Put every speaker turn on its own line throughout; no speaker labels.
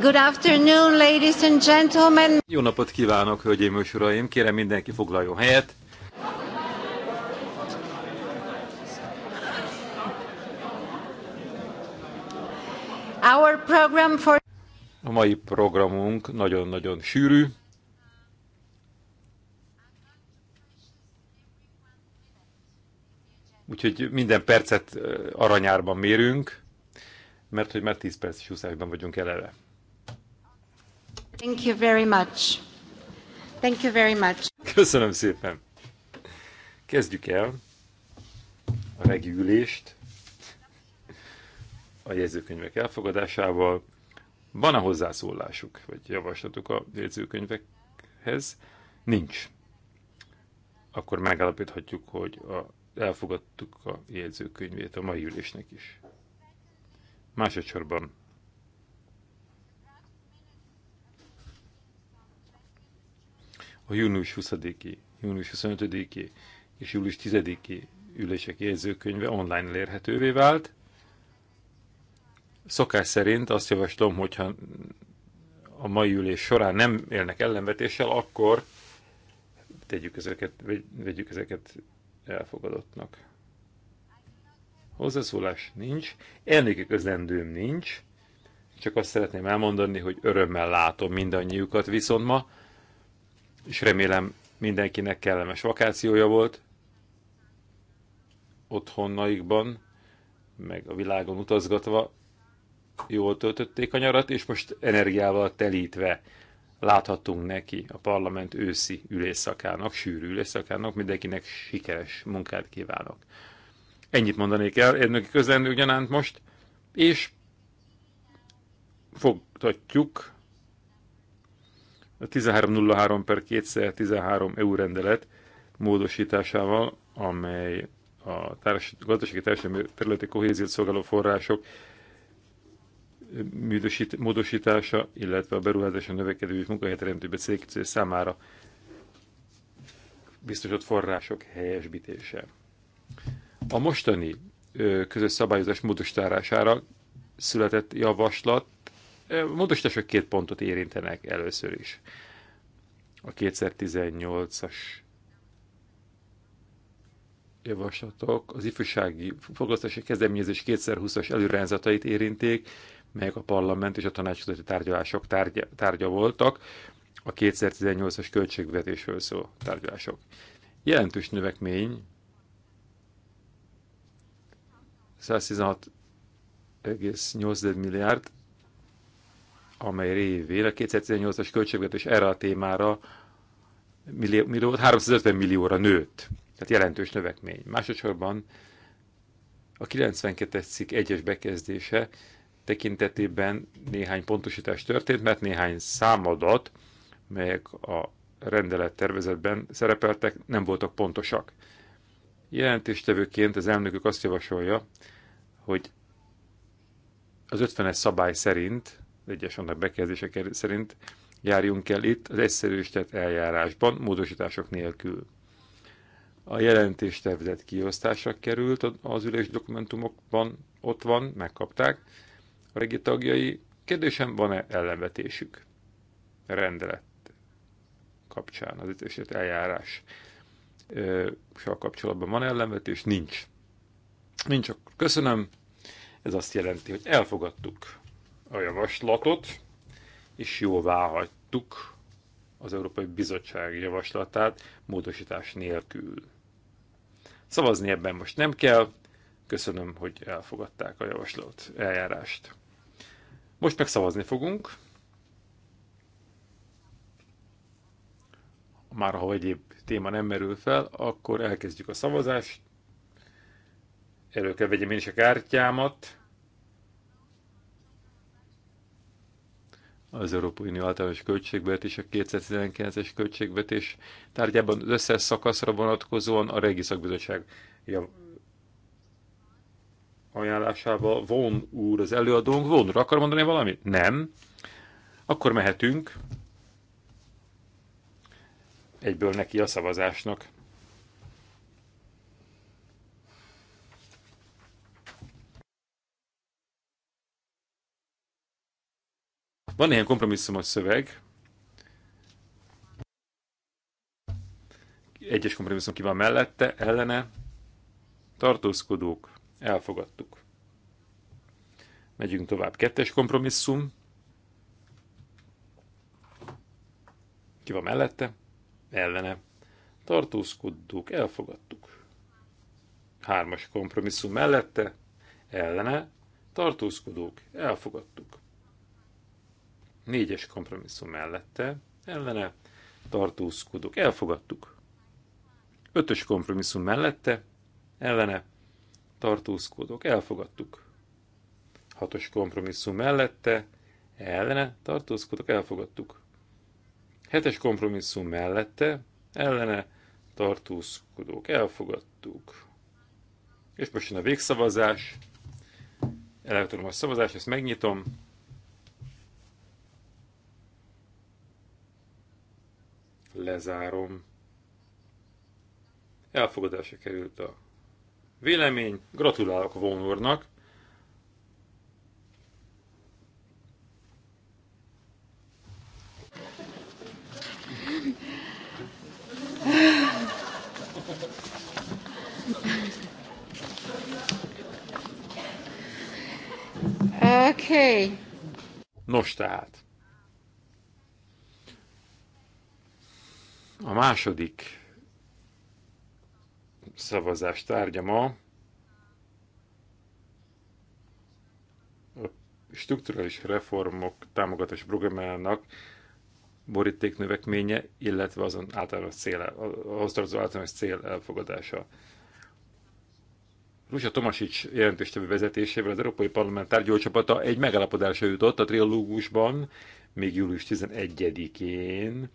Good afternoon, ladies and gentlemen.
Jó napot kívánok, hölgyeim és uraim. Kérem mindenki foglaljon helyet.
Our program for...
A mai programunk nagyon-nagyon sűrű. Úgyhogy minden percet aranyárban mérünk, mert hogy már 10 perc csúszásban vagyunk eleve.
Thank you very much. Thank you very much.
Köszönöm szépen. Kezdjük el a regülést a jegyzőkönyvek elfogadásával. Van a hozzászólásuk, vagy javaslatuk a jegyzőkönyvekhez? Nincs. Akkor megállapíthatjuk, hogy a, elfogadtuk a jegyzőkönyvét a mai ülésnek is. Másodszorban a június 20-i, június 25-i és július 10-i ülések jegyzőkönyve online elérhetővé vált. Szokás szerint azt javaslom, hogyha a mai ülés során nem élnek ellenvetéssel, akkor tegyük ezeket, vegyük ezeket elfogadottnak. Hozzászólás nincs, elnéki közlendőm nincs, csak azt szeretném elmondani, hogy örömmel látom mindannyiukat viszont ma, és remélem mindenkinek kellemes vakációja volt otthonnaikban, meg a világon utazgatva jól töltötték a nyarat, és most energiával telítve láthatunk neki a parlament őszi ülésszakának, sűrű ülésszakának, mindenkinek sikeres munkát kívánok. Ennyit mondanék el, érnöki közlendő gyanánt most, és fogtatjuk a 1303 per 2013 EU rendelet módosításával, amely a társ, gazdasági társadalmi területi kohéziót szolgáló források műdösít, módosítása, illetve a beruházás a növekedő és munkahelyteremtő cégkicő számára biztosított források helyesbítése. A mostani közös szabályozás módosítására született javaslat módosítások két pontot érintenek először is. A 2018-as javaslatok az ifjúsági foglalkoztatási kezdeményezés 2020-as előrendzatait érinték, melyek a parlament és a tanácsadati tárgyalások tárgya, tárgya voltak, a 2018-as költségvetésről szó tárgyalások. Jelentős növekmény 116,8 milliárd amely révén a 2018-as költségvetés erre a témára millió, millió, 350 millióra nőtt. Tehát jelentős növekmény. Másodszorban a 92-es cikk egyes bekezdése tekintetében néhány pontosítás történt, mert néhány számadat, melyek a rendelet tervezetben szerepeltek, nem voltak pontosak. Jelentéstevőként az elnökük azt javasolja, hogy az 50-es szabály szerint egyes annak bekezdése szerint járjunk el itt az egyszerűsített eljárásban, módosítások nélkül. A jelentés tervezett kiosztásra került az ülés dokumentumokban, ott van, megkapták. A regi tagjai kérdésem, van-e ellenvetésük? Rendelet kapcsán, az egyszerűsített eljárás sal kapcsolatban van ellenvetés? Nincs. Nincs, akkor köszönöm. Ez azt jelenti, hogy elfogadtuk a javaslatot, és jóvá hagytuk az Európai Bizottság javaslatát módosítás nélkül. Szavazni ebben most nem kell, köszönöm, hogy elfogadták a javaslatot, eljárást. Most meg szavazni fogunk. Már ha egyéb téma nem merül fel, akkor elkezdjük a szavazást. Elő kell vegyem én is a kártyámat. az Európai Unió általános költségvetés, a 2019-es költségvetés tárgyában az összes szakaszra vonatkozóan a Régi Szakbizottság ajánlásával von úr az előadónk. Von úr, akar mondani valamit? Nem. Akkor mehetünk. Egyből neki a szavazásnak. Van néhány kompromisszumos szöveg, egyes kompromisszum ki van mellette, ellene, tartózkodók, elfogadtuk. Megyünk tovább, kettes kompromisszum, ki van mellette, ellene, tartózkodók, elfogadtuk. Hármas kompromisszum mellette, ellene, tartózkodók, elfogadtuk négyes kompromisszum mellette, ellene tartózkodók. Elfogadtuk. Ötös kompromisszum mellette, ellene tartózkodók. Elfogadtuk. Hatos kompromisszum mellette, ellene tartózkodók. Elfogadtuk. Hetes kompromisszum mellette, ellene tartózkodók. Elfogadtuk. És most jön a végszavazás, elektromos szavazás, ezt megnyitom. Lezárom. Elfogadásra került a vélemény. Gratulálok Von úrnak.
Okay.
Nos tehát. A második szavazás tárgya ma a strukturális reformok támogatás programjának borítéknövekménye, illetve azon általános cél, ahhoz tartozó általános cél elfogadása. Rusa Tomasics jelentéstevő vezetésével az Európai Parlament tárgyalócsapata egy megállapodásra jutott a trilógusban, még július 11-én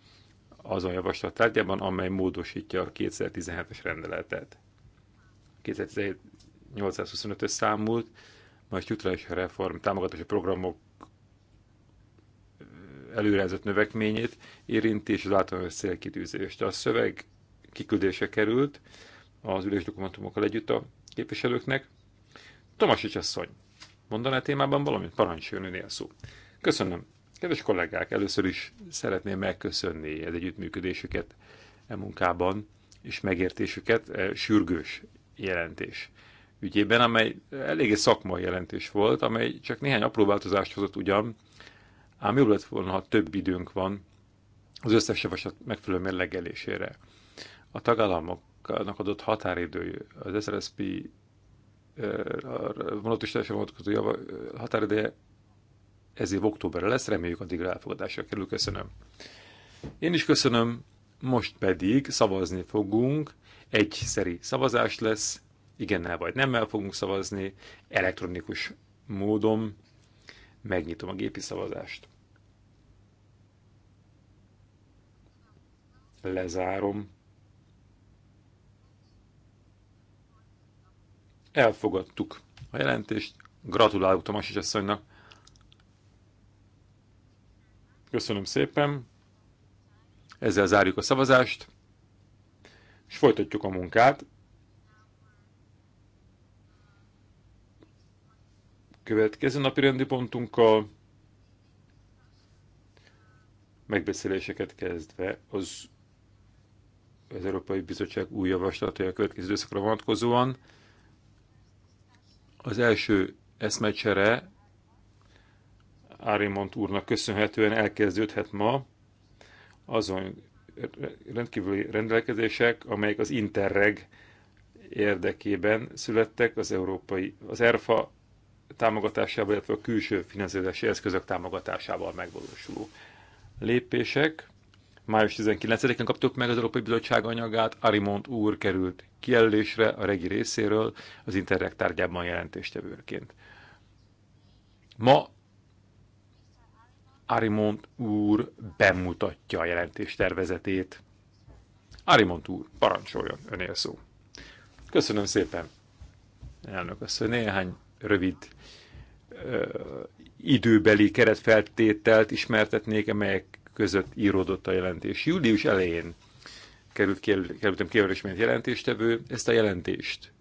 azon javaslat tárgyában, amely módosítja a 2017-es rendeletet. 2017-825-ös számult, majd struktúrális reform támogatási programok előrehezett növekményét érinti, és az általános célkitűzést. A szöveg kiküldése került az ülés dokumentumokkal együtt a képviselőknek. Tomasics asszony, mondaná témában valamit? Parancsoljon, önél szó. Köszönöm. Kedves kollégák, először is szeretném megköszönni az együttműködésüket e munkában, és megértésüket, e, sürgős jelentés ügyében, amely eléggé szakmai jelentés volt, amely csak néhány apró változást hozott ugyan, ám jobb lett volna, ha több időnk van az összes javaslat megfelelő mérlegelésére. A tagállamoknak adott határidő, az SRSP e, vonatosításra vonatkozó határidő ez év októberre lesz, reméljük addigra elfogadásra kerül. Köszönöm. Én is köszönöm, most pedig szavazni fogunk, egy szavazás lesz, igennel vagy nemmel fogunk szavazni, elektronikus módon megnyitom a gépi szavazást. Lezárom. Elfogadtuk a jelentést. Gratulálok Tomasics asszonynak. Köszönöm szépen. Ezzel zárjuk a szavazást, és folytatjuk a munkát. Következő napi rendi pontunkkal megbeszéléseket kezdve az, az Európai Bizottság új javaslatai a következő időszakra vonatkozóan. Az első eszmecsere Árimont úrnak köszönhetően elkezdődhet ma azon rendkívüli rendelkezések, amelyek az Interreg érdekében születtek az európai, az ERFA támogatásával, illetve a külső finanszírozási eszközök támogatásával megvalósuló lépések. Május 19-én kaptuk meg az Európai Bizottság anyagát, Arimont úr került kijelölésre a regi részéről az Interreg tárgyában jelentéstevőként. Ma Arimont úr bemutatja a jelentés tervezetét. Arimont úr, parancsoljon, önél szó. Köszönöm szépen, elnök asszony. Néhány rövid ö, időbeli keretfeltételt ismertetnék, amelyek között íródott a jelentés. Július elején került, kerültem kérdésményt jelentéstevő. Ezt a jelentést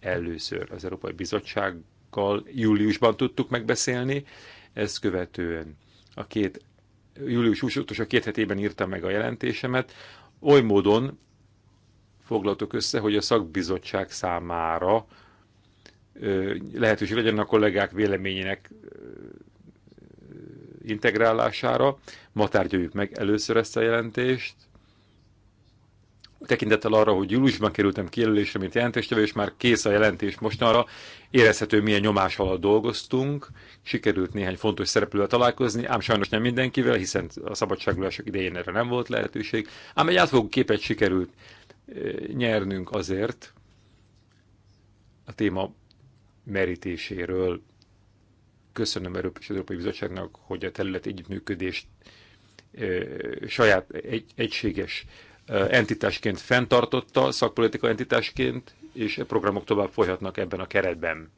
először az Európai Bizottsággal júliusban tudtuk megbeszélni, ezt követően a két, július 25 a két hetében írtam meg a jelentésemet, oly módon foglaltok össze, hogy a szakbizottság számára lehetőség legyen a kollégák véleményének integrálására. Ma tárgyaljuk meg először ezt a jelentést, tekintettel arra, hogy júliusban kerültem kijelölésre, mint jelentéstevő, és már kész a jelentés mostanra, érezhető, milyen nyomás alatt dolgoztunk, sikerült néhány fontos szereplővel találkozni, ám sajnos nem mindenkivel, hiszen a szabadságulások idején erre nem volt lehetőség, ám egy átfogó képet sikerült eh, nyernünk azért a téma merítéséről. Köszönöm Európai, Európai Bizottságnak, hogy a terület együttműködést eh, saját egy, egységes entitásként fenntartotta, szakpolitika entitásként, és a programok tovább folyhatnak ebben a keretben.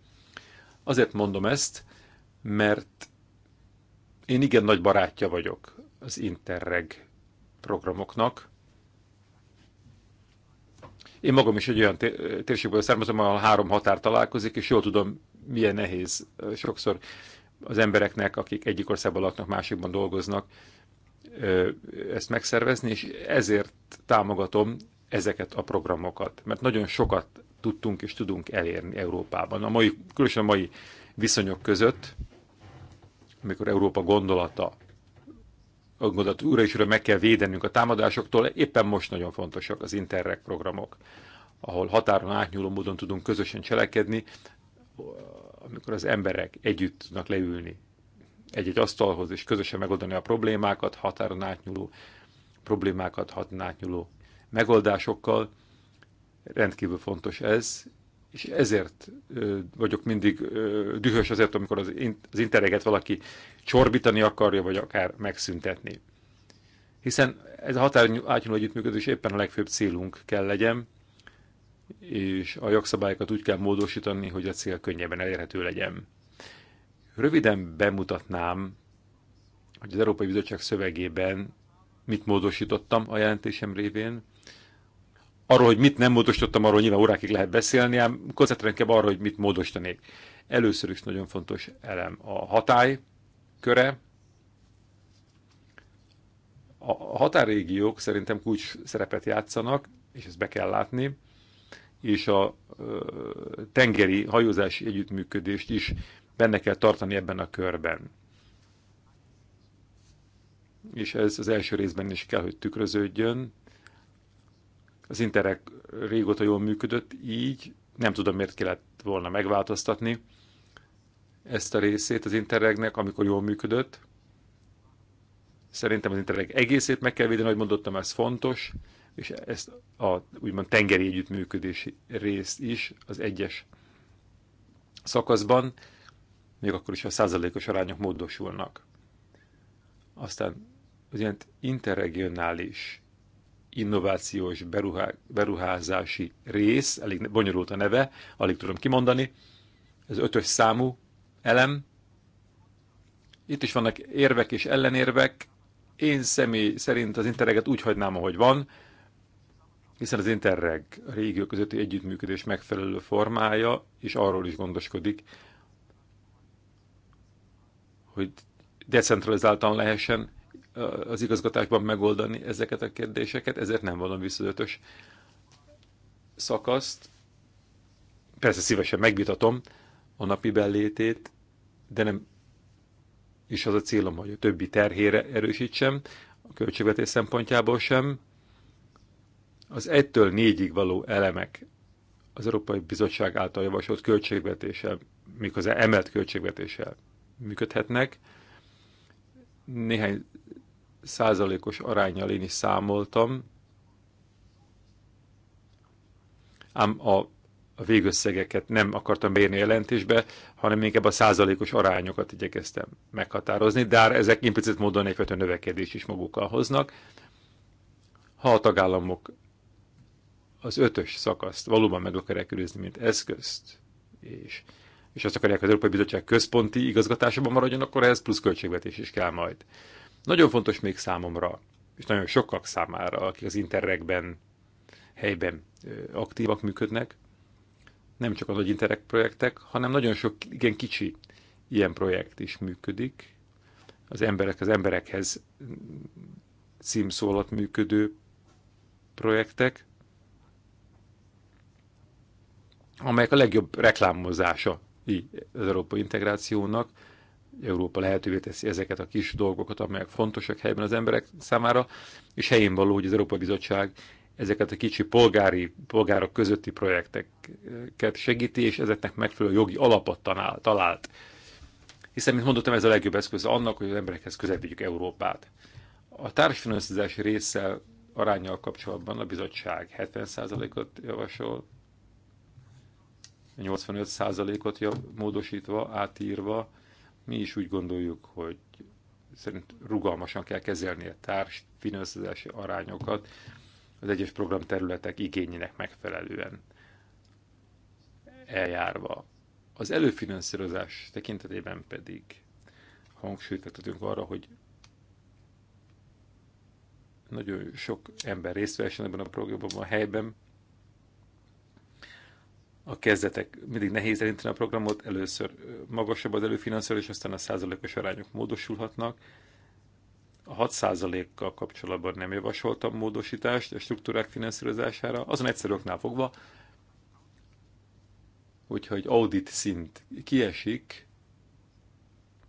Azért mondom ezt, mert én igen nagy barátja vagyok az Interreg programoknak. Én magam is egy olyan térségből származom, ahol három határ találkozik, és jól tudom, milyen nehéz sokszor az embereknek, akik egyik országban laknak, másikban dolgoznak, ezt megszervezni, és ezért támogatom ezeket a programokat, mert nagyon sokat tudtunk és tudunk elérni Európában. A mai, különösen a mai viszonyok között, amikor Európa gondolata, a gondolat újra és újra meg kell védenünk a támadásoktól, éppen most nagyon fontosak az Interreg programok, ahol határon átnyúló módon tudunk közösen cselekedni, amikor az emberek együtt tudnak leülni egy-egy asztalhoz, és közösen megoldani a problémákat, határon átnyúló problémákat, határon átnyúló megoldásokkal. Rendkívül fontos ez, és ezért ö, vagyok mindig ö, dühös azért, amikor az, in, az intereget valaki csorbítani akarja, vagy akár megszüntetni. Hiszen ez a határon átnyúló együttműködés éppen a legfőbb célunk kell legyen, és a jogszabályokat úgy kell módosítani, hogy a cél könnyebben elérhető legyen. Röviden bemutatnám, hogy az Európai Bizottság szövegében mit módosítottam a jelentésem révén. Arról, hogy mit nem módosítottam, arról nyilván órákig lehet beszélni, ám koncentrálni arra, hogy mit módosítanék. Először is nagyon fontos elem a hatály köre. A határrégiók szerintem kulcs szerepet játszanak, és ezt be kell látni, és a tengeri hajózási együttműködést is benne kell tartani ebben a körben. És ez az első részben is kell, hogy tükröződjön. Az Interreg régóta jól működött, így nem tudom, miért kellett volna megváltoztatni ezt a részét az Interregnek, amikor jól működött. Szerintem az Interreg egészét meg kell védeni, ahogy mondottam, ez fontos, és ezt a úgymond tengeri együttműködési részt is az egyes szakaszban még akkor is, ha százalékos arányok módosulnak. Aztán az ilyen interregionális innovációs beruhá, beruházási rész, elég bonyolult a neve, alig tudom kimondani, ez ötös számú elem. Itt is vannak érvek és ellenérvek. Én személy szerint az interreget úgy hagynám, ahogy van, hiszen az Interreg a régió közötti együttműködés megfelelő formája, és arról is gondoskodik, hogy decentralizáltan lehessen az igazgatásban megoldani ezeket a kérdéseket, ezért nem valami vissza ötös szakaszt. Persze szívesen megvitatom a napi bellétét, de nem is az a célom, hogy a többi terhére erősítsem, a költségvetés szempontjából sem. Az egytől négyig való elemek az Európai Bizottság által javasolt költségvetéssel, miközben emelt költségvetéssel működhetnek. Néhány százalékos arányjal én is számoltam, ám a, a végösszegeket nem akartam beírni a jelentésbe, hanem inkább a százalékos arányokat igyekeztem meghatározni, de hát ezek implicit módon egyfajta növekedés is magukkal hoznak. Ha a tagállamok az ötös szakaszt valóban meg akarják mint eszközt, és és azt akarják, hogy az Európai Bizottság központi igazgatásában maradjon, akkor ehhez plusz költségvetés is kell majd. Nagyon fontos még számomra, és nagyon sokak számára, akik az interregben helyben aktívak működnek, nem csak az nagy interreg projektek, hanem nagyon sok igen kicsi ilyen projekt is működik. Az emberek az emberekhez címszólat működő projektek, amelyek a legjobb reklámozása így az európai integrációnak. Európa lehetővé teszi ezeket a kis dolgokat, amelyek fontosak helyben az emberek számára, és helyén való, hogy az Európai Bizottság ezeket a kicsi polgári, polgárok közötti projekteket segíti, és ezeknek megfelelő jogi alapot tanál, talált. Hiszen, mint mondottam, ez a legjobb eszköz annak, hogy az emberekhez közelítjük Európát. A társfinanszírozás része arányjal kapcsolatban a bizottság 70%-ot javasol, 85%-ot módosítva, átírva, mi is úgy gondoljuk, hogy szerint rugalmasan kell kezelni a társ finanszírozási arányokat az egyes programterületek igényének megfelelően eljárva. Az előfinanszírozás tekintetében pedig hangsúlyt arra, hogy nagyon sok ember részt vehessen ebben a programban a helyben, a kezdetek mindig nehéz elinteni a programot, először magasabb az előfinanszírozás, aztán a százalékos arányok módosulhatnak. A 6 kal kapcsolatban nem javasoltam módosítást a struktúrák finanszírozására, azon oknál fogva, hogyha egy audit szint kiesik,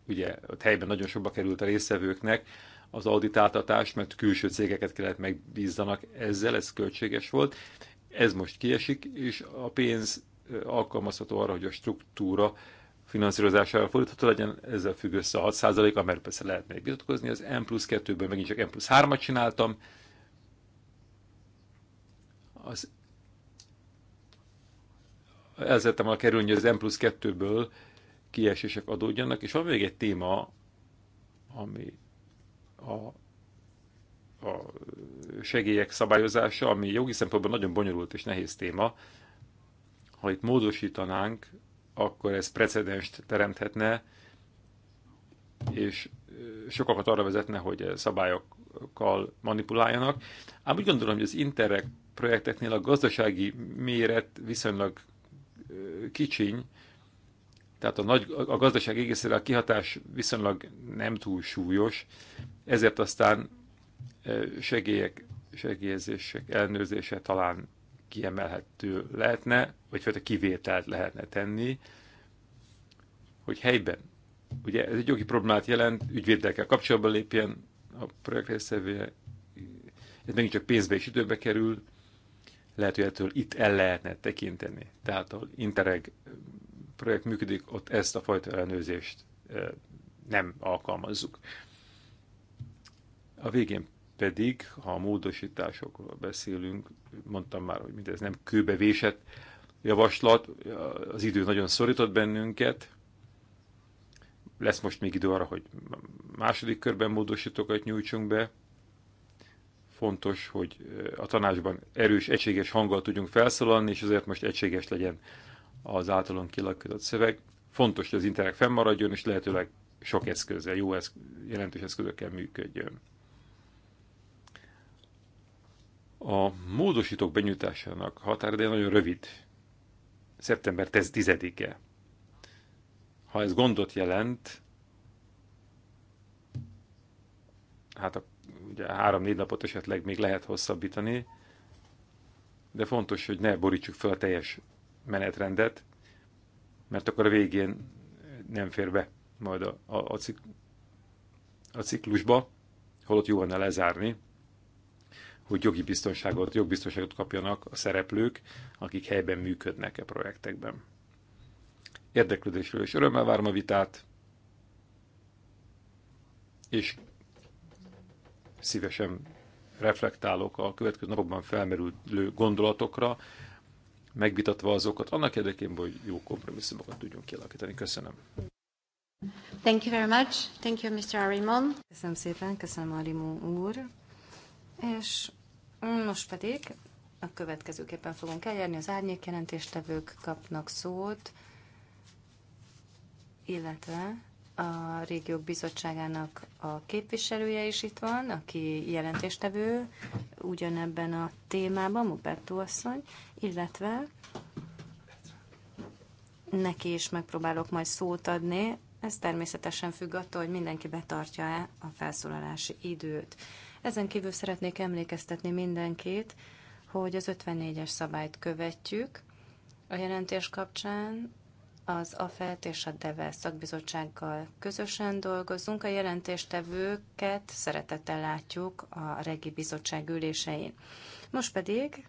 ugye ott helyben nagyon sokba került a részvevőknek az auditáltatás, mert külső cégeket kellett megbízzanak ezzel, ez költséges volt, ez most kiesik, és a pénz alkalmazható arra, hogy a struktúra finanszírozására fordítható legyen, ezzel függ össze a 6%-a, mert persze lehet még vitatkozni, az M plusz 2-ből megint csak M plusz 3-at csináltam. Az elzettem a kerülni, hogy az M plusz 2-ből kiesések adódjanak, és van még egy téma, ami a a segélyek szabályozása, ami jogi szempontból nagyon bonyolult és nehéz téma. Ha itt módosítanánk, akkor ez precedenst teremthetne, és sokakat arra vezetne, hogy szabályokkal manipuláljanak. Ám úgy gondolom, hogy az Interreg projekteknél a gazdasági méret viszonylag kicsiny, tehát a, nagy, a gazdaság egészére a kihatás viszonylag nem túl súlyos, ezért aztán segélyek, segélyezések ellenőrzése talán kiemelhető lehetne, vagy a kivételt lehetne tenni, hogy helyben, ugye ez egy jogi problémát jelent, ügyvédekkel kapcsolatban lépjen a projekt részevője, ez megint csak pénzbe és időbe kerül, lehet, hogy ettől itt el lehetne tekinteni. Tehát ahol Interreg projekt működik, ott ezt a fajta ellenőrzést nem alkalmazzuk. A végén pedig, ha a módosításokról beszélünk, mondtam már, hogy mindez nem kőbevésett javaslat, az idő nagyon szorított bennünket, lesz most még idő arra, hogy második körben módosítókat nyújtsunk be. Fontos, hogy eh, a tanácsban erős, egységes hanggal tudjunk felszólalni, és azért most egységes legyen az általunk kilakított szöveg. Fontos, hogy az internet fennmaradjon, és lehetőleg sok eszközzel, jó eszk- jelentős eszközökkel működjön. A módosítók benyújtásának határideje nagyon rövid, szeptember 10-e. Ha ez gondot jelent, hát a, ugye három-négy napot esetleg még lehet hosszabbítani, de fontos, hogy ne borítsuk fel a teljes menetrendet, mert akkor a végén nem fér be majd a, a, a, cik, a ciklusba, holott jó lenne lezárni hogy jogi biztonságot, jogbiztonságot kapjanak a szereplők, akik helyben működnek e projektekben. Érdeklődésről és örömmel várom a vitát, és szívesen reflektálok a következő napokban felmerülő gondolatokra, megvitatva azokat, annak érdekében, hogy jó kompromisszumokat tudjunk kialakítani. Köszönöm.
Thank you very much. Thank you, Mr. Arimon. Köszönöm szépen, köszönöm Arimon úr. És most pedig a következőképpen fogunk eljárni. Az árnyék jelentéstevők kapnak szót, illetve a régiók bizottságának a képviselője is itt van, aki jelentéstevő ugyanebben a témában, Mubertó asszony, illetve neki is megpróbálok majd szót adni. Ez természetesen függ attól, hogy mindenki betartja-e a felszólalási időt. Ezen kívül szeretnék emlékeztetni mindenkit, hogy az 54-es szabályt követjük a jelentés kapcsán, az AFET és a DEVE szakbizottsággal közösen dolgozunk. A jelentéstevőket szeretettel látjuk a Regi Bizottság ülésein. Most pedig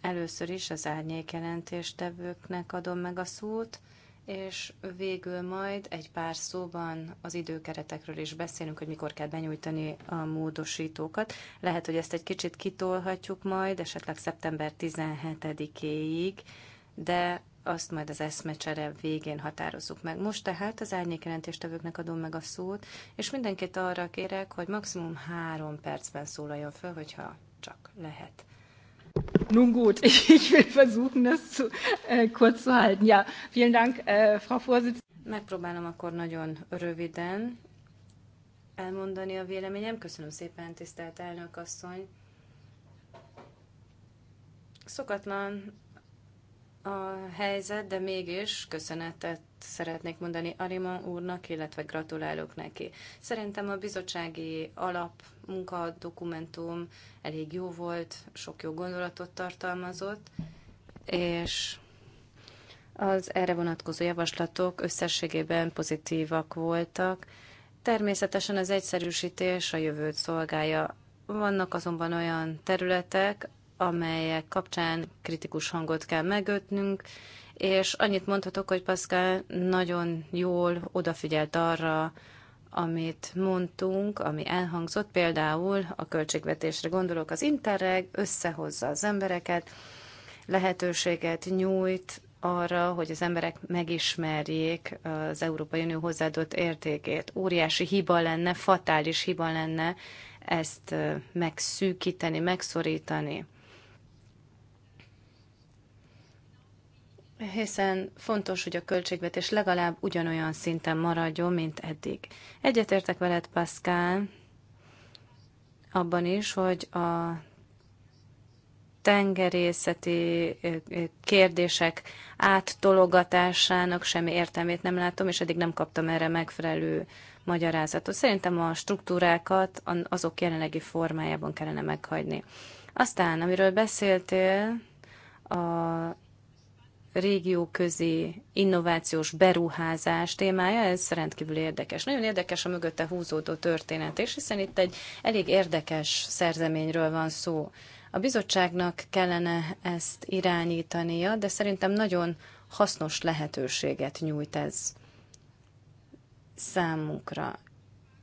először is az árnyék jelentéstevőknek adom meg a szót és végül majd egy pár szóban az időkeretekről is beszélünk, hogy mikor kell benyújtani a módosítókat. Lehet, hogy ezt egy kicsit kitolhatjuk majd, esetleg szeptember 17-éig, de azt majd az eszmecsere végén határozzuk meg. Most tehát az árnyékjelentéstevőknek adom meg a szót, és mindenkit arra kérek, hogy maximum három percben szólaljon föl, hogyha csak lehet. Nun gut, ich, ich will versuchen, das zu, äh, kurz zu halten. Ja, vielen Dank, äh, Frau Vorsitzende. Megpróbálom akkor nagyon röviden elmondani a véleményem. Köszönöm szépen, tisztelt elnök asszony. Szokatlan a helyzet, de mégis köszönetet szeretnék mondani Arima úrnak, illetve gratulálok neki. Szerintem a bizottsági alap dokumentum elég jó volt, sok jó gondolatot tartalmazott, és az erre vonatkozó javaslatok összességében pozitívak voltak. Természetesen az egyszerűsítés a jövőt szolgálja. Vannak azonban olyan területek, amelyek kapcsán kritikus hangot kell megötnünk, és annyit mondhatok, hogy Pascal nagyon jól odafigyelt arra, amit mondtunk, ami elhangzott, például a költségvetésre gondolok, az Interreg összehozza az embereket, lehetőséget nyújt arra, hogy az emberek megismerjék az Európai Unió hozzáadott értékét. Óriási hiba lenne, fatális hiba lenne ezt megszűkíteni, megszorítani. hiszen fontos, hogy a költségvetés legalább ugyanolyan szinten maradjon, mint eddig. Egyetértek veled, Pascal, abban is, hogy a tengerészeti kérdések áttologatásának semmi értelmét nem látom, és eddig nem kaptam erre megfelelő magyarázatot. Szerintem a struktúrákat azok jelenlegi formájában kellene meghagyni. Aztán, amiről beszéltél, a régióközi innovációs beruházás témája, ez rendkívül érdekes. Nagyon érdekes a mögötte húzódó történet, és hiszen itt egy elég érdekes szerzeményről van szó. A bizottságnak kellene ezt irányítania, de szerintem nagyon hasznos lehetőséget nyújt ez számunkra.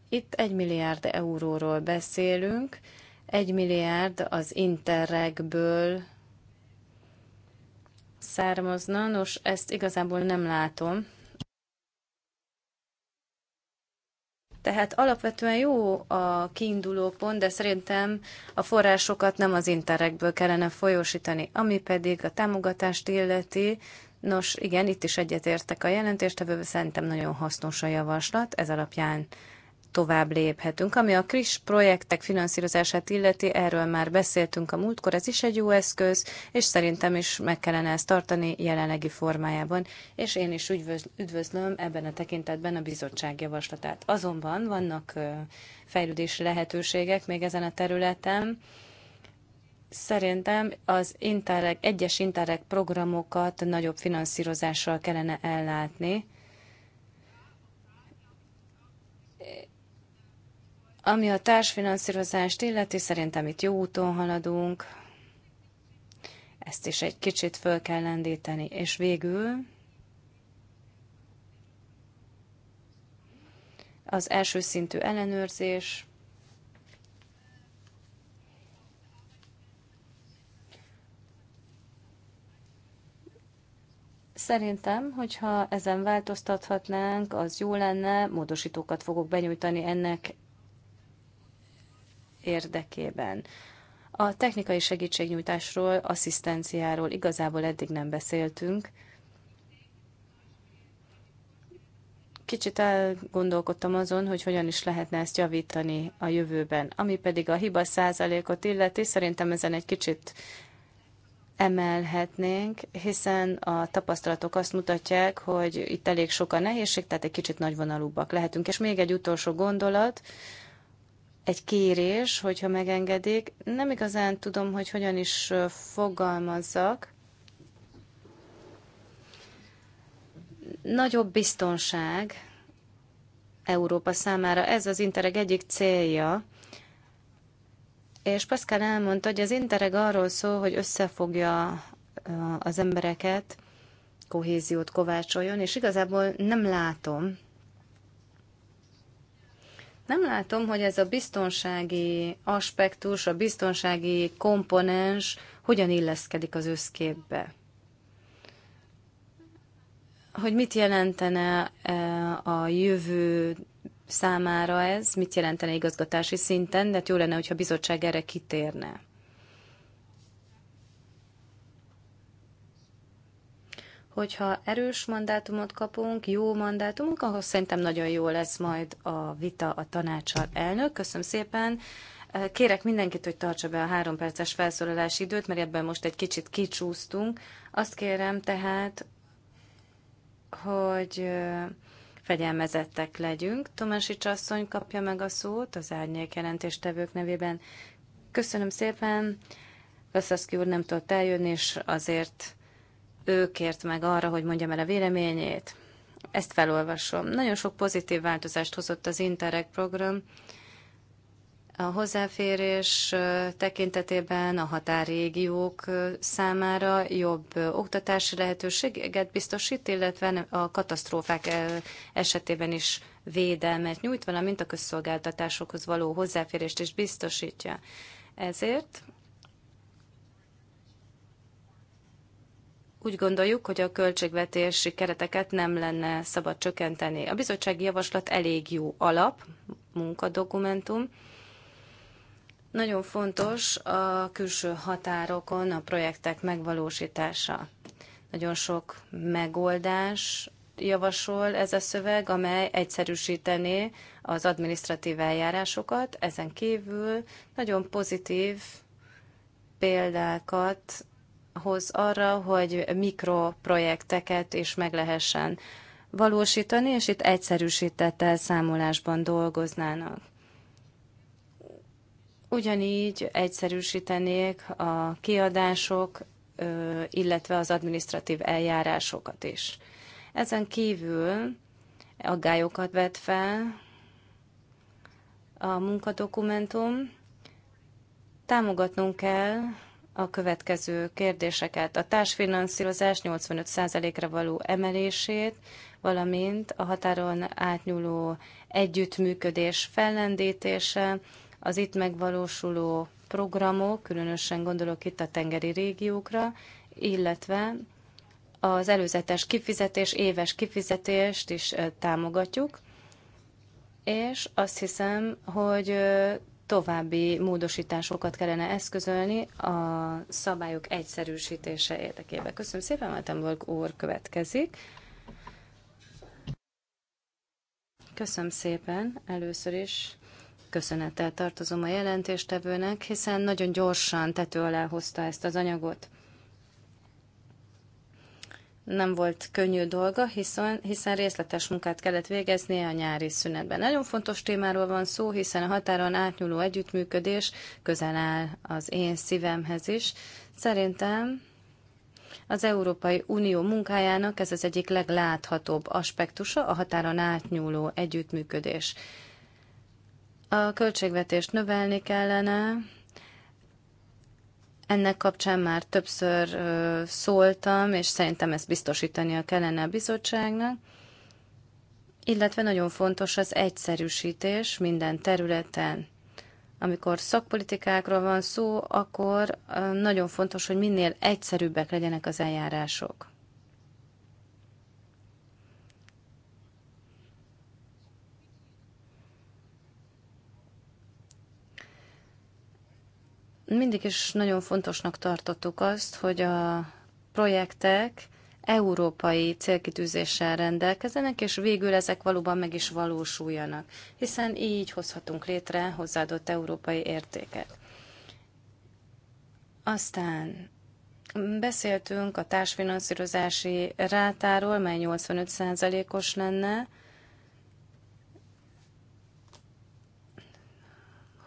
Itt egy milliárd euróról beszélünk, egy milliárd az interregből származna. Nos, ezt igazából nem látom. Tehát alapvetően jó a kiinduló pont, de szerintem a forrásokat nem az interekből kellene folyósítani, ami pedig a támogatást illeti. Nos, igen, itt is egyetértek a jelentéstevővel, szerintem nagyon hasznos a javaslat, ez alapján tovább léphetünk. Ami a KRIS projektek finanszírozását illeti, erről már beszéltünk a múltkor, ez is egy jó eszköz, és szerintem is meg kellene ezt tartani jelenlegi formájában, és én is üdvözlöm ebben a tekintetben a bizottság javaslatát. Azonban vannak fejlődési lehetőségek még ezen a területen, Szerintem az Interreg, egyes Interreg programokat nagyobb finanszírozással kellene ellátni, Ami a társfinanszírozást illeti, szerintem itt jó úton haladunk. Ezt is egy kicsit föl kell lendíteni. És végül az első szintű ellenőrzés, Szerintem, hogyha ezen változtathatnánk, az jó lenne, módosítókat fogok benyújtani ennek érdekében. A technikai segítségnyújtásról, asszisztenciáról igazából eddig nem beszéltünk. Kicsit elgondolkodtam azon, hogy hogyan is lehetne ezt javítani a jövőben. Ami pedig a hiba százalékot illeti, szerintem ezen egy kicsit emelhetnénk, hiszen a tapasztalatok azt mutatják, hogy itt elég sok a nehézség, tehát egy kicsit nagyvonalúbbak lehetünk. És még egy utolsó gondolat, egy kérés, hogyha megengedik. Nem igazán tudom, hogy hogyan is fogalmazzak. Nagyobb biztonság Európa számára. Ez az Intereg egyik célja. És Pascal elmondta, hogy az Intereg arról szól, hogy összefogja az embereket, kohéziót kovácsoljon, és igazából nem látom, nem látom, hogy ez a biztonsági aspektus, a biztonsági komponens hogyan illeszkedik az összképbe. Hogy mit jelentene e, a jövő számára ez, mit jelentene igazgatási szinten, de hát jó lenne, hogyha a bizottság erre kitérne. hogyha erős mandátumot kapunk, jó mandátumunk, ahhoz szerintem nagyon jó lesz majd a vita a tanácsal. Elnök, köszönöm szépen. Eh, kérek mindenkit, hogy tartsa be a három perces felszólalási időt, mert ebben most egy kicsit kicsúsztunk. Azt kérem tehát, hogy eh, fegyelmezettek legyünk. Tomási Csasszony kapja meg a szót az árnyék jelentéstevők nevében. Köszönöm szépen. Kaszaszki úr nem tudott eljönni, és azért ő kért meg arra, hogy mondjam el a véleményét. Ezt felolvasom. Nagyon sok pozitív változást hozott az Interreg program. A hozzáférés tekintetében a határrégiók számára jobb oktatási lehetőséget biztosít, illetve a katasztrófák esetében is védelmet nyújt, valamint a közszolgáltatásokhoz való hozzáférést is biztosítja. Ezért úgy gondoljuk, hogy a költségvetési kereteket nem lenne szabad csökkenteni. A bizottsági javaslat elég jó alap, munkadokumentum. Nagyon fontos a külső határokon a projektek megvalósítása. Nagyon sok megoldás javasol ez a szöveg, amely egyszerűsítené az adminisztratív eljárásokat. Ezen kívül nagyon pozitív példákat hoz arra, hogy mikroprojekteket is meg lehessen valósítani, és itt egyszerűsített elszámolásban dolgoznának. Ugyanígy egyszerűsítenék a kiadások, illetve az administratív eljárásokat is. Ezen kívül aggályokat vet fel a munkadokumentum. Támogatnunk kell a következő kérdéseket. A társfinanszírozás 85%-ra való emelését, valamint a határon átnyúló együttműködés fellendítése, az itt megvalósuló programok, különösen gondolok itt a tengeri régiókra, illetve az előzetes kifizetés, éves kifizetést is támogatjuk, és azt hiszem, hogy további módosításokat kellene eszközölni a szabályok egyszerűsítése érdekében. Köszönöm szépen, Altenburg úr következik. Köszönöm szépen először is. Köszönettel tartozom a jelentéstevőnek, hiszen nagyon gyorsan tető alá hozta ezt az anyagot nem volt könnyű dolga, hiszen, hiszen részletes munkát kellett végeznie a nyári szünetben. Nagyon fontos témáról van szó, hiszen a határon átnyúló együttműködés közel áll az én szívemhez is. Szerintem az Európai Unió munkájának ez az egyik legláthatóbb aspektusa, a határon átnyúló együttműködés. A költségvetést növelni kellene, ennek kapcsán már többször szóltam, és szerintem ezt biztosítania kellene a bizottságnak. Illetve nagyon fontos az egyszerűsítés minden területen. Amikor szakpolitikákról van szó, akkor nagyon fontos, hogy minél egyszerűbbek legyenek az eljárások. mindig is nagyon fontosnak tartottuk azt, hogy a projektek európai célkitűzéssel rendelkezenek és végül ezek valóban meg is valósuljanak, hiszen így hozhatunk létre hozzáadott európai értéket. Aztán beszéltünk a társfinanszírozási rátáról, mely 85%-os lenne,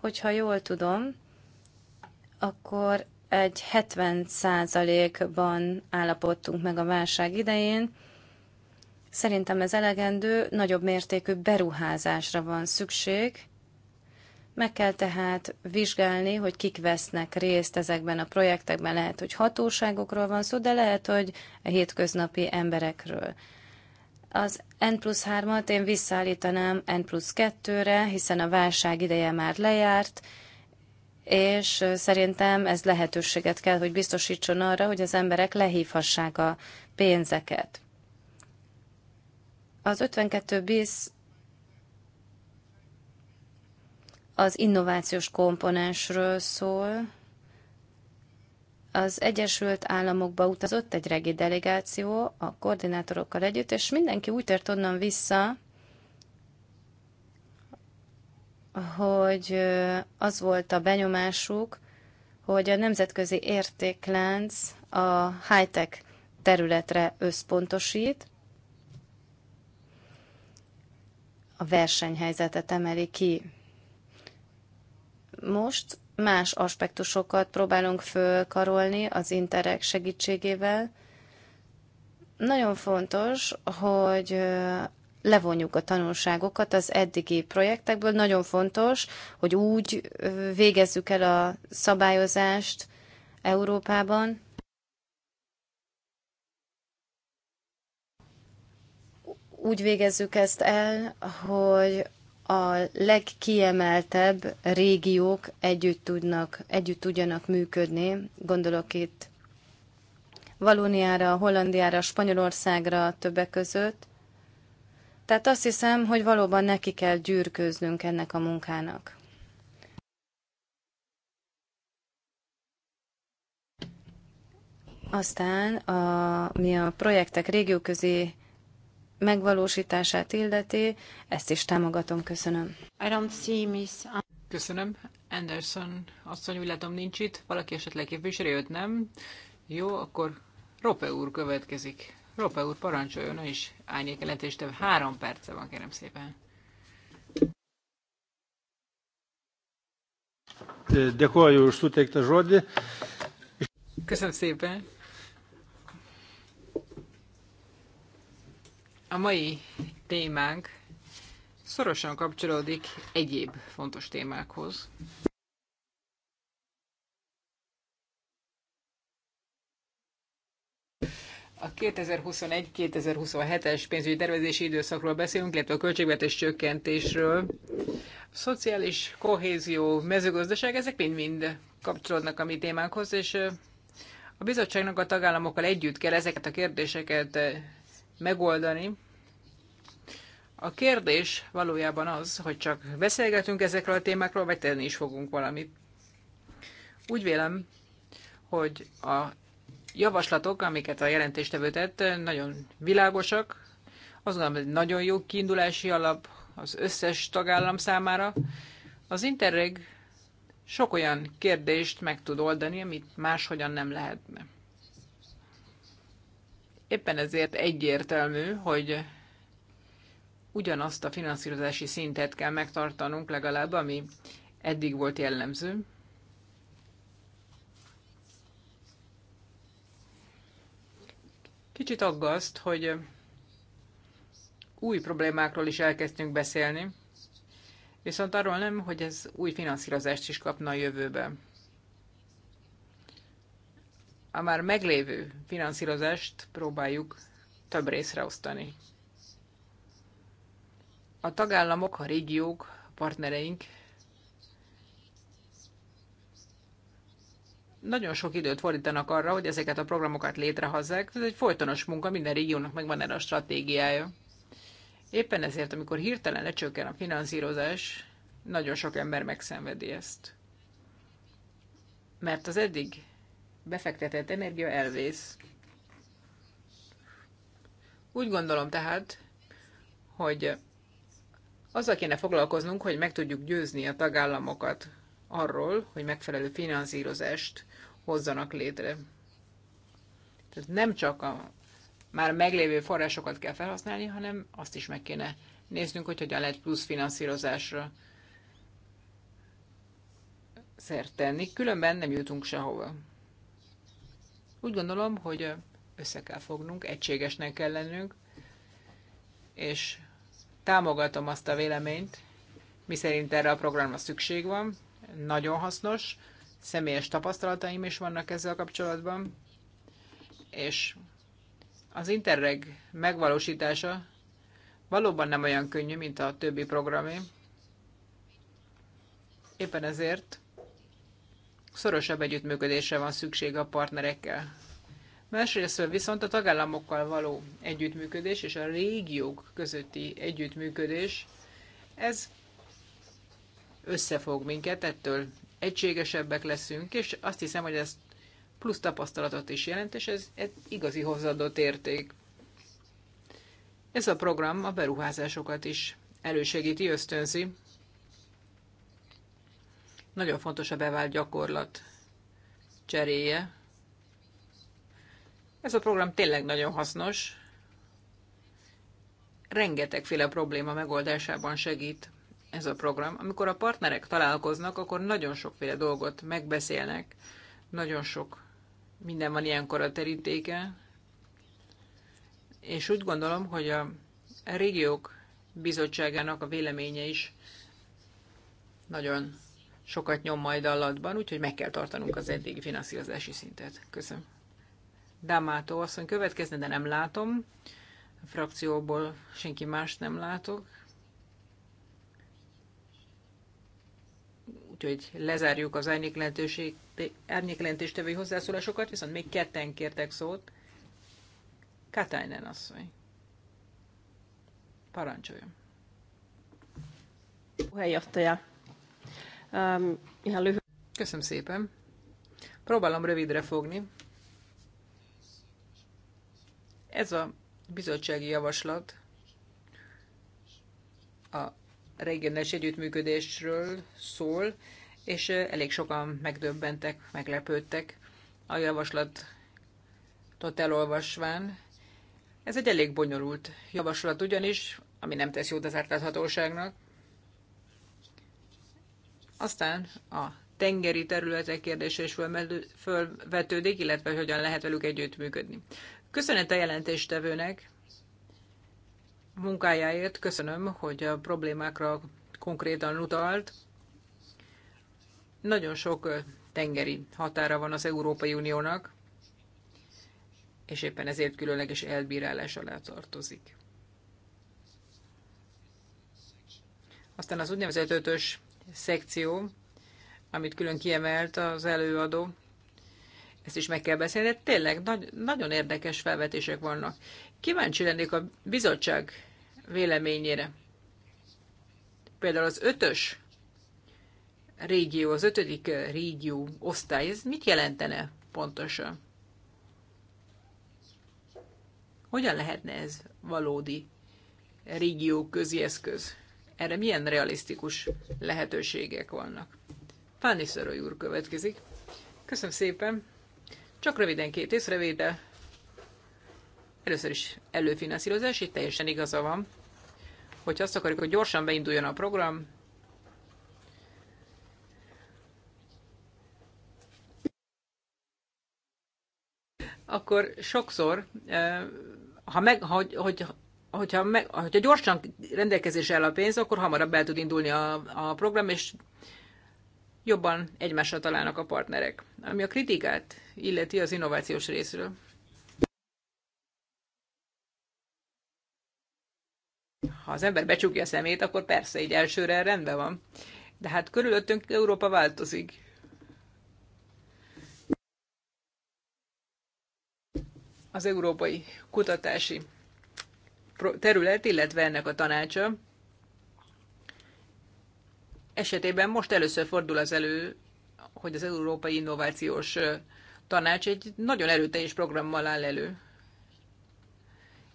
hogyha jól tudom, akkor egy 70%-ban állapodtunk meg a válság idején. Szerintem ez elegendő, nagyobb mértékű beruházásra van szükség. Meg kell tehát vizsgálni, hogy kik vesznek részt ezekben a projektekben. Lehet, hogy hatóságokról van szó, de lehet, hogy a hétköznapi emberekről. Az N plusz 3-at én visszaállítanám N plusz 2-re, hiszen a válság ideje már lejárt, és szerintem ez lehetőséget kell, hogy biztosítson arra, hogy az emberek lehívhassák a pénzeket. Az 52 bis az innovációs komponensről szól. Az Egyesült Államokba utazott egy regi delegáció a koordinátorokkal együtt, és mindenki úgy tért onnan vissza, hogy az volt a benyomásuk, hogy a nemzetközi értéklánc a high-tech területre összpontosít, a versenyhelyzetet emeli ki. Most más aspektusokat próbálunk fölkarolni az interek segítségével. Nagyon fontos, hogy levonjuk a tanulságokat az eddigi projektekből. Nagyon fontos, hogy úgy végezzük el a szabályozást Európában, úgy végezzük ezt el, hogy a legkiemeltebb régiók együtt, tudnak, együtt tudjanak működni. Gondolok itt Valóniára, Hollandiára, Spanyolországra többek között. Tehát azt hiszem, hogy valóban neki kell gyűrköznünk ennek a munkának. Aztán, a, mi a projektek régióközi megvalósítását illeti, ezt is támogatom, köszönöm.
I don't see Miss... Köszönöm. Anderson asszony, úgy látom nincs itt. Valaki esetleg képviselő, nem. Jó, akkor Rope úr következik. Rope úr, parancsoljon, ő is árnyék több Három perce van, kérem szépen.
Dėkuoju už suteiktą
Köszönöm szépen. A mai témánk szorosan kapcsolódik egyéb fontos témákhoz. A 2021-2027-es pénzügyi tervezési időszakról beszélünk, illetve a költségvetés csökkentésről. A szociális kohézió, mezőgazdaság, ezek mind-mind kapcsolódnak a mi témánkhoz, és a bizottságnak a tagállamokkal együtt kell ezeket a kérdéseket megoldani. A kérdés valójában az, hogy csak beszélgetünk ezekről a témákról, vagy tenni is fogunk valamit. Úgy vélem, hogy a javaslatok, amiket a jelentéstevő tett, nagyon világosak. Azt gondolom, hogy nagyon jó kiindulási alap az összes tagállam számára. Az Interreg sok olyan kérdést meg tud oldani, amit máshogyan nem lehetne. Éppen ezért egyértelmű, hogy ugyanazt a finanszírozási szintet kell megtartanunk legalább, ami eddig volt jellemző. Kicsit aggaszt, hogy új problémákról is elkezdtünk beszélni, viszont arról nem, hogy ez új finanszírozást is kapna a jövőben. A már meglévő finanszírozást próbáljuk több részre osztani. A tagállamok, a régiók, a partnereink nagyon sok időt fordítanak arra, hogy ezeket a programokat létrehozzák. Ez egy folytonos munka, minden régiónak megvan erre a stratégiája. Éppen ezért, amikor hirtelen lecsökken a finanszírozás, nagyon sok ember megszenvedi ezt. Mert az eddig befektetett energia elvész. Úgy gondolom tehát, hogy azzal kéne foglalkoznunk, hogy meg tudjuk győzni a tagállamokat arról, hogy megfelelő finanszírozást hozzanak létre. Tehát nem csak a már meglévő forrásokat kell felhasználni, hanem azt is meg kéne néznünk, hogy hogyan lehet plusz finanszírozásra szert tenni, különben nem jutunk sehova. Úgy gondolom, hogy össze kell fognunk, egységesnek kell lennünk, és támogatom azt a véleményt, miszerint erre a programra szükség van, nagyon hasznos, személyes tapasztalataim is vannak ezzel kapcsolatban, és az Interreg megvalósítása valóban nem olyan könnyű, mint a többi programé. Éppen ezért szorosabb együttműködésre van szükség a partnerekkel. Másrészt viszont a tagállamokkal való együttműködés és a régiók közötti együttműködés, ez összefog minket, ettől egységesebbek leszünk, és azt hiszem, hogy ez plusz tapasztalatot is jelent, és ez egy igazi hozzáadott érték. Ez a program a beruházásokat is elősegíti, ösztönzi. Nagyon fontos a bevált gyakorlat cseréje. Ez a program tényleg nagyon hasznos. Rengetegféle probléma megoldásában segít ez a program. Amikor a partnerek találkoznak, akkor nagyon sokféle dolgot megbeszélnek, nagyon sok minden van ilyenkor a terítéke, és úgy gondolom, hogy a régiók bizottságának a véleménye is nagyon sokat nyom majd alatban, úgyhogy meg kell tartanunk az eddigi finanszírozási szintet. Köszönöm. Dámátó asszony következne, de nem látom. A frakcióból senki más nem látok. úgyhogy lezárjuk az árnyéklentéstevői hozzászólásokat, viszont még ketten kértek szót. Katainen asszony. Parancsoljon. Puheenjohtaja. Um, ihan Köszönöm szépen. Próbálom rövidre fogni. Ez a bizottsági javaslat a regionális együttműködésről szól, és elég sokan megdöbbentek, meglepődtek a javaslatot elolvasván. Ez egy elég bonyolult javaslat ugyanis, ami nem tesz jót az átláthatóságnak. Aztán a tengeri területek kérdése is fölvetődik, illetve hogyan lehet velük együttműködni. Köszönet a jelentéstevőnek, munkájáért. Köszönöm, hogy a problémákra konkrétan utalt. Nagyon sok tengeri határa van az Európai Uniónak, és éppen ezért különleges elbírálás alá tartozik. Aztán az úgynevezett ötös szekció, amit külön kiemelt az előadó, ezt is meg kell beszélni, de tényleg nagy, nagyon érdekes felvetések vannak. Kíváncsi lennék a bizottság véleményére. Például az ötös régió, az ötödik régió osztály, ez mit jelentene pontosan? Hogyan lehetne ez valódi régió közjeszköz? Erre milyen realisztikus lehetőségek vannak? Fáni Szöröly úr következik. Köszönöm szépen. Csak röviden két észrevétel. Először is előfinanszírozás, itt teljesen igaza van. hogy azt akarjuk, hogy gyorsan beinduljon a program, akkor sokszor, ha meg, hogy, hogy, hogyha, meg, hogyha gyorsan rendelkezésre áll a pénz, akkor hamarabb el tud indulni a, a program, és jobban egymásra találnak a partnerek. Ami a kritikát illeti az innovációs részről. Ha az ember becsukja a szemét, akkor persze így elsőre rendben van. De hát körülöttünk Európa változik. Az európai kutatási terület, illetve ennek a tanácsa esetében most először fordul az elő, hogy az Európai Innovációs Tanács egy nagyon erőteljes programmal áll elő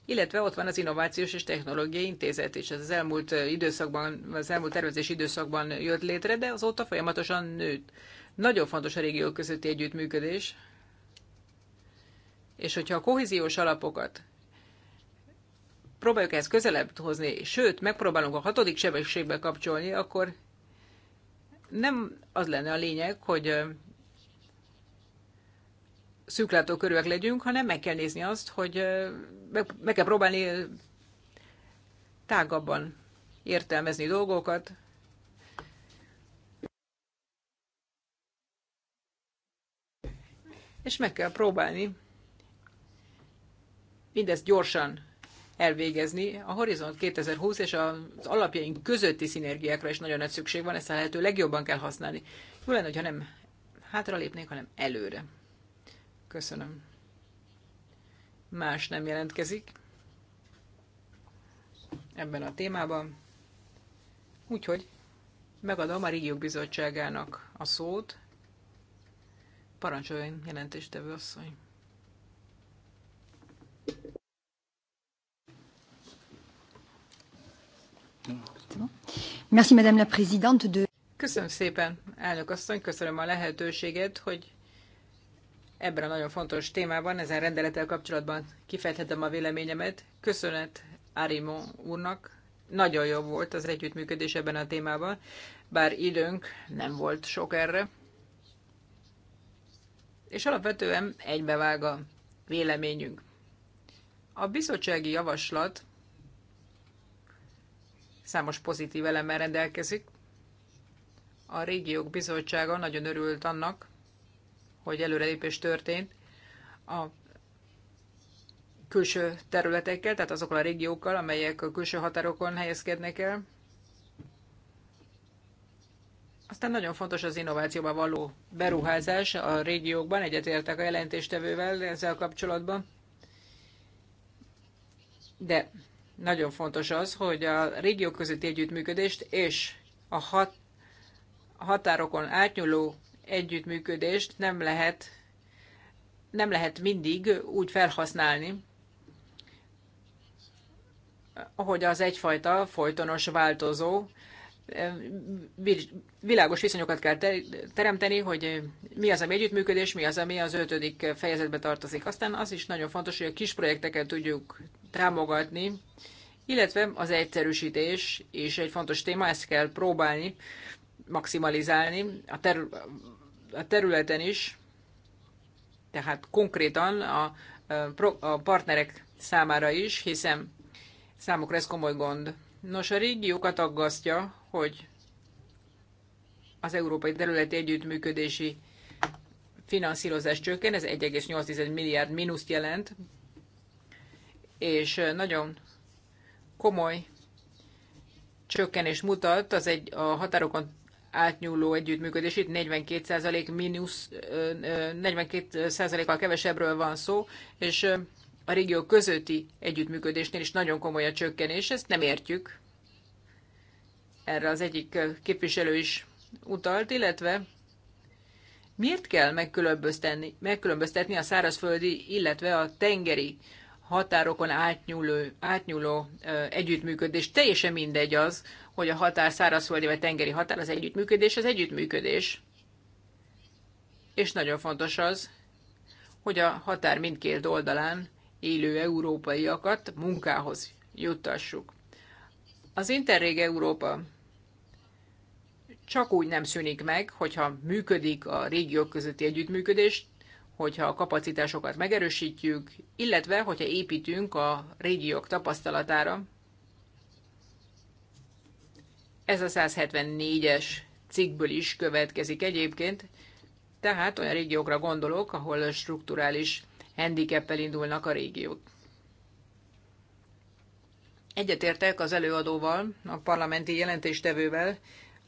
illetve ott van az Innovációs és Technológiai Intézet is. Ez az elmúlt időszakban, az elmúlt tervezési időszakban jött létre, de azóta folyamatosan nőtt. Nagyon fontos a régiók közötti együttműködés, és hogyha a kohéziós alapokat próbáljuk ezt közelebb hozni, sőt, megpróbálunk a hatodik sebességbe kapcsolni, akkor nem az lenne a lényeg, hogy szűklátókörűek legyünk, hanem meg kell nézni azt, hogy meg, meg kell próbálni tágabban értelmezni dolgokat. És meg kell próbálni mindezt gyorsan elvégezni. A Horizont 2020 és az alapjaink közötti szinergiákra is nagyon nagy szükség van, ezt a lehető legjobban kell használni. Jó lenne, hogyha nem hátralépnék, hanem előre. Köszönöm. Más nem jelentkezik ebben a témában. Úgyhogy megadom a Régiók Bizottságának a szót. Parancsoljon, jelentéstevő asszony.
De...
Köszönöm szépen, elnök asszony, köszönöm a lehetőséget, hogy ebben a nagyon fontos témában, ezen rendelettel kapcsolatban kifejthetem a véleményemet. Köszönet Arimo úrnak, nagyon jó volt az együttműködés ebben a témában, bár időnk nem volt sok erre. És alapvetően egybevág a véleményünk. A bizottsági javaslat számos pozitív elemmel rendelkezik. A régiók bizottsága nagyon örült annak, hogy előrelépés történt a külső területekkel, tehát azokkal a régiókkal, amelyek a külső határokon helyezkednek el. Aztán nagyon fontos az innovációba való beruházás a régiókban, egyetértek a jelentéstevővel ezzel kapcsolatban. De nagyon fontos az, hogy a régiók közötti együttműködést és a hat, határokon átnyúló együttműködést nem lehet, nem lehet mindig úgy felhasználni, hogy az egyfajta folytonos változó, világos viszonyokat kell teremteni, hogy mi az, ami együttműködés, mi az, ami az ötödik fejezetbe tartozik. Aztán az is nagyon fontos, hogy a kis projekteket tudjuk támogatni, illetve az egyszerűsítés és egy fontos téma, ezt kell próbálni maximalizálni, a, ter- a területen is, tehát konkrétan a, a partnerek számára is, hiszen számukra ez komoly gond. Nos, a régiókat aggasztja, hogy az európai területi együttműködési finanszírozás csökken, ez 1,8 milliárd mínuszt jelent, és nagyon komoly csökkenés mutat az egy, a határokon átnyúló együttműködés. Itt 42% mínusz, 42%-kal kevesebbről van szó, és a régió közötti együttműködésnél is nagyon komoly a csökkenés, ezt nem értjük. Erre az egyik képviselő is utalt, illetve miért kell megkülönböztetni, megkülönböztetni a szárazföldi, illetve a tengeri határokon átnyúló, átnyúló együttműködés. Teljesen mindegy az, hogy a határ szárazföldi vagy tengeri határ az együttműködés, az együttműködés. És nagyon fontos az, hogy a határ mindkét oldalán élő európaiakat munkához juttassuk. Az Interreg Európa csak úgy nem szűnik meg, hogyha működik a régiók közötti együttműködés, hogyha a kapacitásokat megerősítjük, illetve hogyha építünk a régiók tapasztalatára, ez a 174-es cikkből is következik egyébként, tehát olyan régiókra gondolok, ahol strukturális handicappel indulnak a régiók. Egyetértek az előadóval, a parlamenti jelentéstevővel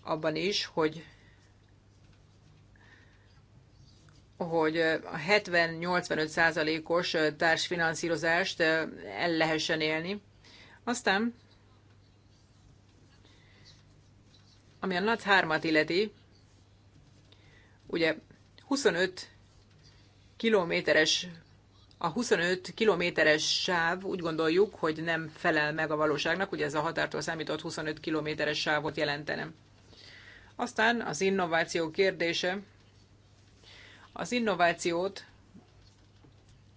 abban is, hogy hogy a 70-85 százalékos társfinanszírozást el lehessen élni. Aztán Ami a nagy 3 illeti, ugye 25 kilométeres, a 25 kilométeres sáv úgy gondoljuk, hogy nem felel meg a valóságnak, ugye ez a határtól számított 25 kilométeres sávot jelentene. Aztán az innováció kérdése. Az innovációt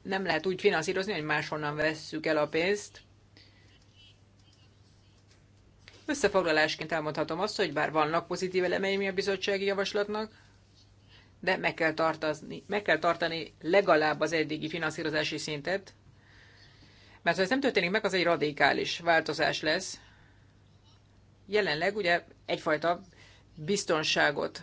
nem lehet úgy finanszírozni, hogy máshonnan vesszük el a pénzt. Összefoglalásként elmondhatom azt, hogy bár vannak pozitív elemei a bizottsági javaslatnak, de meg kell, tartani, meg kell tartani legalább az eddigi finanszírozási szintet, mert ha ez nem történik meg, az egy radikális változás lesz. Jelenleg ugye egyfajta biztonságot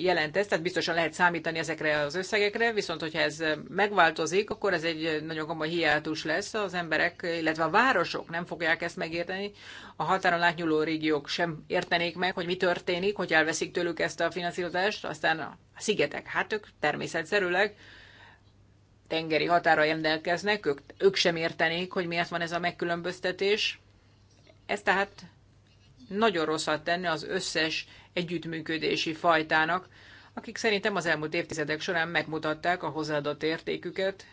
jelent ez, tehát biztosan lehet számítani ezekre az összegekre, viszont hogyha ez megváltozik, akkor ez egy nagyon komoly hiátus lesz, az emberek, illetve a városok nem fogják ezt megérteni, a határon átnyúló régiók sem értenék meg, hogy mi történik, hogy elveszik tőlük ezt a finanszírozást, aztán a szigetek, hát ők természetszerűleg tengeri határa rendelkeznek, ők, ők sem értenék, hogy miért van ez a megkülönböztetés. Ez tehát nagyon rosszat tenni az összes együttműködési fajtának, akik szerintem az elmúlt évtizedek során megmutatták a hozzáadott értéküket,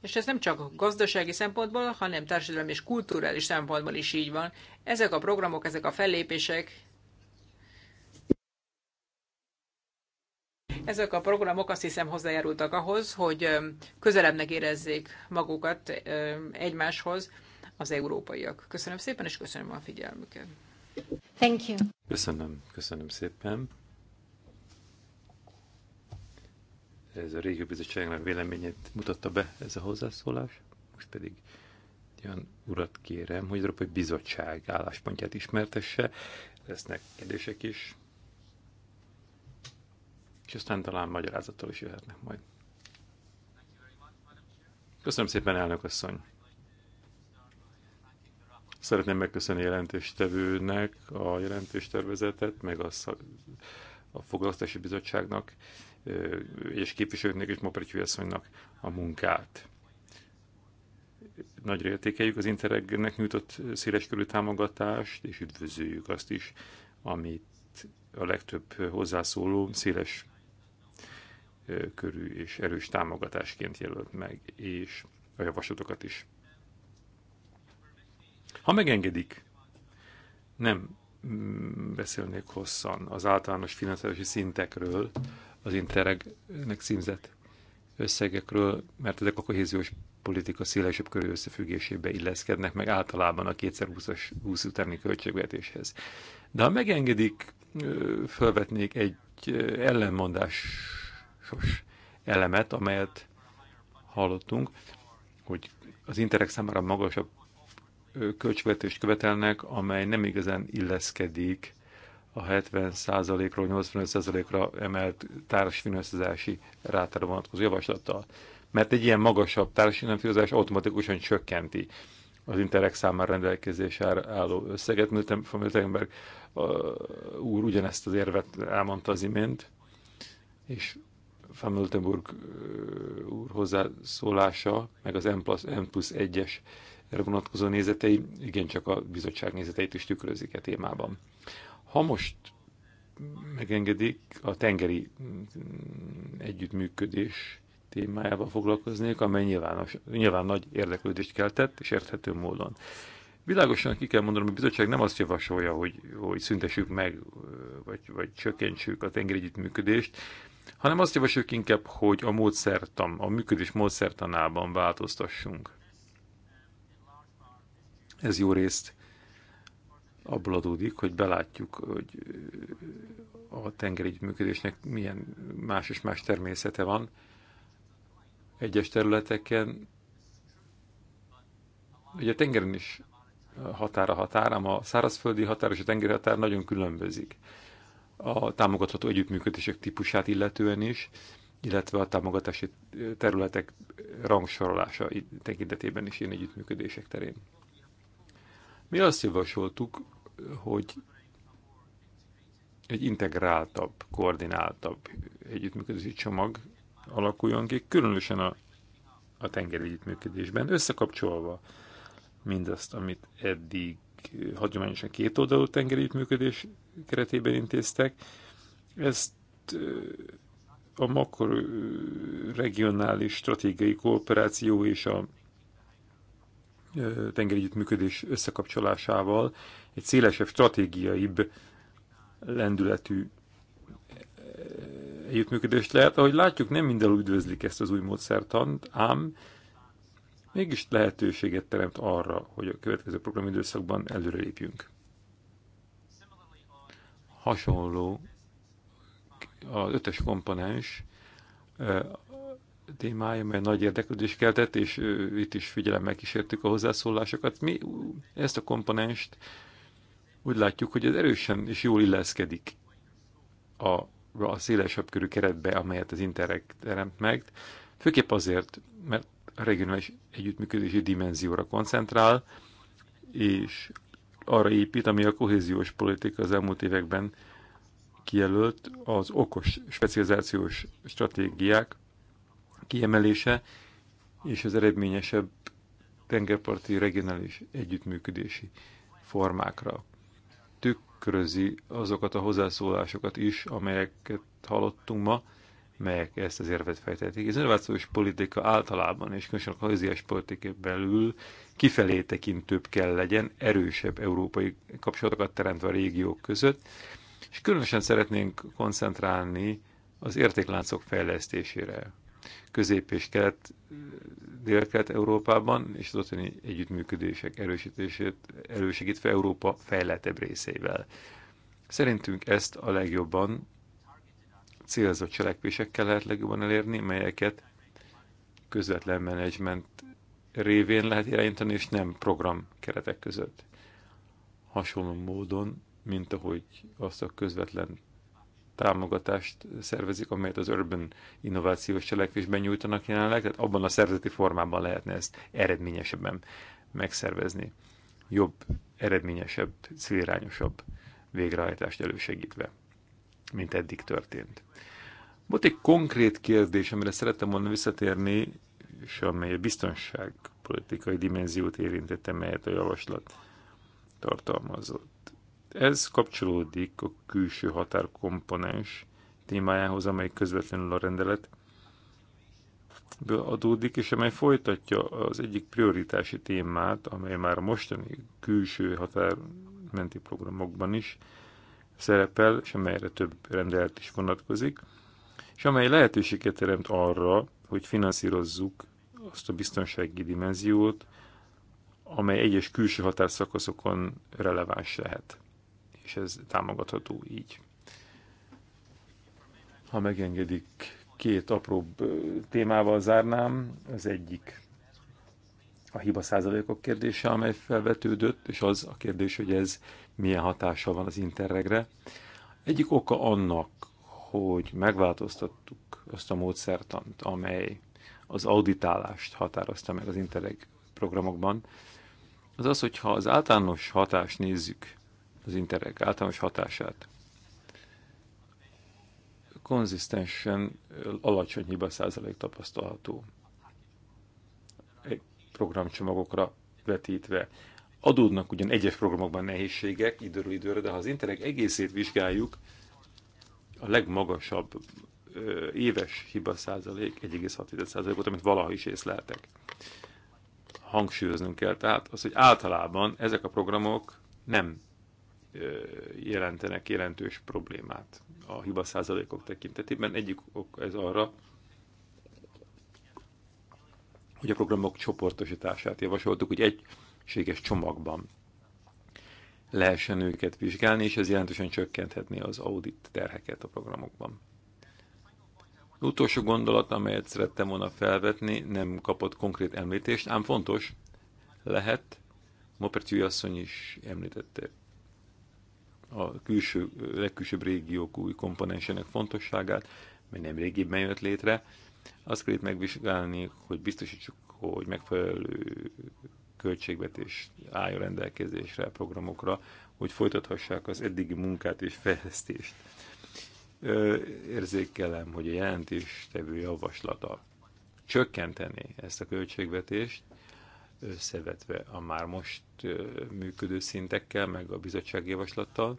és ez nem csak gazdasági szempontból, hanem társadalmi és kulturális szempontból is így van. Ezek a programok, ezek a fellépések, ezek a programok azt hiszem hozzájárultak ahhoz, hogy közelebbnek érezzék magukat egymáshoz az európaiak. Köszönöm szépen, és köszönöm a figyelmüket. Thank you.
Köszönöm, köszönöm szépen. Ez a régi bizottságnak véleményét mutatta be ez a hozzászólás, most pedig olyan urat kérem, hogy az Európai Bizottság álláspontját ismertesse, lesznek kérdések is, és aztán talán magyarázattal is jöhetnek majd. Köszönöm szépen, elnök asszony! Szeretném megköszönni a jelentéstevőnek a jelentéstervezetet, meg a, a Foglalkoztási Bizottságnak és képviselőknek és Moprettyű asszonynak a munkát. Nagyra értékeljük az Interregnek nyújtott széleskörű támogatást, és üdvözöljük azt is, amit a legtöbb hozzászóló széles körű és erős támogatásként jelölt meg, és a javaslatokat is. Ha megengedik, nem mm, beszélnék hosszan az általános finanszírozási szintekről, az Interregnek címzett összegekről, mert ezek a kohéziós politika szélesebb körű összefüggésébe illeszkednek, meg általában a 2020-as 20 utáni költségvetéshez. De ha megengedik, felvetnék egy ellenmondásos elemet, amelyet hallottunk, hogy az interek számára magasabb költségvetést követelnek, amely nem igazán illeszkedik a 70%-ról 85%-ra emelt társfinanszírozási rátára vonatkozó javaslattal. Mert egy ilyen magasabb társfinanszírozás automatikusan csökkenti az interek számára rendelkezésre álló összeget. Milten, von úr ugyanezt az érvet elmondta az imént, és van úr hozzászólása, meg az M plusz, M plusz 1-es erre vonatkozó nézetei igencsak a bizottság nézeteit is tükrözik a e témában. Ha most megengedik a tengeri mm, együttműködés témájával foglalkoznék, amely nyilván, nyilván nagy érdeklődést keltett, és érthető módon. Világosan ki kell mondanom, hogy a bizottság nem azt javasolja, hogy, hogy szüntessük meg, vagy, vagy csökkentsük a tengeri együttműködést, hanem azt javasoljuk inkább, hogy a módszertan, a működés módszertanában változtassunk. Ez jó részt abból adódik, hogy belátjuk, hogy a tengeri működésnek milyen más és más természete van. Egyes területeken, ugye a tengeren is határa határ, ám a szárazföldi határ és a tengeri határ nagyon különbözik. A támogatható együttműködések típusát illetően is, illetve a támogatási területek rangsorolása tekintetében is én együttműködések terén. Mi azt javasoltuk, hogy egy integráltabb, koordináltabb együttműködési csomag alakuljon ki, különösen a, a tengeri együttműködésben, összekapcsolva mindazt, amit eddig hagyományosan két oldalú tengeri együttműködés keretében intéztek. Ezt a makroregionális stratégiai kooperáció és a tengeri együttműködés összekapcsolásával egy szélesebb, stratégiaibb lendületű együttműködést lehet. Ahogy látjuk, nem minden üdvözlik ezt az új módszertant, ám mégis lehetőséget teremt arra, hogy a következő programidőszakban előrelépjünk. Hasonló az ötös komponens témája, mert nagy érdeklődés keltett, és itt is figyelemmel kísértük a hozzászólásokat. Mi ezt a komponenst úgy látjuk, hogy ez erősen és jól illeszkedik a, a szélesebb körű keretbe, amelyet az Interreg teremt meg, főképp azért, mert a regionális együttműködési dimenzióra koncentrál, és arra épít, ami a kohéziós politika az elmúlt években kijelölt, az okos specializációs stratégiák, kiemelése és az eredményesebb tengerparti regionális együttműködési formákra. Tükrözi azokat a hozzászólásokat is, amelyeket hallottunk ma, melyek ezt az érvet fejtették. Az innovációs politika általában és különösen a közélyes politika belül kifelé tekintőbb kell legyen, erősebb európai kapcsolatokat teremtve a régiók között, és különösen szeretnénk koncentrálni az értékláncok fejlesztésére. Közép- és Kelet, Dél-Kelet Európában, és az ottani együttműködések erősítését elősegítve Európa fejlettebb részeivel. Szerintünk ezt a legjobban célzott cselekvésekkel lehet legjobban elérni, melyeket közvetlen menedzsment révén lehet irányítani, és nem program keretek között. Hasonló módon, mint ahogy azt a közvetlen támogatást szervezik, amelyet az Urban Innovációs Cselekvésben nyújtanak jelenleg, tehát abban a szervezeti formában lehetne ezt eredményesebben megszervezni, jobb, eredményesebb, célirányosabb végrehajtást elősegítve, mint eddig történt. Volt egy konkrét kérdés, amire szerettem volna visszatérni, és amely a biztonságpolitikai dimenziót érintette, melyet a javaslat tartalmazott. Ez kapcsolódik a külső határkomponens témájához, amely közvetlenül a rendelet adódik, és amely folytatja az egyik prioritási témát, amely már a mostani külső határmenti programokban is szerepel, és amelyre több rendelet is vonatkozik, és amely lehetőséget teremt arra, hogy finanszírozzuk azt a biztonsági dimenziót, amely egyes külső határszakaszokon releváns lehet és ez támogatható így. Ha megengedik, két apróbb témával zárnám. Az egyik a hiba százalékok kérdése, amely felvetődött, és az a kérdés, hogy ez milyen hatással van az interregre. Egyik oka annak, hogy megváltoztattuk azt a módszertant, amely az auditálást határozta meg az interreg programokban, az az, hogyha az általános hatást nézzük, az interreg általános hatását. Konzisztensen alacsony hiba százalék tapasztalható egy programcsomagokra vetítve. Adódnak ugyan egyes programokban nehézségek időről időre, de ha az interreg egészét vizsgáljuk, a legmagasabb éves hiba százalék 1,6 százalékot, amit valaha is észleltek. Hangsúlyoznunk kell tehát az, hogy általában ezek a programok nem jelentenek jelentős problémát a hiba százalékok tekintetében. Egyik ok ez arra, hogy a programok csoportosítását javasoltuk, hogy egységes csomagban lehessen őket vizsgálni, és ez jelentősen csökkenthetné az audit terheket a programokban. Az utolsó gondolat, amelyet szerettem volna felvetni, nem kapott konkrét említést, ám fontos lehet, Mopertyű asszony is említette a külső, legkülsőbb régiók új komponensének fontosságát, mely nem régiben jött létre. Azt kell itt megvizsgálni, hogy biztosítsuk, hogy megfelelő költségvetés álljon rendelkezésre, programokra, hogy folytathassák az eddigi munkát és fejlesztést. Érzékelem, hogy a jelentéstevő javaslata csökkenteni ezt a költségvetést, összevetve a már most működő szintekkel, meg a bizottság javaslattal.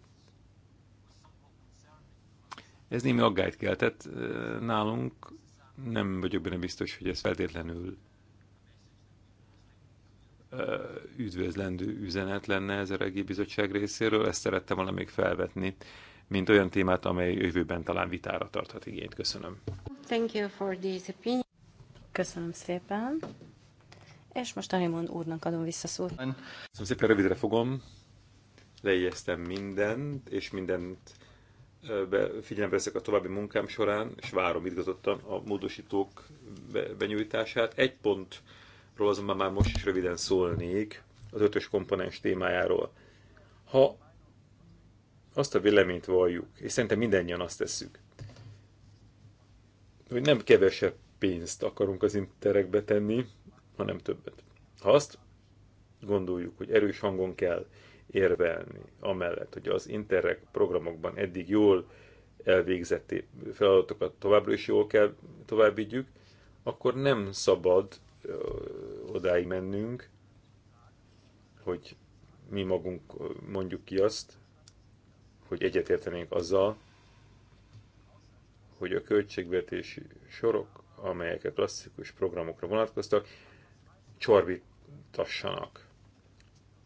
Ez némi aggályt keltett nálunk, nem vagyok benne biztos, hogy ez feltétlenül üdvözlendő üzenet lenne ez a regi bizottság részéről, ezt szerettem volna még felvetni, mint olyan témát, amely jövőben talán vitára tarthat igényt. Köszönöm.
Thank you for this opinion. Köszönöm szépen és most Arimond úrnak adom vissza szót.
szóval szépen, rövidre fogom. Leijesztem mindent, és mindent figyelembe veszek a további munkám során, és várom izgatottan a módosítók benyújtását. Egy pontról azonban már most is röviden szólnék, az ötös komponens témájáról. Ha azt a véleményt valljuk, és szerintem mindannyian azt tesszük, hogy nem kevesebb pénzt akarunk az interekbe tenni, hanem többet. Ha azt gondoljuk, hogy erős hangon kell érvelni, amellett, hogy az Interreg programokban eddig jól elvégzett feladatokat továbbra is jól kell továbbvigyük, akkor nem szabad odáig mennünk, hogy mi magunk mondjuk ki azt, hogy egyetértenénk azzal, hogy a költségvetési sorok, amelyek a klasszikus programokra vonatkoztak, csorbítassanak.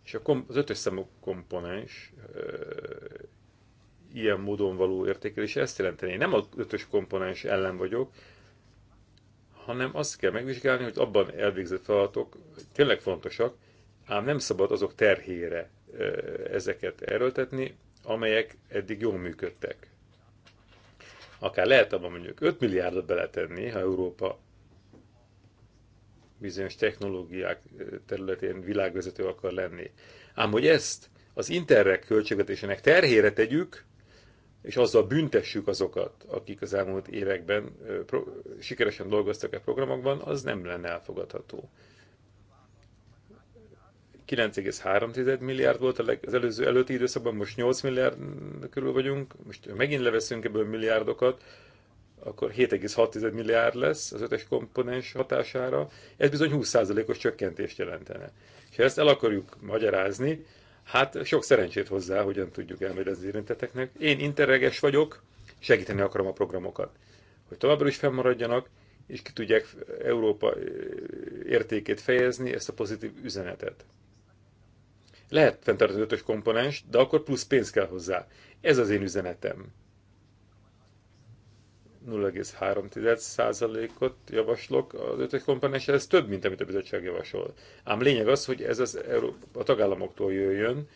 És a kom- az ötös számú komponens e, ilyen módon való értékelés ezt jelenteni. nem az ötös komponens ellen vagyok, hanem azt kell megvizsgálni, hogy abban elvégzett feladatok tényleg fontosak, ám nem szabad azok terhére e, ezeket erőltetni, amelyek eddig jól működtek. Akár lehet abban mondjuk 5 milliárdot beletenni, ha Európa bizonyos technológiák területén világvezető akar lenni. Ám hogy ezt az interreg költségvetésének terhére tegyük, és azzal büntessük azokat, akik az elmúlt években sikeresen dolgoztak a e programokban, az nem lenne elfogadható. 9,3 milliárd volt az előző előtti időszakban, most 8 milliárd körül vagyunk, most megint leveszünk ebből milliárdokat, akkor 7,6 milliárd lesz az ötös komponens hatására, ez bizony 20%-os csökkentést jelentene. És ha ezt el akarjuk magyarázni, hát sok szerencsét hozzá, hogyan tudjuk elmagyarázni az érinteteknek. Én interreges vagyok, segíteni akarom a programokat, hogy továbbra is fennmaradjanak, és ki tudják Európa értékét fejezni, ezt a pozitív üzenetet. Lehet fenntartani ötös komponens, de akkor plusz pénz kell hozzá. Ez az én üzenetem. 0,3%-ot javaslok az ötödik komponensre, ez több, mint amit a bizottság javasol. Ám lényeg az, hogy ez az Európa, a tagállamoktól jöjjön,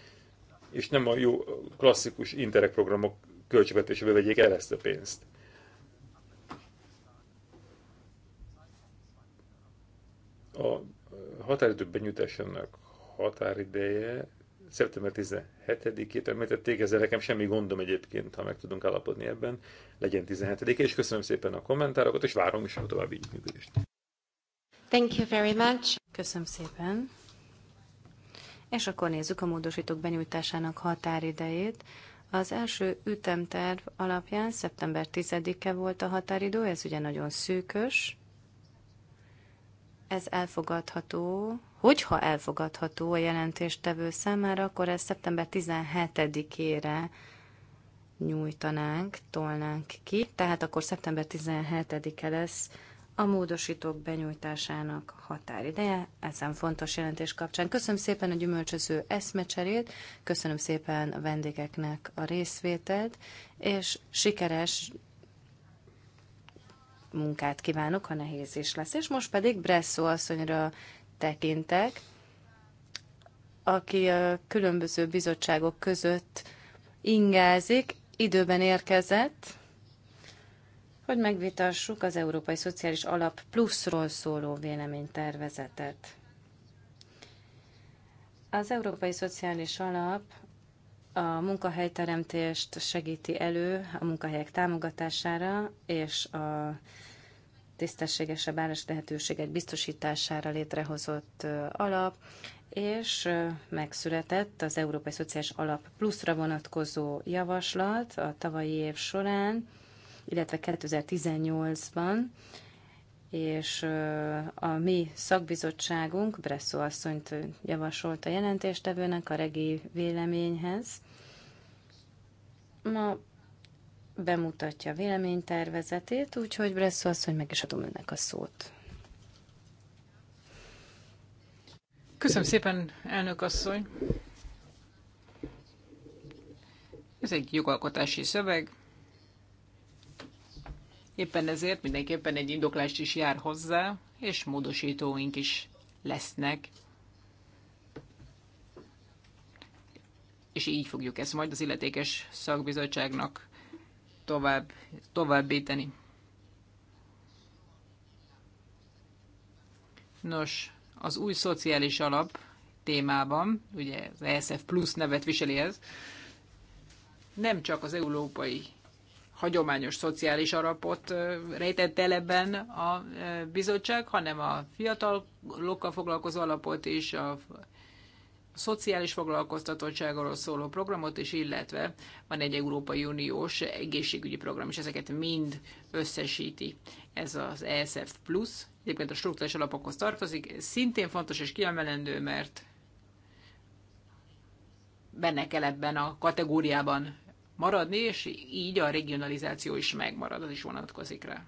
és nem a jó klasszikus interreg programok költségvetésébe vegyék el ezt a pénzt. A határidő benyújtásának határideje szeptember 17-ét említették, ezzel nekem semmi gondom egyébként, ha meg tudunk állapodni ebben, legyen 17 és köszönöm szépen a kommentárokat, és várom is a további működést.
Thank you very much. Köszönöm szépen. És akkor nézzük a módosítók benyújtásának határidejét. Az első ütemterv alapján szeptember 10-e volt a határidő, ez ugye nagyon szűkös ez elfogadható, hogyha elfogadható a jelentéstevő számára, akkor ez szeptember 17-ére nyújtanánk, tolnánk ki, tehát akkor szeptember 17-e lesz a módosítók benyújtásának határideje ezen fontos jelentés kapcsán. Köszönöm szépen a gyümölcsöző eszmecserét, köszönöm szépen a vendégeknek a részvételt, és sikeres munkát kívánok, ha nehéz is lesz. És most pedig Bresszó asszonyra tekintek, aki a különböző bizottságok között ingázik, időben érkezett, hogy megvitassuk az Európai Szociális Alap pluszról szóló véleménytervezetet. Az Európai Szociális Alap a munkahelyteremtést segíti elő a munkahelyek támogatására és a tisztességesebb állás lehetőségek biztosítására létrehozott alap, és megszületett az Európai Szociális Alap pluszra vonatkozó javaslat a tavalyi év során, illetve 2018-ban és a mi szakbizottságunk Bresszó asszonyt javasolt a jelentéstevőnek a regi véleményhez. Ma bemutatja a véleménytervezetét, úgyhogy Bresszó asszony meg is adom önnek a szót. Köszönöm szépen,
elnök asszony! Ez egy jogalkotási szöveg, Éppen ezért mindenképpen egy indoklást is jár hozzá, és módosítóink is lesznek. És így fogjuk ezt majd az illetékes szakbizottságnak tovább, továbbíteni. Nos, az új szociális alap témában, ugye az ESF Plus nevet viseli ez, nem csak az európai hagyományos szociális alapot rejtett el ebben a bizottság, hanem a fiatalokkal foglalkozó alapot és a szociális foglalkoztatottságról szóló programot is, illetve van egy Európai Uniós egészségügyi program, és ezeket mind összesíti. Ez az ESF Plus, egyébként a struktúrás alapokhoz tartozik, Ez szintén fontos és kiemelendő, mert benne kell ebben a kategóriában maradni, és így a regionalizáció is megmarad, az is vonatkozik rá.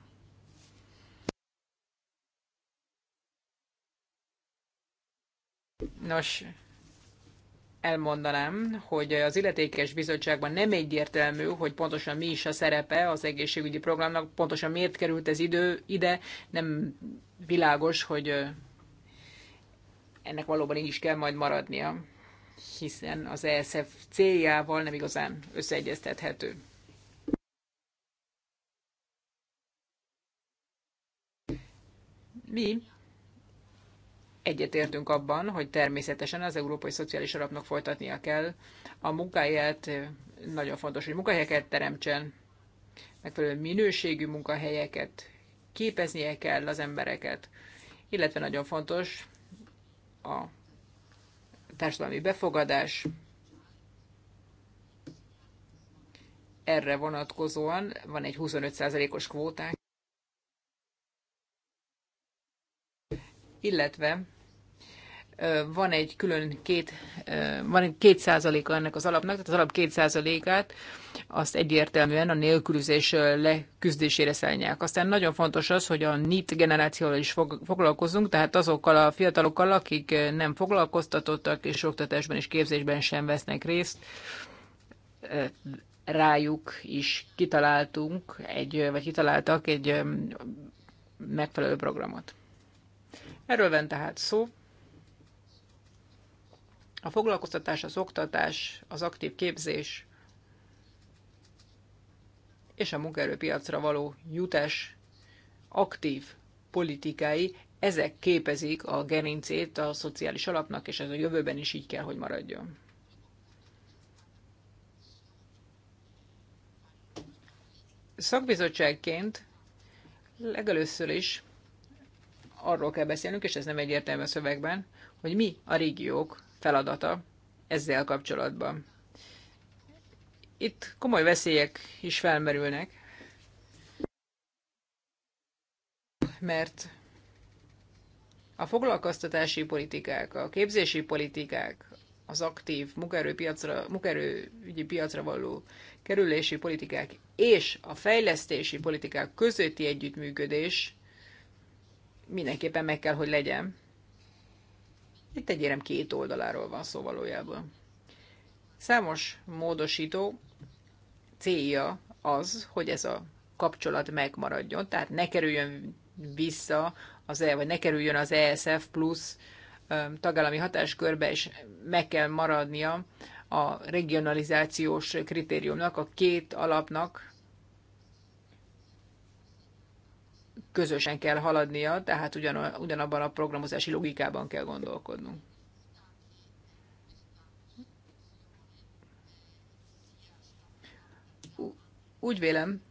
Nos, elmondanám, hogy az illetékes bizottságban nem egyértelmű, hogy pontosan mi is a szerepe az egészségügyi programnak, pontosan miért került ez idő ide, nem világos, hogy ennek valóban így is kell majd maradnia hiszen az ESF céljával nem igazán összeegyeztethető. Mi egyetértünk abban, hogy természetesen az Európai Szociális Alapnak folytatnia kell a munkáját, nagyon fontos, hogy munkahelyeket teremtsen, megfelelő minőségű munkahelyeket, képeznie kell az embereket, illetve nagyon fontos a társadalmi befogadás. Erre vonatkozóan van egy 25%-os kvótánk, illetve van egy külön két, van egy két százaléka ennek az alapnak, tehát az alap két százalékát azt egyértelműen a nélkülözés leküzdésére szállják. Aztán nagyon fontos az, hogy a NIT generációval is foglalkozunk, tehát azokkal a fiatalokkal, akik nem foglalkoztatottak, és oktatásban és képzésben sem vesznek részt, rájuk is kitaláltunk, egy, vagy kitaláltak egy megfelelő programot. Erről van tehát szó. A foglalkoztatás, az oktatás, az aktív képzés és a munkaerőpiacra való jutás aktív politikái, ezek képezik a gerincét a szociális alapnak, és ez a jövőben is így kell, hogy maradjon. Szakbizottságként legelőször is arról kell beszélnünk, és ez nem egyértelmű a szövegben, hogy mi a régiók feladata ezzel kapcsolatban. Itt komoly veszélyek is felmerülnek, mert a foglalkoztatási politikák, a képzési politikák, az aktív munkaerőpiacra, munkaerőügyi piacra való kerülési politikák és a fejlesztési politikák közötti együttműködés mindenképpen meg kell, hogy legyen. Itt egy érem két oldaláról van szó valójában. Számos módosító célja az, hogy ez a kapcsolat megmaradjon, tehát ne kerüljön vissza az E, vagy ne kerüljön az ESF plusz tagállami hatáskörbe, és meg kell maradnia a regionalizációs kritériumnak, a két alapnak, közösen kell haladnia, tehát ugyan, ugyanabban a programozási logikában kell gondolkodnunk. Úgy vélem,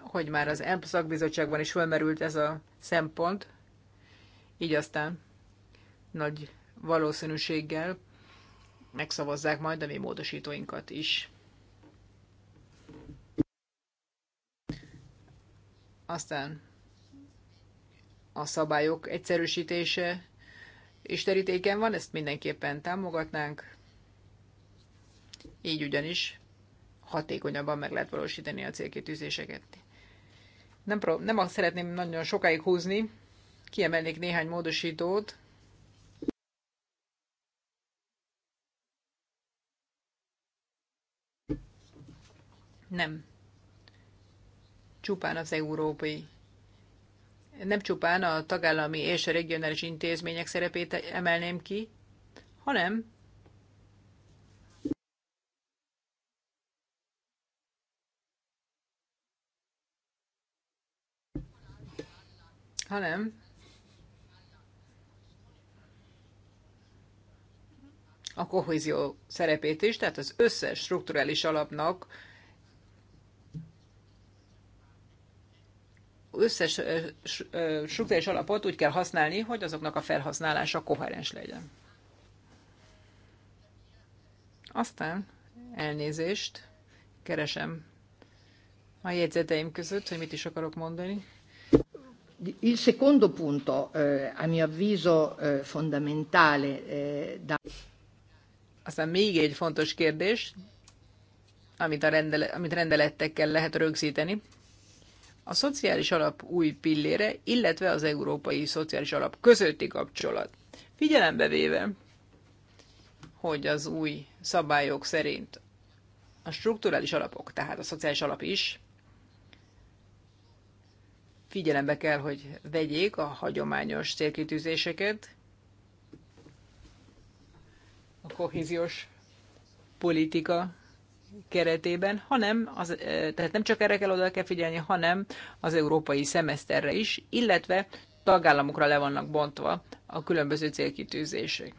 hogy már az EMP szakbizottságban is felmerült ez a szempont, így aztán nagy valószínűséggel megszavazzák majd a mi módosítóinkat is. Aztán a szabályok egyszerűsítése és terítéken van, ezt mindenképpen támogatnánk. Így ugyanis hatékonyabban meg lehet valósítani a célkitűzéseket. Nem, nem azt szeretném nagyon sokáig húzni, kiemelnék néhány módosítót, nem. Csupán az európai nem csupán a tagállami és a regionális intézmények szerepét emelném ki, hanem hanem a kohézió szerepét is, tehát az összes strukturális alapnak összes struktúrális alapot úgy kell használni, hogy azoknak a felhasználása koherens legyen. Aztán elnézést, keresem a jegyzeteim között, hogy mit is akarok mondani. Il secondo punto, eh, a mio avviso, eh, fondamentale. Eh, da... Aztán még egy fontos kérdés, amit a rendelet, amit rendelettekkel lehet rögzíteni, a szociális alap új pillére, illetve az európai szociális alap közötti kapcsolat. Figyelembe véve, hogy az új szabályok szerint a strukturális alapok, tehát a szociális alap is, figyelembe kell, hogy vegyék a hagyományos célkitűzéseket, a kohéziós politika keretében, hanem az, tehát nem csak erre kell oda kell figyelni, hanem az európai szemeszterre is, illetve tagállamokra le vannak bontva a különböző célkitűzések.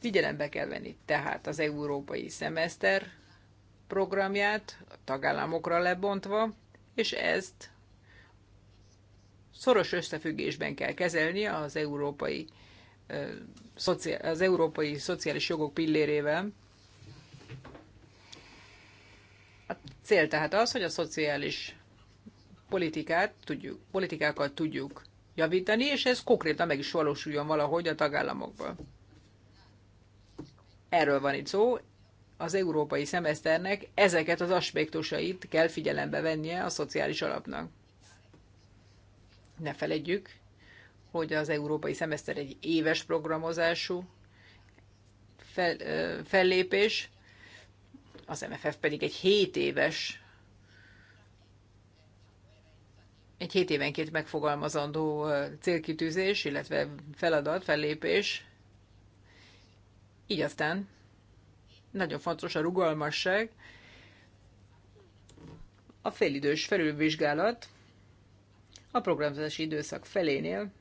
Figyelembe kell venni tehát az európai szemeszter programját, a tagállamokra lebontva, és ezt szoros összefüggésben kell kezelni az európai az európai szociális jogok pillérével. A cél tehát az, hogy a szociális politikát tudjuk, politikákat tudjuk javítani, és ez konkrétan meg is valósuljon valahogy a tagállamokban. Erről van itt szó, az európai szemeszternek ezeket az aspektusait kell figyelembe vennie a szociális alapnak. Ne feledjük, hogy az európai szemeszter egy éves programozású fel, fellépés, az MFF pedig egy 7 éves, egy hét évenként megfogalmazandó célkitűzés, illetve feladat, fellépés. Így aztán nagyon fontos a rugalmasság, a félidős felülvizsgálat a programozási időszak felénél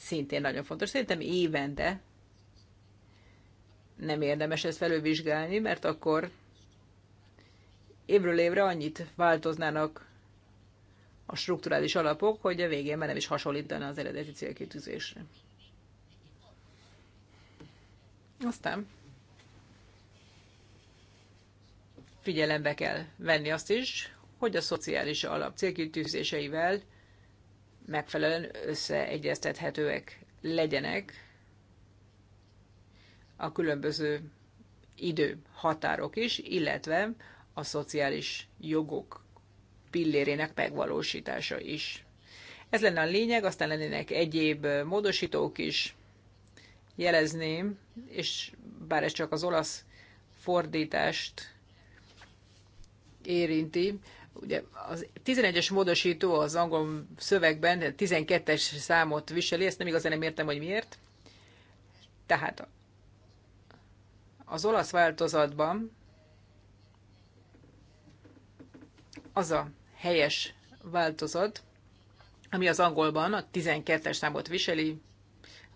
szintén nagyon fontos. Szerintem évente nem érdemes ezt felülvizsgálni, mert akkor évről évre annyit változnának a strukturális alapok, hogy a végén már nem is hasonlítana az eredeti célkitűzésre. Aztán figyelembe kell venni azt is, hogy a szociális alap célkitűzéseivel megfelelően összeegyeztethetőek legyenek a különböző időhatárok is, illetve a szociális jogok pillérének megvalósítása is. Ez lenne a lényeg, aztán lennének egyéb módosítók is, jelezném, és bár ez csak az olasz fordítást érinti, Ugye az 11-es módosító az angol szövegben 12-es számot viseli, ezt nem igazán nem értem, hogy miért. Tehát az olasz változatban az a helyes változat, ami az angolban a 12-es számot viseli.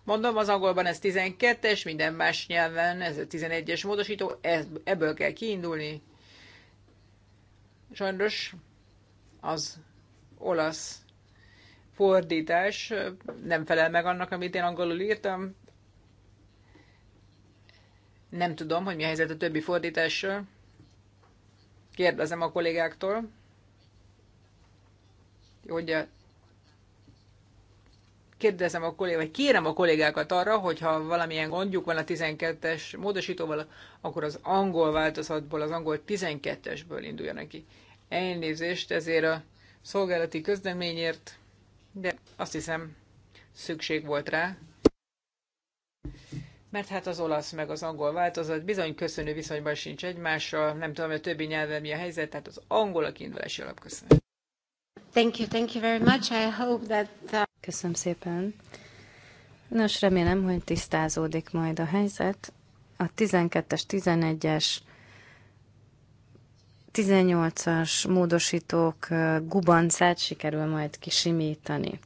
Mondom, az angolban ez 12-es, minden más nyelven ez a 11-es módosító, ebből kell kiindulni, Sajnos az olasz fordítás nem felel meg annak, amit én angolul írtam. Nem tudom, hogy mi a helyzet a többi fordítással. Kérdezem a kollégáktól, hogy a kérdezem a kollégákat, vagy kérem a kollégákat arra, hogyha valamilyen gondjuk van a 12-es módosítóval, akkor az angol változatból, az angol 12-esből induljon neki. Elnézést ezért a szolgálati közleményért, de azt hiszem szükség volt rá. Mert hát az olasz meg az angol változat bizony köszönő viszonyban sincs egymással, nem tudom, hogy a többi nyelven mi a helyzet, tehát az angol a kiindulási alap köszönöm.
Thank you, thank you very much. I hope that... Uh... Köszönöm szépen. Nos, remélem, hogy tisztázódik majd a helyzet. A 12-es, 11-es, 18-as módosítók uh, gubancát sikerül majd kisimítani.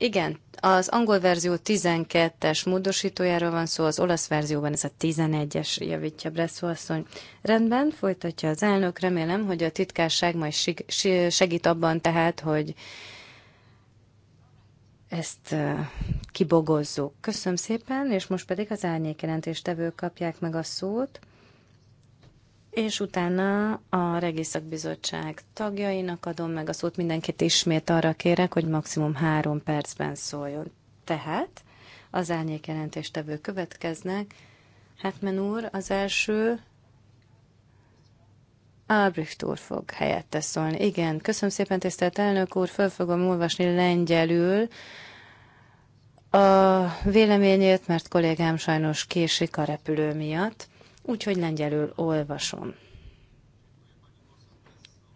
Igen, az angol verzió 12-es módosítójáról van szó, az olasz verzióban ez a 11-es, javítja Bresszó asszony. Rendben, folytatja az elnök, remélem, hogy a titkárság majd segít abban tehát, hogy ezt kibogozzuk. Köszönöm szépen, és most pedig az árnyék jelentéstevők kapják meg a szót és utána a Regiszakbizottság tagjainak adom meg a szót. Mindenkit ismét arra kérek, hogy maximum három percben szóljon. Tehát az árnyék jelentéstevő következnek. Hetmen úr, az első Albrecht úr fog helyette szólni. Igen, köszönöm szépen, tisztelt elnök úr, föl fogom olvasni lengyelül a véleményét, mert kollégám sajnos késik a repülő miatt úgyhogy lengyelül olvasom.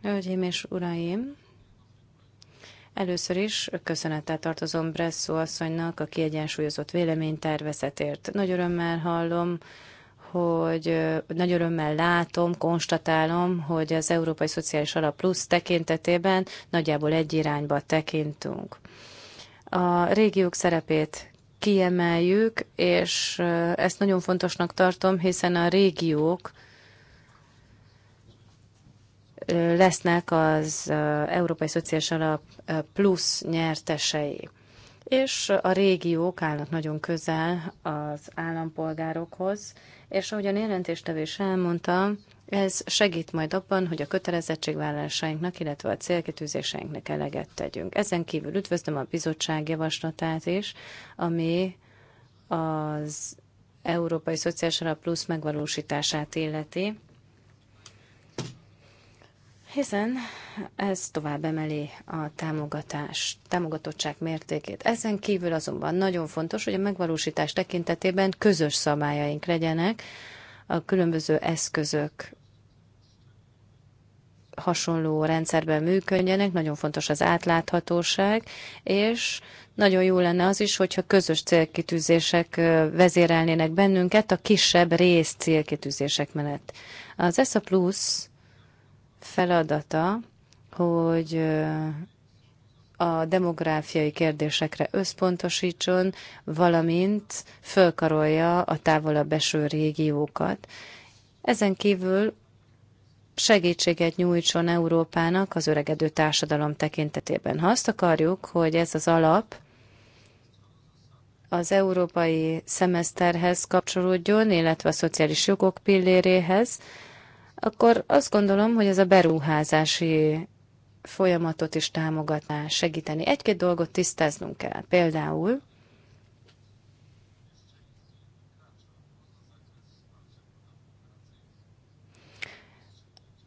Hölgyeim és uraim, Először is köszönettel tartozom Bresszó asszonynak a kiegyensúlyozott véleménytervezetért. Nagy örömmel hallom, hogy nagy örömmel látom, konstatálom, hogy az Európai Szociális Alap Plusz tekintetében nagyjából egy irányba tekintünk. A régiók szerepét kiemeljük, és ezt nagyon fontosnak tartom, hiszen a régiók lesznek az Európai Szociális Alap plusz nyertesei. És a régiók állnak nagyon közel az állampolgárokhoz, és ahogy a jelentéstevés elmondta, ez segít majd abban, hogy a kötelezettségvállalásainknak, illetve a célkitűzéseinknek eleget tegyünk. Ezen kívül üdvözlöm a bizottság javaslatát is, ami az Európai Szociális Alap Plusz megvalósítását illeti, hiszen ez tovább emeli a támogatás, támogatottság mértékét. Ezen kívül azonban nagyon fontos, hogy a megvalósítás tekintetében közös szabályaink legyenek, a különböző eszközök hasonló rendszerben működjenek, nagyon fontos az átláthatóság, és nagyon jó lenne az is, hogyha közös célkitűzések vezérelnének bennünket a kisebb rész célkitűzések mellett. Az ESA Plus feladata, hogy a demográfiai kérdésekre összpontosítson, valamint fölkarolja a távolabb eső régiókat. Ezen kívül segítséget nyújtson Európának az öregedő társadalom tekintetében. Ha azt akarjuk, hogy ez az alap az európai szemeszterhez kapcsolódjon, illetve a szociális jogok pilléréhez, akkor azt gondolom, hogy ez a beruházási folyamatot is támogatná, segíteni. Egy-két dolgot tisztáznunk kell. Például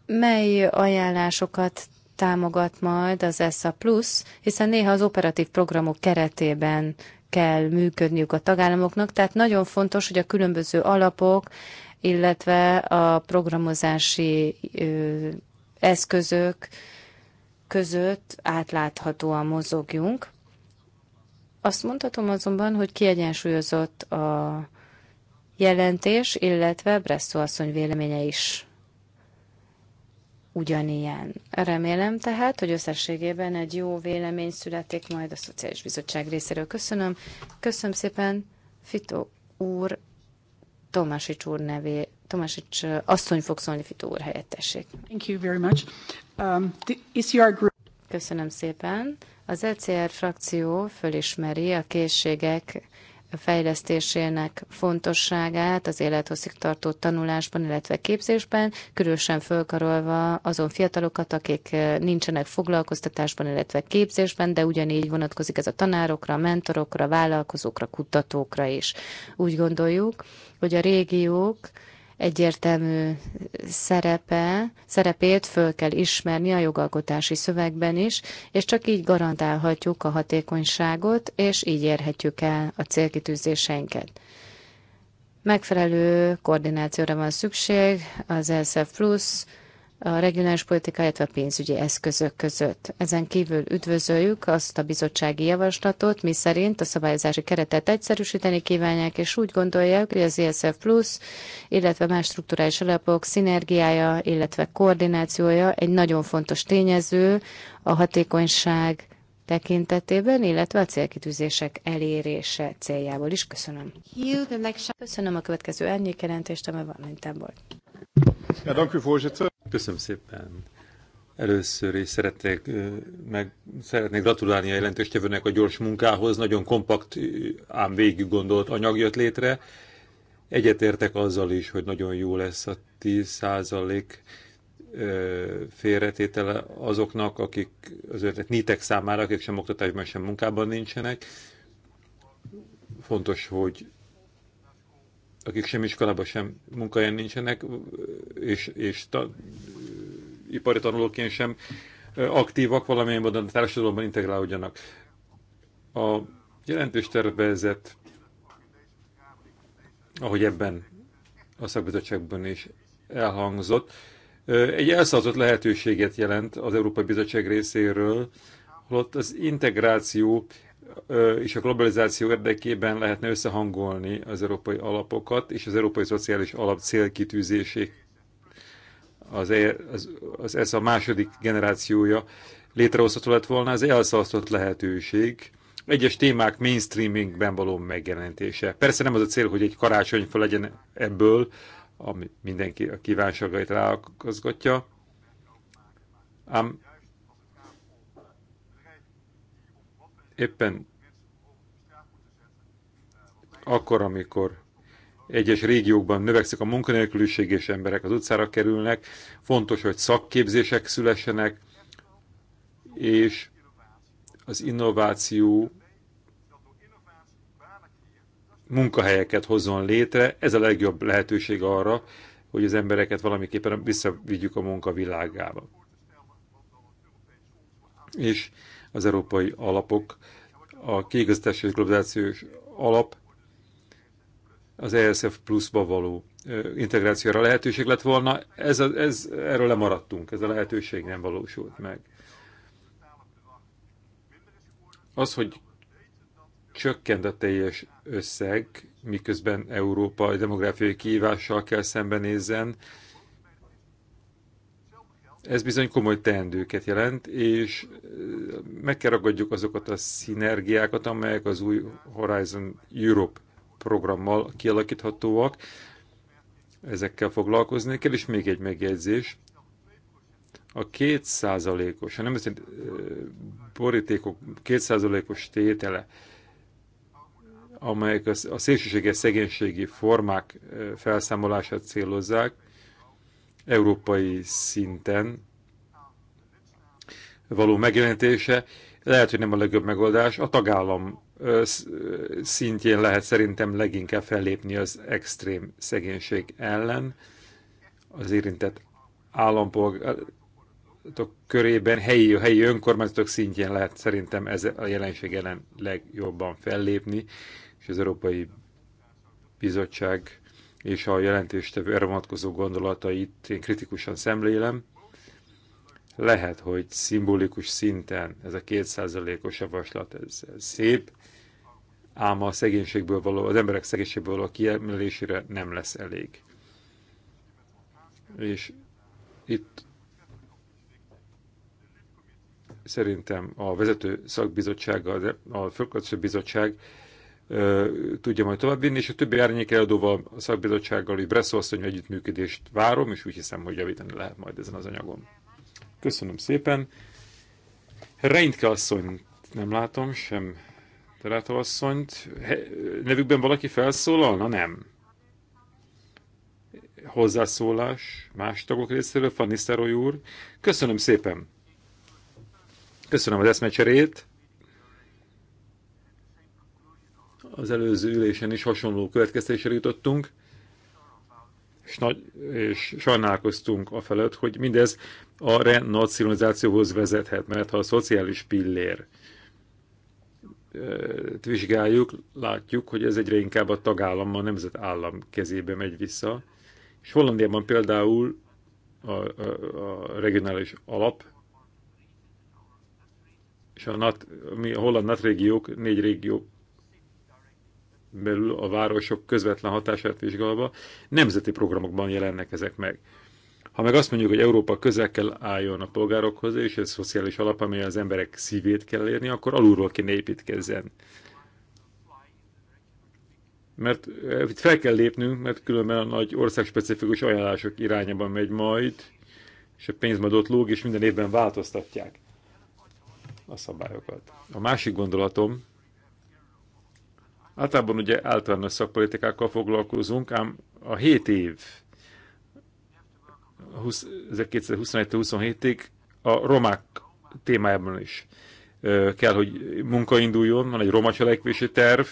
mely ajánlásokat támogat majd az ESSA Plus, hiszen néha az operatív programok keretében kell működniük a tagállamoknak, tehát nagyon fontos, hogy a különböző alapok, illetve a programozási eszközök között átláthatóan mozogjunk. Azt mondhatom azonban, hogy kiegyensúlyozott a jelentés, illetve Bresszó asszony véleménye is ugyanilyen. Remélem tehát, hogy összességében egy jó vélemény születik majd a Szociális Bizottság részéről. Köszönöm. Köszönöm szépen Fito úr, Tomásics úr nevé, Tomásics asszony fog szólni Fito úr helyettessék. Thank you very much. Um, the ECR group... Köszönöm szépen. Az ECR frakció fölismeri a készségek fejlesztésének fontosságát az élethosszig tartó tanulásban, illetve képzésben, különösen fölkarolva azon fiatalokat, akik eh, nincsenek foglalkoztatásban, illetve képzésben, de ugyanígy vonatkozik ez a tanárokra, mentorokra, vállalkozókra, kutatókra is. Úgy gondoljuk, hogy a régiók egyértelmű szerepe, szerepét föl kell ismerni a jogalkotási szövegben is, és csak így garantálhatjuk a hatékonyságot, és így érhetjük el a célkitűzéseinket. Megfelelő koordinációra van szükség, az ELSZEF Plus, a regionális politika, illetve a pénzügyi eszközök között. Ezen kívül üdvözöljük azt a bizottsági javaslatot, mi szerint a szabályozási keretet egyszerűsíteni kívánják, és úgy gondolják, hogy az ESF Plus, illetve más strukturális alapok szinergiája, illetve koordinációja egy nagyon fontos tényező a hatékonyság tekintetében, illetve a célkitűzések elérése céljából is. Köszönöm. Köszönöm a következő jelentést, amely van volt.
Ja, dank Köszönöm szépen. Először is szeretnék, meg, szeretnék gratulálni a jelentéstevőnek a gyors munkához. Nagyon kompakt, ám végig gondolt anyag jött létre. Egyetértek azzal is, hogy nagyon jó lesz a 10% félretétele azoknak, akik az nitek számára, akik sem oktatásban, sem munkában nincsenek. Fontos, hogy akik sem iskolában, sem munkahelyen nincsenek, és, és ta, ipari tanulóként sem aktívak, valamilyen módon a társadalomban integrálódjanak. A jelentős tervezet, ahogy ebben a szakbizottságban is elhangzott, egy elszállt lehetőséget jelent az Európai Bizottság részéről, holott az integráció és a globalizáció érdekében lehetne összehangolni az európai alapokat és az európai szociális alap célkitűzését. Az, e, az, ez e a második generációja létrehozható lett volna, ez elszalasztott lehetőség. Egyes témák mainstreamingben való megjelentése. Persze nem az a cél, hogy egy fel legyen ebből, ami mindenki a kívánságait ráakaszgatja, ám Éppen akkor, amikor egyes régiókban növekszik a munkanélküliség és emberek az utcára kerülnek, fontos, hogy szakképzések szülessenek, és az innováció munkahelyeket hozzon létre. Ez a legjobb lehetőség arra, hogy az embereket valamiképpen visszavigyük a munka világába. És az európai alapok, a kiigazítási globalizációs alap az ESF pluszba való integrációra lehetőség lett volna. Ez, ez, erről lemaradtunk, ez a lehetőség nem valósult meg. Az, hogy csökkent a teljes összeg, miközben Európa demográfiai kihívással kell szembenézzen, ez bizony komoly teendőket jelent, és meg kell ragadjuk azokat a szinergiákat, amelyek az új Horizon Europe programmal kialakíthatóak. Ezekkel foglalkozni kell, és még egy megjegyzés. A kétszázalékos, nem azért borítékok kétszázalékos tétele, amelyek a szélsőséges szegénységi formák felszámolását célozzák, európai szinten való megjelentése lehet, hogy nem a legjobb megoldás. A tagállam szintjén lehet szerintem leginkább fellépni az extrém szegénység ellen. Az érintett állampolgárok körében, helyi, helyi önkormányzatok szintjén lehet szerintem ez a jelenség ellen legjobban fellépni, és az Európai Bizottság és a jelentéstevő erre vonatkozó gondolatait én kritikusan szemlélem. Lehet, hogy szimbolikus szinten ez a kétszázalékos javaslat, ez, ez szép, ám a szegénységből való, az emberek szegénységből való kiemelésére nem lesz elég. És itt szerintem a vezető szakbizottság, a Fölköltsző Bizottság tudja majd továbbvinni, és a többi eladóval a szakbizottsággal, hogy Bresszó együttműködést várom, és úgy hiszem, hogy javítani lehet majd ezen az anyagon. Köszönöm szépen. Reintke asszony, nem látom, sem Terátó asszonyt. nevükben valaki felszólalna? Nem. Hozzászólás más tagok részéről, Fannisztároly úr. Köszönöm szépen. Köszönöm az eszmecserét Az előző ülésen is hasonló következtésre jutottunk, és, nagy, és sajnálkoztunk a felett, hogy mindez a renacionalizációhoz vezethet, mert ha a szociális pillér vizsgáljuk, látjuk, hogy ez egyre inkább a tagállam, a nemzetállam kezébe megy vissza. És Hollandiában például a, a, a regionális alap és a, NAT, mi a holland NAT régiók, négy régió belül a városok közvetlen hatását vizsgálva, nemzeti programokban jelennek ezek meg. Ha meg azt mondjuk, hogy Európa közel kell álljon a polgárokhoz, és ez szociális alap, amely az emberek szívét kell érni, akkor alulról kéne építkezzen. Mert eh, itt fel kell lépnünk, mert különben a nagy országspecifikus ajánlások irányában megy majd, és a pénz majd ott lóg, és minden évben változtatják a szabályokat. A másik gondolatom, Általában ugye általános szakpolitikákkal foglalkozunk, ám a 7 év 2021-27-ig a romák témájában is kell, hogy munka induljon, van egy roma cselekvési terv,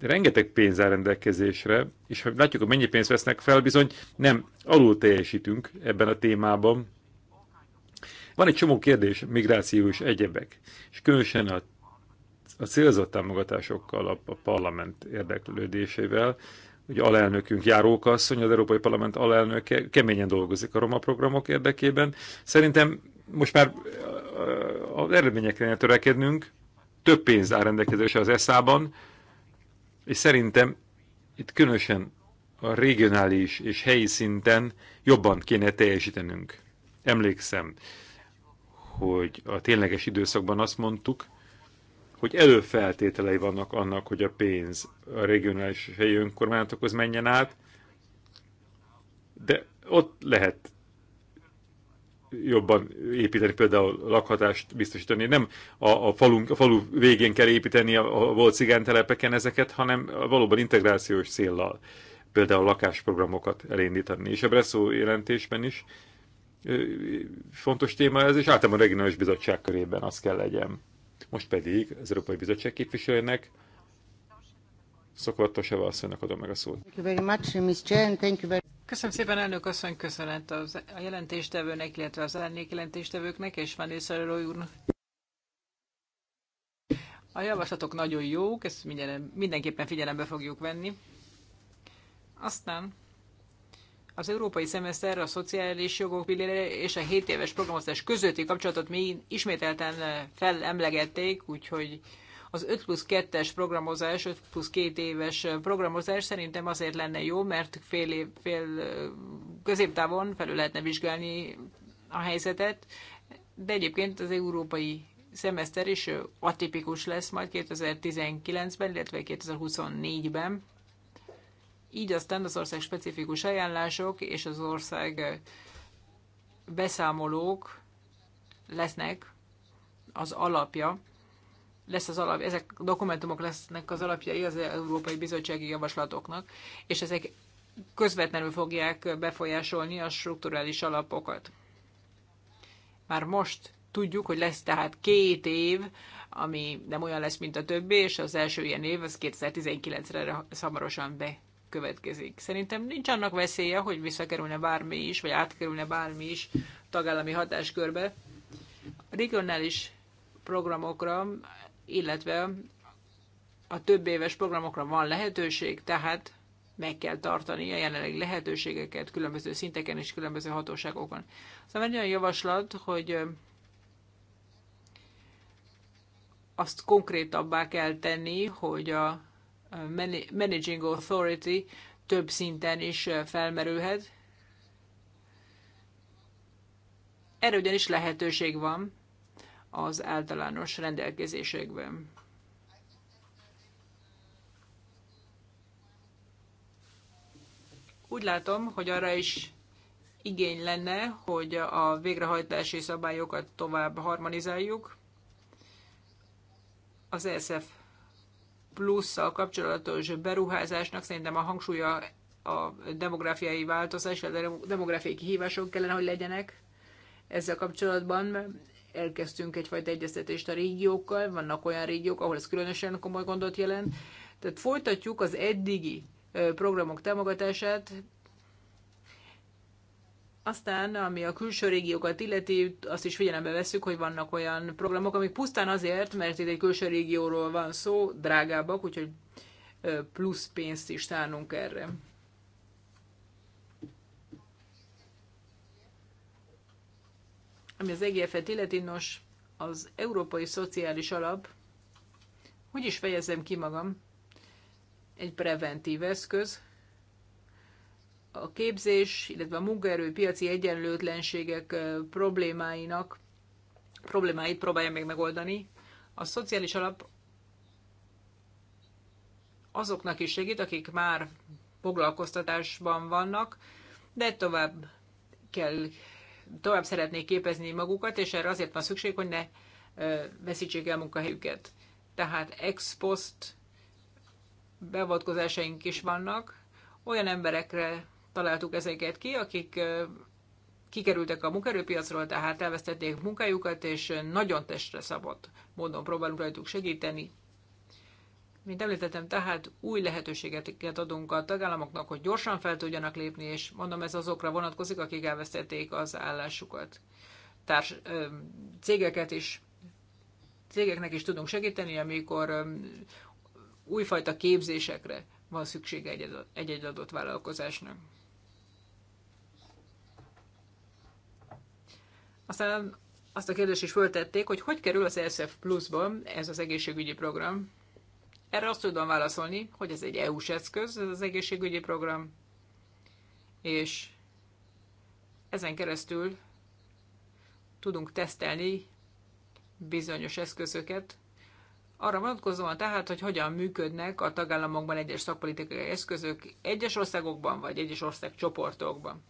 rengeteg pénz áll rendelkezésre, és ha látjuk, hogy mennyi pénzt vesznek fel, bizony nem alul teljesítünk ebben a témában. Van egy csomó kérdés, migráció és egyebek, és különösen a a célzott támogatásokkal, a, parlament érdeklődésével. Ugye alelnökünk Járóka asszony, az Európai Parlament alelnöke keményen dolgozik a roma programok érdekében. Szerintem most már az eredményekre kell törekednünk, több pénz áll rendelkezésre az ESZÁ-ban, és szerintem itt különösen a regionális és helyi szinten jobban kéne teljesítenünk. Emlékszem, hogy a tényleges időszakban azt mondtuk, hogy előfeltételei vannak annak, hogy a pénz a regionális és helyi önkormányzatokhoz menjen át, de ott lehet jobban építeni, például lakhatást biztosítani. Nem a, a, falunk, a falu végén kell építeni a, a volt cigántelepeken ezeket, hanem valóban integrációs céllal például lakásprogramokat elindítani. És a Bresszó jelentésben is fontos téma ez, és általában a regionális bizottság körében az kell legyen. Most pedig az Európai Bizottság képviselőnek, Szokortoseva asszonynak adom meg a szót.
Köszönöm szépen, elnök asszony, köszönet az, a jelentéstevőnek, illetve az ellenék jelentéstevőknek, és Van Észerelő úrnak. A javaslatok nagyon jók, ezt mindenképpen figyelembe fogjuk venni. Aztán az európai szemeszter a szociális jogok pillére és a 7 éves programozás közötti kapcsolatot még ismételten eh, felemlegették, úgyhogy az 5 plusz 2-es programozás, 5 plusz 2 éves eh, programozás szerintem azért lenne jó, mert fél, év, fél eh, középtávon felül lehetne vizsgálni a helyzetet, de egyébként az európai szemeszter is atipikus lesz majd 2019-ben, illetve 2024-ben. Így aztán az ország specifikus ajánlások és az ország beszámolók lesznek az alapja, lesz az alap, ezek a dokumentumok lesznek az alapjai az Európai Bizottsági Javaslatoknak, és ezek közvetlenül fogják befolyásolni a strukturális alapokat. Már most tudjuk, hogy lesz tehát két év, ami nem olyan lesz, mint a többi, és az első ilyen év, az 2019-re hamarosan be következik. Szerintem nincs annak veszélye, hogy visszakerülne bármi is, vagy átkerülne bármi is tagállami hatáskörbe. A regionális programokra, illetve a több éves programokra van lehetőség, tehát meg kell tartani a jelenlegi lehetőségeket különböző szinteken és különböző hatóságokon. Szóval egy olyan javaslat, hogy azt konkrétabbá kell tenni, hogy a Managing Authority több szinten is felmerülhet. Erre ugyanis lehetőség van az általános rendelkezésekben. Úgy látom, hogy arra is igény lenne, hogy a végrehajtási szabályokat tovább harmonizáljuk. Az ESF plusszal kapcsolatos beruházásnak szerintem a hangsúlya a demográfiai változás, a demográfiai kihívások kellene, hogy legyenek ezzel kapcsolatban. Elkezdtünk egyfajta egyeztetést a régiókkal, vannak olyan régiók, ahol ez különösen komoly gondot jelent. Tehát folytatjuk az eddigi programok támogatását, aztán, ami a külső régiókat illeti, azt is figyelembe veszük, hogy vannak olyan programok, amik pusztán azért, mert itt egy külső régióról van szó, drágábbak, úgyhogy plusz pénzt is tárnunk erre. Ami az EGF-et illeti, nos, az Európai Szociális Alap, hogy is fejezem ki magam, egy preventív eszköz, a képzés, illetve a munkaerő piaci egyenlőtlenségek problémáinak problémáit próbálja még megoldani. A szociális alap azoknak is segít, akik már foglalkoztatásban vannak, de tovább kell, tovább szeretnék képezni magukat, és erre azért van szükség, hogy ne veszítsék el munkahelyüket. Tehát ex post bevatkozásaink is vannak, olyan emberekre találtuk ezeket ki, akik kikerültek a munkaerőpiacról, tehát elvesztették munkájukat, és nagyon testre szabott módon próbálunk rajtuk segíteni. Mint említettem, tehát új lehetőségeket adunk a tagállamoknak, hogy gyorsan fel tudjanak lépni, és mondom, ez azokra vonatkozik, akik elvesztették az állásukat. Társ, cégeket is, cégeknek is tudunk segíteni, amikor újfajta képzésekre van szüksége egy-egy adott vállalkozásnak. Aztán azt a kérdést is föltették, hogy hogy kerül az e SF Plus-ba ez az egészségügyi program. Erre azt tudom válaszolni, hogy ez egy EU-s eszköz, ez az egészségügyi program, és ezen keresztül tudunk tesztelni bizonyos eszközöket, arra vonatkozóan tehát, hogy hogyan működnek a tagállamokban egyes szakpolitikai eszközök egyes országokban vagy egyes országcsoportokban.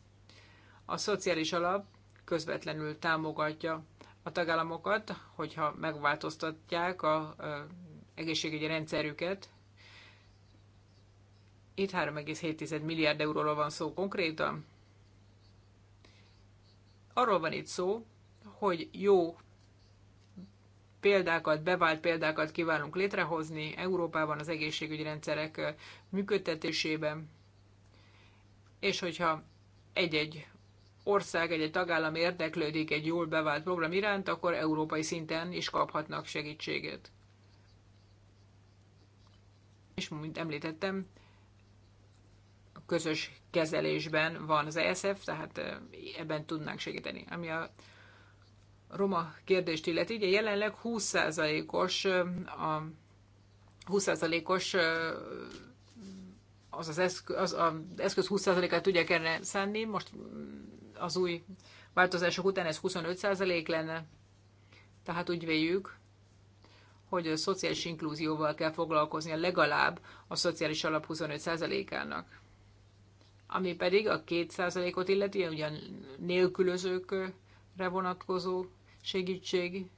A szociális alap közvetlenül támogatja a tagállamokat, hogyha megváltoztatják a egészségügyi rendszerüket. Itt 3,7 milliárd euróról van szó konkrétan. Arról van itt szó, hogy jó példákat, bevált példákat kívánunk létrehozni Európában az egészségügyi rendszerek működtetésében, és hogyha egy-egy ország, egy tagállam érdeklődik egy jól bevált program iránt, akkor európai szinten is kaphatnak segítséget. És mint említettem, a közös kezelésben van az ESF, tehát ebben tudnánk segíteni. Ami a roma kérdést illeti, ugye jelenleg 20%-os a 20%-os az az, eszköz, az, az eszköz 20%-át tudják erre szánni, most az új változások után ez 25% lenne. Tehát úgy véljük, hogy a szociális inklúzióval kell foglalkoznia legalább a szociális alap 25%-ának. Ami pedig a 2%-ot illeti, ugyan nélkülözőkre vonatkozó segítség.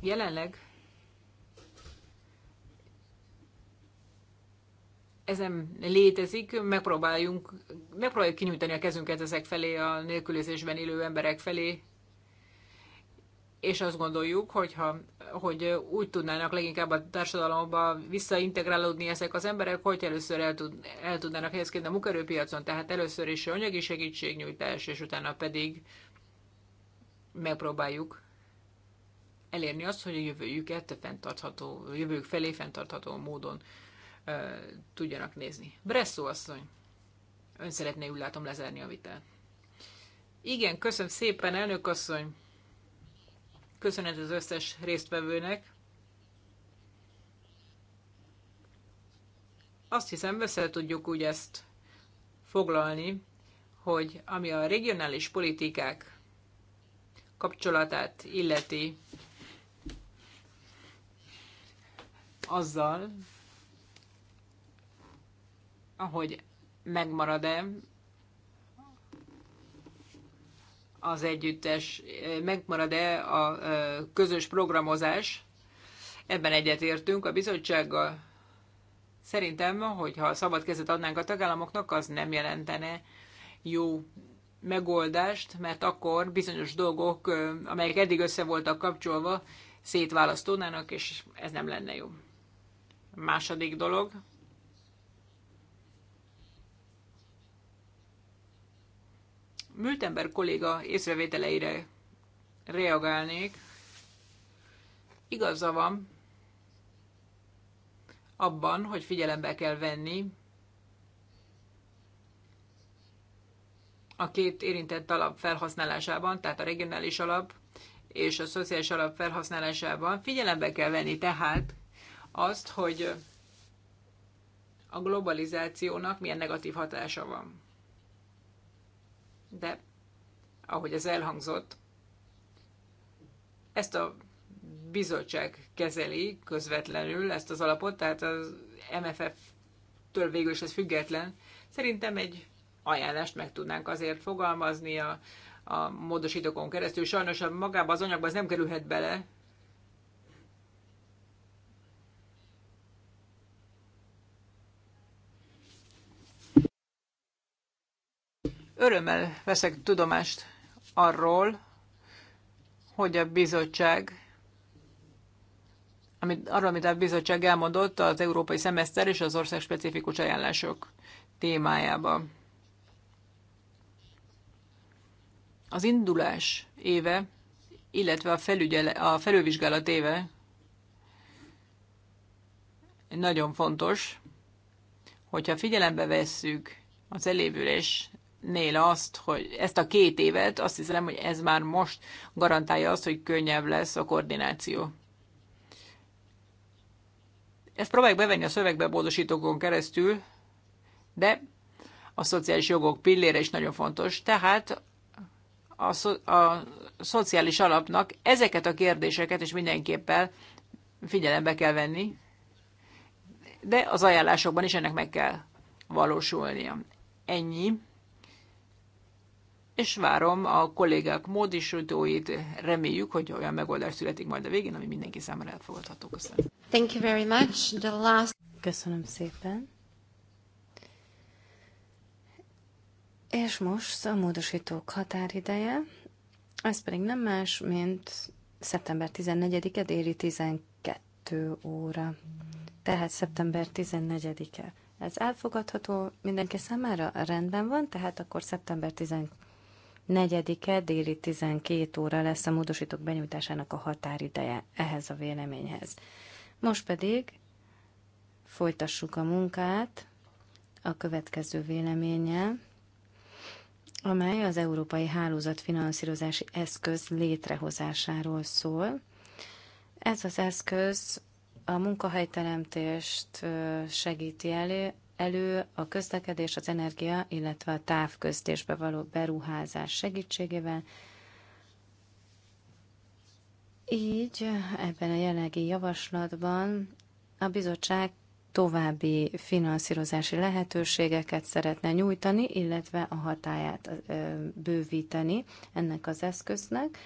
Jelenleg ez nem létezik, megpróbáljunk, megpróbáljuk kinyújtani a kezünket ezek felé, a nélkülözésben élő emberek felé, és azt gondoljuk, hogyha, hogy úgy tudnának leginkább a társadalomba visszaintegrálódni ezek az emberek, hogy először el, tud, el tudnának helyezkedni a munkerőpiacon, tehát először is anyagi segítségnyújtás, és utána pedig megpróbáljuk elérni azt, hogy a jövőjüket fenntartható, jövők felé fenntartható módon tudjanak nézni. Bresszó asszony, ön szeretné úgy látom lezerni a vitát. Igen, köszönöm szépen, elnök asszony. Köszönet az összes résztvevőnek. Azt hiszem, össze tudjuk úgy ezt foglalni, hogy ami a regionális politikák kapcsolatát illeti azzal, hogy megmarad-e az együttes, megmarad-e a közös programozás. Ebben egyetértünk a bizottsággal. Szerintem, hogyha szabad kezet adnánk a tagállamoknak, az nem jelentene jó megoldást, mert akkor bizonyos dolgok, amelyek eddig össze voltak kapcsolva, szétválasztódnának, és ez nem lenne jó. Második dolog, Mültember kolléga észrevételeire reagálnék. Igaza van abban, hogy figyelembe kell venni a két érintett alap felhasználásában, tehát a regionális alap és a szociális alap felhasználásában. Figyelembe kell venni tehát azt, hogy a globalizációnak milyen negatív hatása van de ahogy ez elhangzott, ezt a bizottság kezeli közvetlenül ezt az alapot, tehát az MFF-től végül is ez független. Szerintem egy ajánlást meg tudnánk azért fogalmazni a, a módosítókon keresztül. Sajnos a magába az anyagba ez nem kerülhet bele, Örömmel veszek tudomást arról, hogy a bizottság, amit, arról, amit a bizottság elmondott az európai szemeszter és az ország specifikus ajánlások témájába, Az indulás éve, illetve a, felügyele, a felülvizsgálat éve nagyon fontos, hogyha figyelembe vesszük az elévülés nél azt, hogy ezt a két évet, azt hiszem, hogy ez már most garantálja azt, hogy könnyebb lesz a koordináció. Ezt próbáljuk bevenni a szövegbe módosítókon keresztül, de a szociális jogok pillére is nagyon fontos, tehát a, szo- a szociális alapnak ezeket a kérdéseket is mindenképpen figyelembe kell venni, de az ajánlásokban is ennek meg kell valósulnia. Ennyi és várom a kollégák módisítóit. Reméljük, hogy olyan megoldás születik majd a végén, ami mindenki számára elfogadható. Köszönöm.
Thank you very much. The last... Köszönöm szépen. És most a módosítók határideje, ez pedig nem más, mint szeptember 14-e déli 12 óra. Tehát szeptember 14-e. Ez elfogadható mindenki számára? Rendben van, tehát akkor szeptember 12 4-e déli 12 óra lesz a módosítók benyújtásának a határideje ehhez a véleményhez. Most pedig folytassuk a munkát a következő véleménnyel, amely az Európai Hálózat finanszírozási eszköz létrehozásáról szól. Ez az eszköz a munkahelyteremtést segíti elő, elő a közlekedés, az energia, illetve a távköztésbe való beruházás segítségével. Így ebben a jelenlegi javaslatban a bizottság további finanszírozási lehetőségeket szeretne nyújtani, illetve a hatáját bővíteni ennek az eszköznek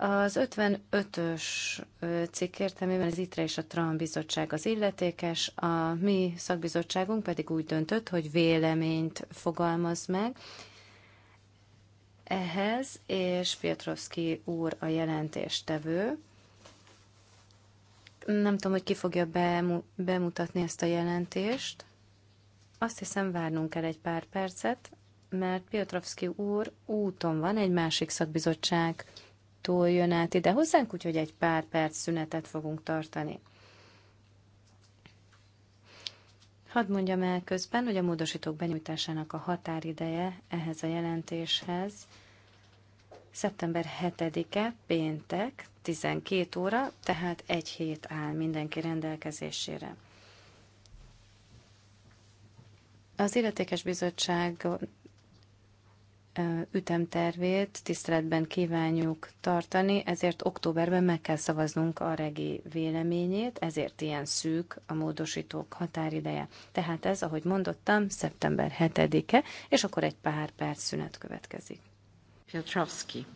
az 55-ös cikkért, amiben az ITRE és a TRAN bizottság az illetékes, a mi szakbizottságunk pedig úgy döntött, hogy véleményt fogalmaz meg ehhez, és Piotrowski úr a jelentéstevő. Nem tudom, hogy ki fogja bemutatni ezt a jelentést. Azt hiszem, várnunk kell egy pár percet, mert Piotrowski úr úton van egy másik szakbizottság túl jön át ide hozzánk, úgyhogy egy pár perc szünetet fogunk tartani. Hadd mondjam el közben, hogy a módosítók benyújtásának a határideje ehhez a jelentéshez szeptember 7-e, péntek, 12 óra, tehát egy hét áll mindenki rendelkezésére. Az illetékes bizottság ütemtervét tiszteletben kívánjuk tartani, ezért októberben meg kell szavaznunk a regi véleményét, ezért ilyen szűk a módosítók határideje. Tehát ez, ahogy mondottam, szeptember 7-e, és akkor egy pár perc szünet következik. Piotrowski.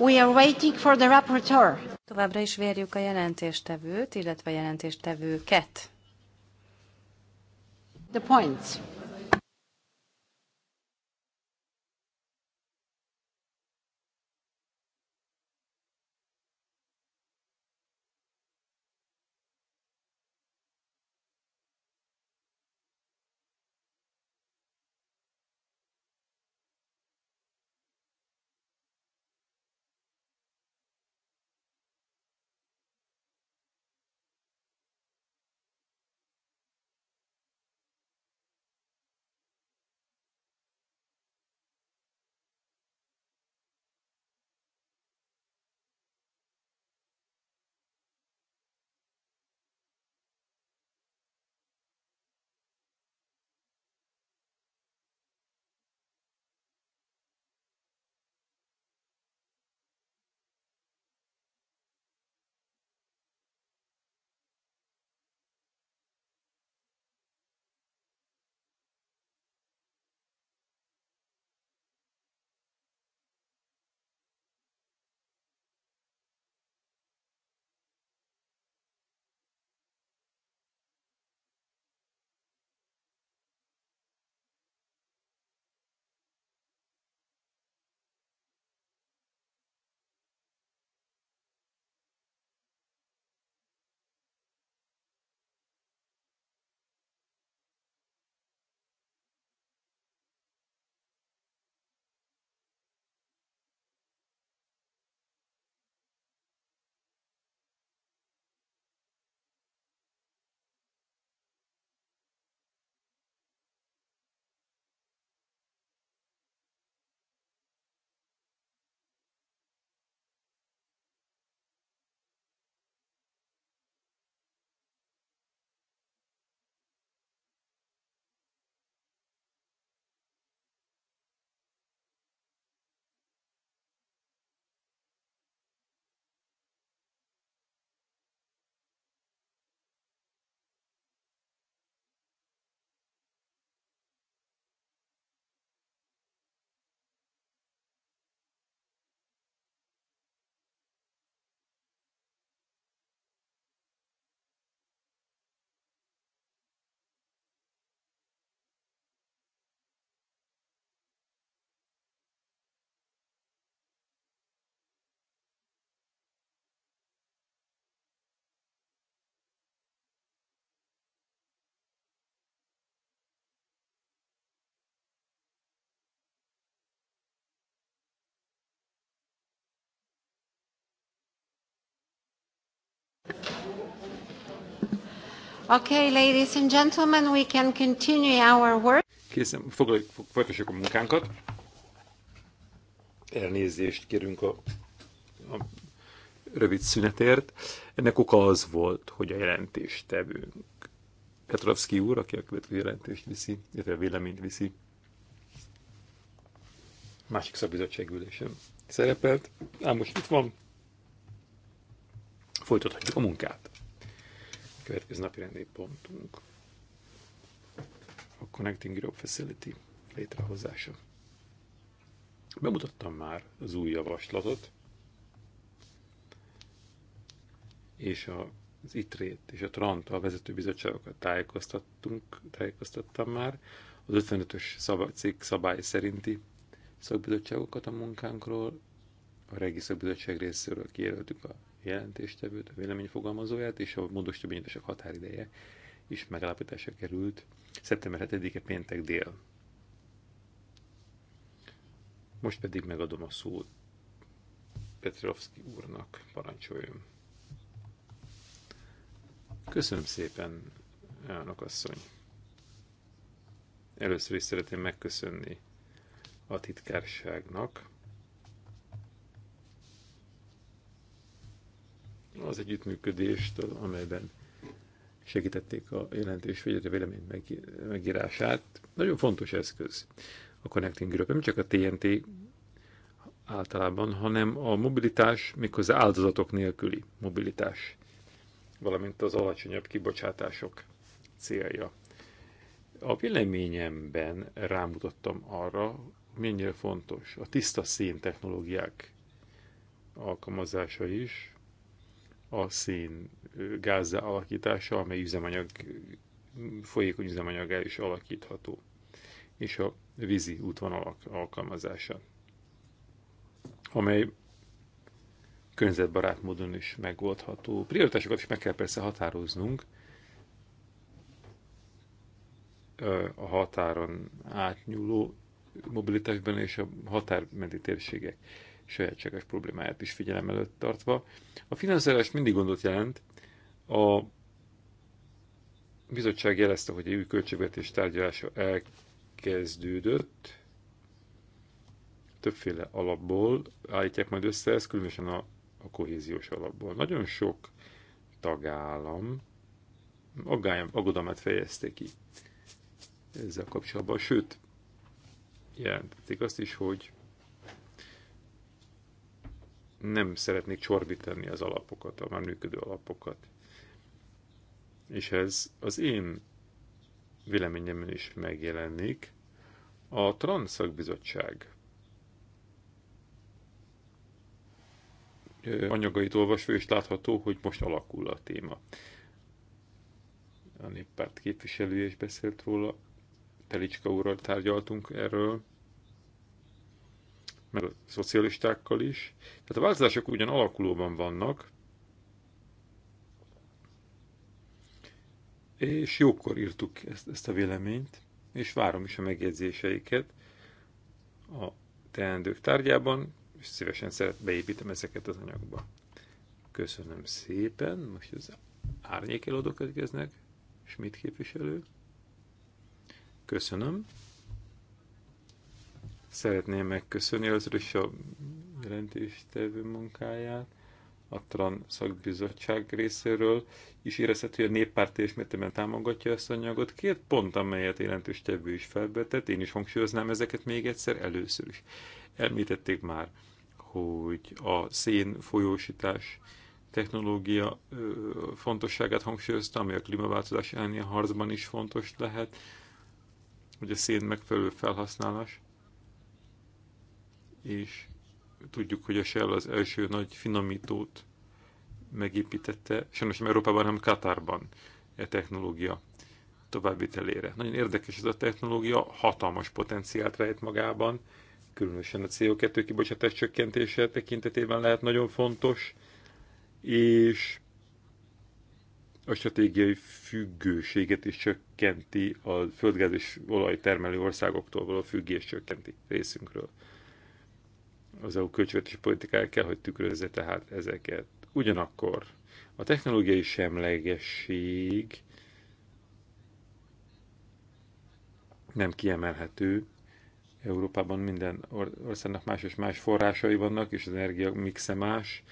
We are waiting for the rapporteur. Továbbra is várjuk a jelentéstevőt, illetve a jelentéstevőket. The points.
Okay, ladies and gentlemen, we can continue our work.
Készen, folytassuk a munkánkat. Elnézést kérünk a, a rövid szünetért. Ennek oka az volt, hogy a tevünk. Petrovski úr, aki a következő jelentést viszi, illetve a véleményt viszi, másik szabizottságülésen szerepelt, ám most itt van, folytathatjuk a munkát. Következő napi rendi pontunk a Connecting Europe Facility létrehozása. Bemutattam már az új javaslatot, és az ITRÉT és a TRANT a vezetőbizottságokat tájékoztattunk, tájékoztattam már, az 55-ös szab cikk szabály szerinti szakbizottságokat a munkánkról, a Regiszak Bizottság részéről kijelöltük a jelentéstevőt, a véleményfogalmazóját, és a módosítóbenyújtások határideje is megállapításra került szeptember 7-e péntek dél. Most pedig megadom a szót Petrovski úrnak, parancsoljon. Köszönöm szépen, elnök asszony. Először is szeretném megköszönni a titkárságnak, az együttműködést, amelyben segítették a jelentés vagy a vélemény megírását. Nagyon fontos eszköz a Connecting Group nem csak a TNT általában, hanem a mobilitás, méghozzá áldozatok nélküli mobilitás, valamint az alacsonyabb kibocsátások célja. A véleményemben rámutattam arra, mennyire fontos a tiszta szén technológiák alkalmazása is, a szén gázzá alakítása, amely üzemanyag, folyékony üzemanyaggá is alakítható, és a vízi útvonalak alkalmazása, amely környezetbarát módon is megoldható. Prioritásokat is meg kell persze határoznunk, a határon átnyúló mobilitásban és a határmenti térségek sajátságos problémáját is figyelem előtt tartva. A finanszírozás mindig gondot jelent. A bizottság jelezte, hogy a új költségvetés tárgyalása elkezdődött. Többféle alapból állítják majd össze, ez különösen a, a kohéziós alapból. Nagyon sok tagállam aggályom, aggodalmat fejezte ki ezzel kapcsolatban, sőt, jelentették azt is, hogy nem szeretnék csorbítani az alapokat, a már működő alapokat. És ez az én véleményemben is megjelenik. A Transzakbizottság anyagait olvasva és látható, hogy most alakul a téma. A néppárt képviselő is beszélt róla, Telicska úrral tárgyaltunk erről, meg a szocialistákkal is. Tehát a változások ugyan alakulóban vannak, és jókor írtuk ezt, ezt a véleményt, és várom is a megjegyzéseiket a teendők tárgyában, és szívesen szeret, beépítem ezeket az anyagba. Köszönöm szépen, most az eladók és mit képviselő. Köszönöm. Szeretném megköszönni először is a jelentéstevő munkáját, a TRAN szakbizottság részéről és érezhető, hogy a néppárt és támogatja ezt a anyagot. Két pont, amelyet tevő is felvetett, én is hangsúlyoznám ezeket még egyszer először is. Említették már, hogy a szén folyósítás technológia fontosságát hangsúlyozta, ami a klímaváltozás elleni harcban is fontos lehet, hogy a szén megfelelő felhasználás és tudjuk, hogy a Shell az első nagy finomítót megépítette, sajnos nem Európában, hanem Katárban e technológia továbbvitelére. Nagyon érdekes ez a technológia, hatalmas potenciált rejt magában, különösen a CO2 kibocsátás csökkentése tekintetében lehet nagyon fontos, és a stratégiai függőséget is csökkenti, a földgáz és olajtermelő országoktól való függés csökkenti részünkről az EU költségvetési politikája kell, hogy tükrözze tehát ezeket. Ugyanakkor a technológiai semlegesség nem kiemelhető. Európában minden országnak más és más forrásai vannak, és az energia mixe más.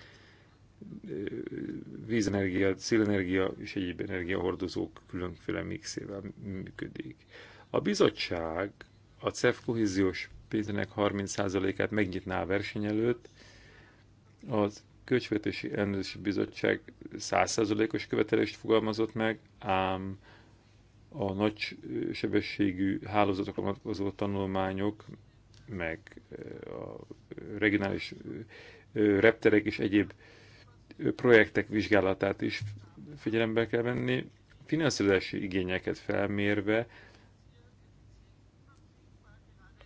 Vízenergia, szélenergia és egyéb energiahordozók különféle mixével működik. A bizottság a CEF kohéziós pénzének 30%-át megnyitná a verseny előtt. Az Költségvetési Ellenőrzési Bizottság 100%-os követelést fogalmazott meg, ám a nagy sebességű hálózatokra vonatkozó tanulmányok, meg eh, a regionális eh, repterek és egyéb eh, projektek vizsgálatát is figyelembe kell venni, finanszírozási igényeket felmérve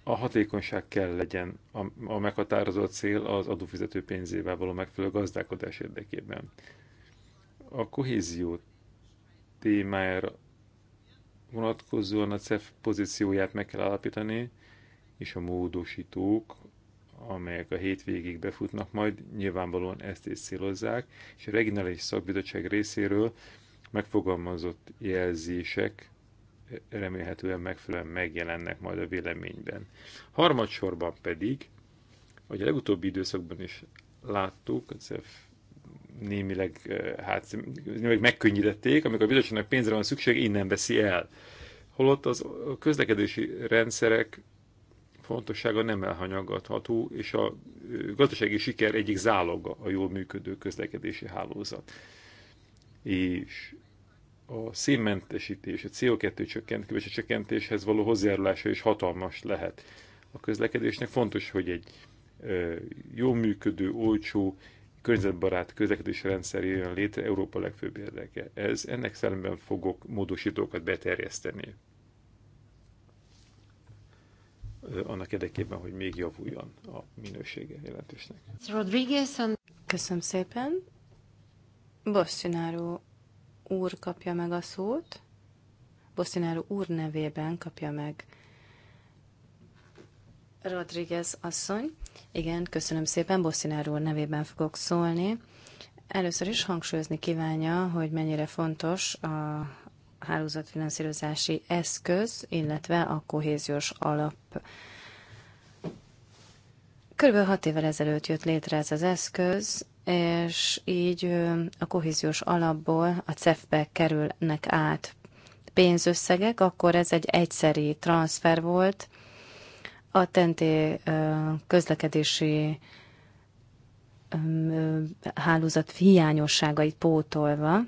a hatékonyság kell legyen a, a meghatározott cél az adófizető pénzével való megfelelő gazdálkodás érdekében. A kohézió témájára vonatkozóan a CEF pozícióját meg kell állapítani, és a módosítók, amelyek a hétvégig befutnak majd, nyilvánvalóan ezt is célozzák, és a regionális szakbizottság részéről megfogalmazott jelzések remélhetően megfelelően megjelennek majd a véleményben. Harmadsorban pedig, hogy a legutóbbi időszakban is láttuk, némileg, eh, hát, némileg megkönnyítették, amikor a bizottságnak pénzre van szükség, innen veszi el. Holott az a közlekedési rendszerek fontossága nem elhanyagatható, és a eh, gazdasági siker egyik záloga a jól működő közlekedési hálózat. És a szénmentesítés, a CO2 csökkentés, a csökkentéshez való hozzájárulása is hatalmas lehet. A közlekedésnek fontos, hogy egy jó működő, olcsó, környezetbarát közlekedési rendszer jön létre, Európa legfőbb érdeke. Ez, ennek szellemben fogok módosítókat beterjeszteni. Annak érdekében, hogy még javuljon a minősége jelentősnek.
Rodriguez Köszönöm szépen. Bosszináró úr kapja meg a szót. Bosszináró úr nevében kapja meg Rodriguez asszony. Igen, köszönöm szépen, Bosszináró úr nevében fogok szólni. Először is hangsúlyozni kívánja, hogy mennyire fontos a hálózatfinanszírozási eszköz, illetve a kohéziós alap. Körülbelül hat évvel ezelőtt jött létre ez az eszköz, és így a kohéziós alapból a CEF-be kerülnek át pénzösszegek, akkor ez egy egyszeri transfer volt a tenté közlekedési hálózat hiányosságait pótolva,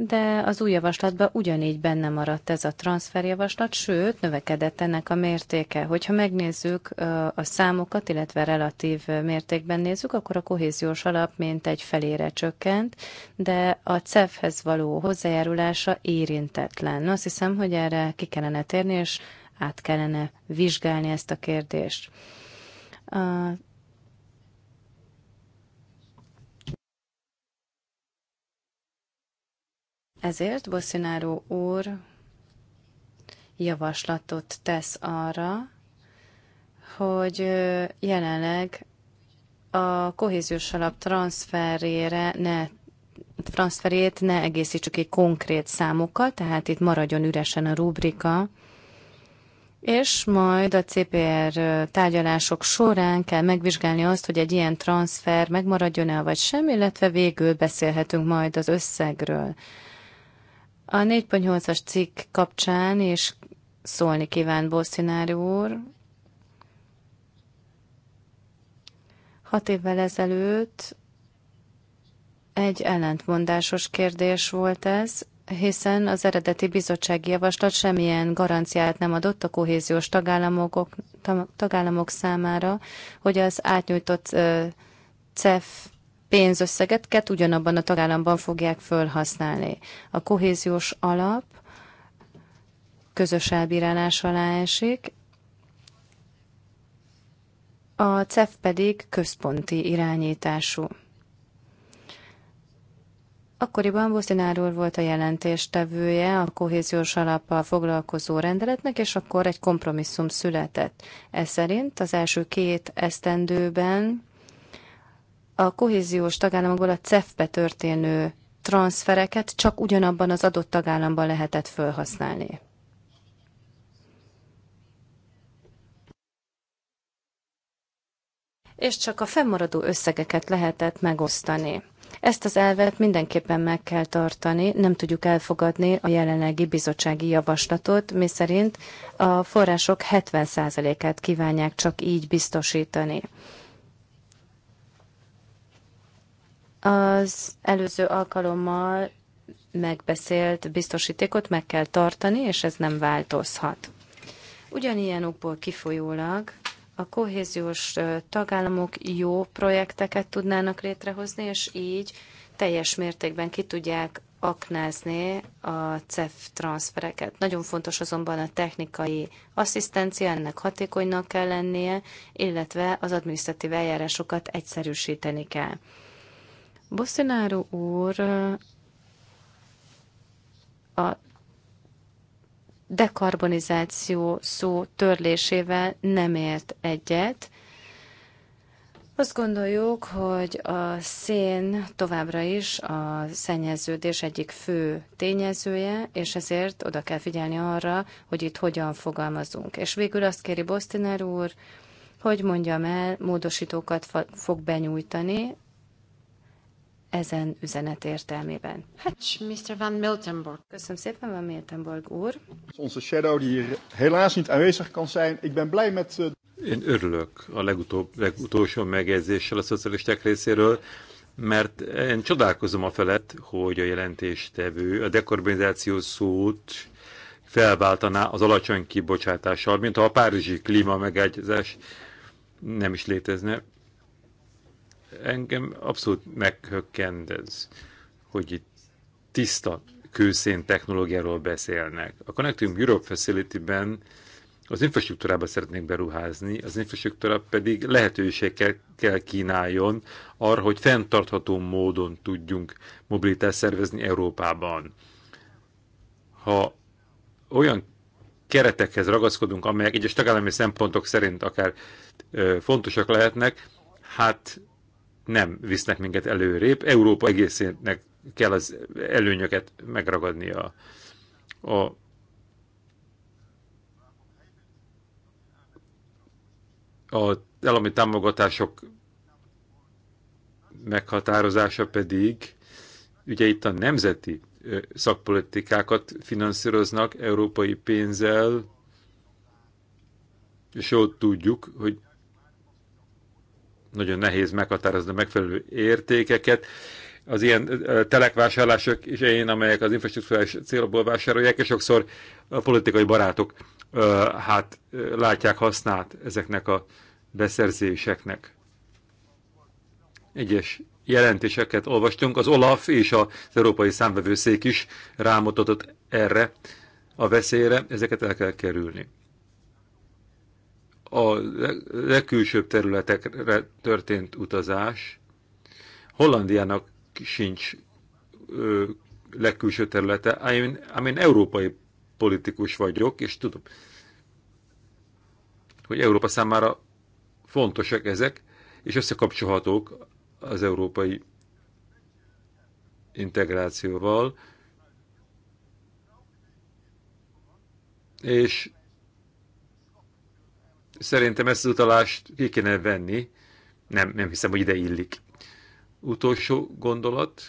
de az új javaslatban ugyanígy benne maradt ez a transferjavaslat, sőt, növekedett ennek a mértéke. Hogyha megnézzük a számokat, illetve relatív mértékben nézzük, akkor a kohéziós alap mint egy felére csökkent, de a CEF-hez való hozzájárulása érintetlen. Azt hiszem, hogy erre ki kellene térni, és át kellene vizsgálni ezt a kérdést. Ezért Bosszináró úr javaslatot tesz arra, hogy jelenleg a kohéziós alap transferére ne transferét ne egészítsük ki konkrét számokkal, tehát itt maradjon üresen a rubrika, és majd a CPR tárgyalások során kell megvizsgálni azt, hogy egy ilyen transfer megmaradjon-e vagy sem, illetve végül beszélhetünk majd az összegről. A 4.8-as cikk kapcsán és szólni kíván Bosszinári úr. Hat évvel ezelőtt egy ellentmondásos kérdés volt ez, hiszen az eredeti bizottsági javaslat semmilyen garanciát nem adott a kohéziós tagállamok, tagállamok számára, hogy az átnyújtott CEF pénzösszeget kett ugyanabban a tagállamban fogják fölhasználni. A kohéziós alap közös elbírálás alá esik, a CEF pedig központi irányítású. Akkoriban Bosztináról volt a jelentéstevője a kohéziós alappal foglalkozó rendeletnek, és akkor egy kompromisszum született. Ez szerint az első két esztendőben a kohéziós tagállamokból a CEF-be történő transfereket csak ugyanabban az adott tagállamban lehetett felhasználni. És csak a fennmaradó összegeket lehetett megosztani. Ezt az elvet mindenképpen meg kell tartani, nem tudjuk elfogadni a jelenlegi bizottsági javaslatot, miszerint a források 70%-át kívánják csak így biztosítani. Az előző alkalommal megbeszélt biztosítékot meg kell tartani, és ez nem változhat. Ugyanilyen okból kifolyólag a kohéziós tagállamok jó projekteket tudnának létrehozni, és így teljes mértékben ki tudják aknázni a CEF transfereket. Nagyon fontos azonban a technikai asszisztencia, ennek hatékonynak kell lennie, illetve az adminisztratív eljárásokat egyszerűsíteni kell. Bosszináró úr a dekarbonizáció szó törlésével nem ért egyet. Azt gondoljuk, hogy a szén továbbra is a szennyeződés egyik fő tényezője, és ezért oda kell figyelni arra, hogy itt hogyan fogalmazunk. És végül azt kéri Bosztiner úr, hogy mondjam el, módosítókat fog benyújtani ezen üzenet értelmében. Hát, Mr. Van Miltenborg. Köszönöm szépen, Van Miltenborg úr. Onze
shadow, die hier helaas niet aanwezig kan zijn. Ik ben blij met... Eh, én
örülök a legutóbb, legutolsó megjegyzéssel a szocialisták részéről, mert én csodálkozom a felett, hogy a jelentéstevő a dekarbonizáció szót felváltaná az alacsony kibocsátással, mint ha a párizsi klíma megegyezés nem is létezne engem abszolút ez, hogy itt tiszta kőszén technológiáról beszélnek. A Connecting Europe Facility-ben az infrastruktúrába szeretnék beruházni, az infrastruktúra pedig lehetőséget kell kínáljon arra, hogy fenntartható módon tudjunk mobilitást szervezni Európában. Ha olyan keretekhez ragaszkodunk, amelyek egyes tagállami szempontok szerint akár ö, fontosak lehetnek, hát nem visznek minket előrébb. Európa egészének kell az előnyöket megragadnia. A, a állami támogatások meghatározása pedig, ugye itt a nemzeti szakpolitikákat finanszíroznak európai pénzzel, és ott tudjuk, hogy nagyon nehéz meghatározni a megfelelő értékeket. Az ilyen telekvásárlások is én, amelyek az infrastruktúrális célból vásárolják, és sokszor a politikai barátok hát látják hasznát ezeknek a beszerzéseknek. Egyes jelentéseket olvastunk, az OLAF és az Európai Számvevőszék is rámutatott erre a veszélyre, ezeket el kell kerülni a legkülsőbb területekre történt utazás. Hollandiának sincs legkülső területe, ám én, én európai politikus vagyok, és tudom, hogy Európa számára fontosak ezek, és összekapcsolhatók az európai integrációval, és Szerintem ezt az utalást ki kéne venni. Nem, nem hiszem, hogy ide illik. Utolsó gondolat,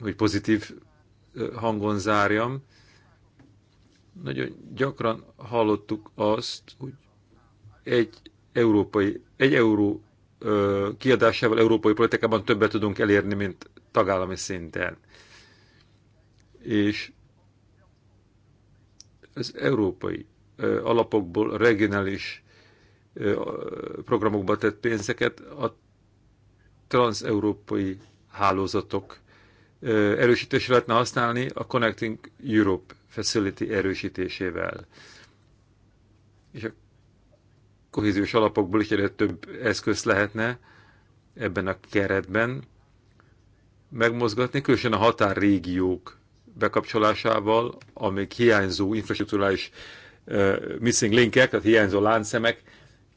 hogy pozitív hangon zárjam. Nagyon gyakran hallottuk azt, hogy egy európai, egy euró ö, kiadásával európai politikában többet tudunk elérni, mint tagállami szinten. És az európai alapokból regionális programokba tett pénzeket a transeurópai hálózatok erősítésre lehetne használni a Connecting Europe Facility erősítésével. És a kohéziós alapokból is egyre több eszköz lehetne ebben a keretben megmozgatni, különösen a határrégiók bekapcsolásával, amik hiányzó infrastruktúrális uh, missing linkek, tehát hiányzó láncszemek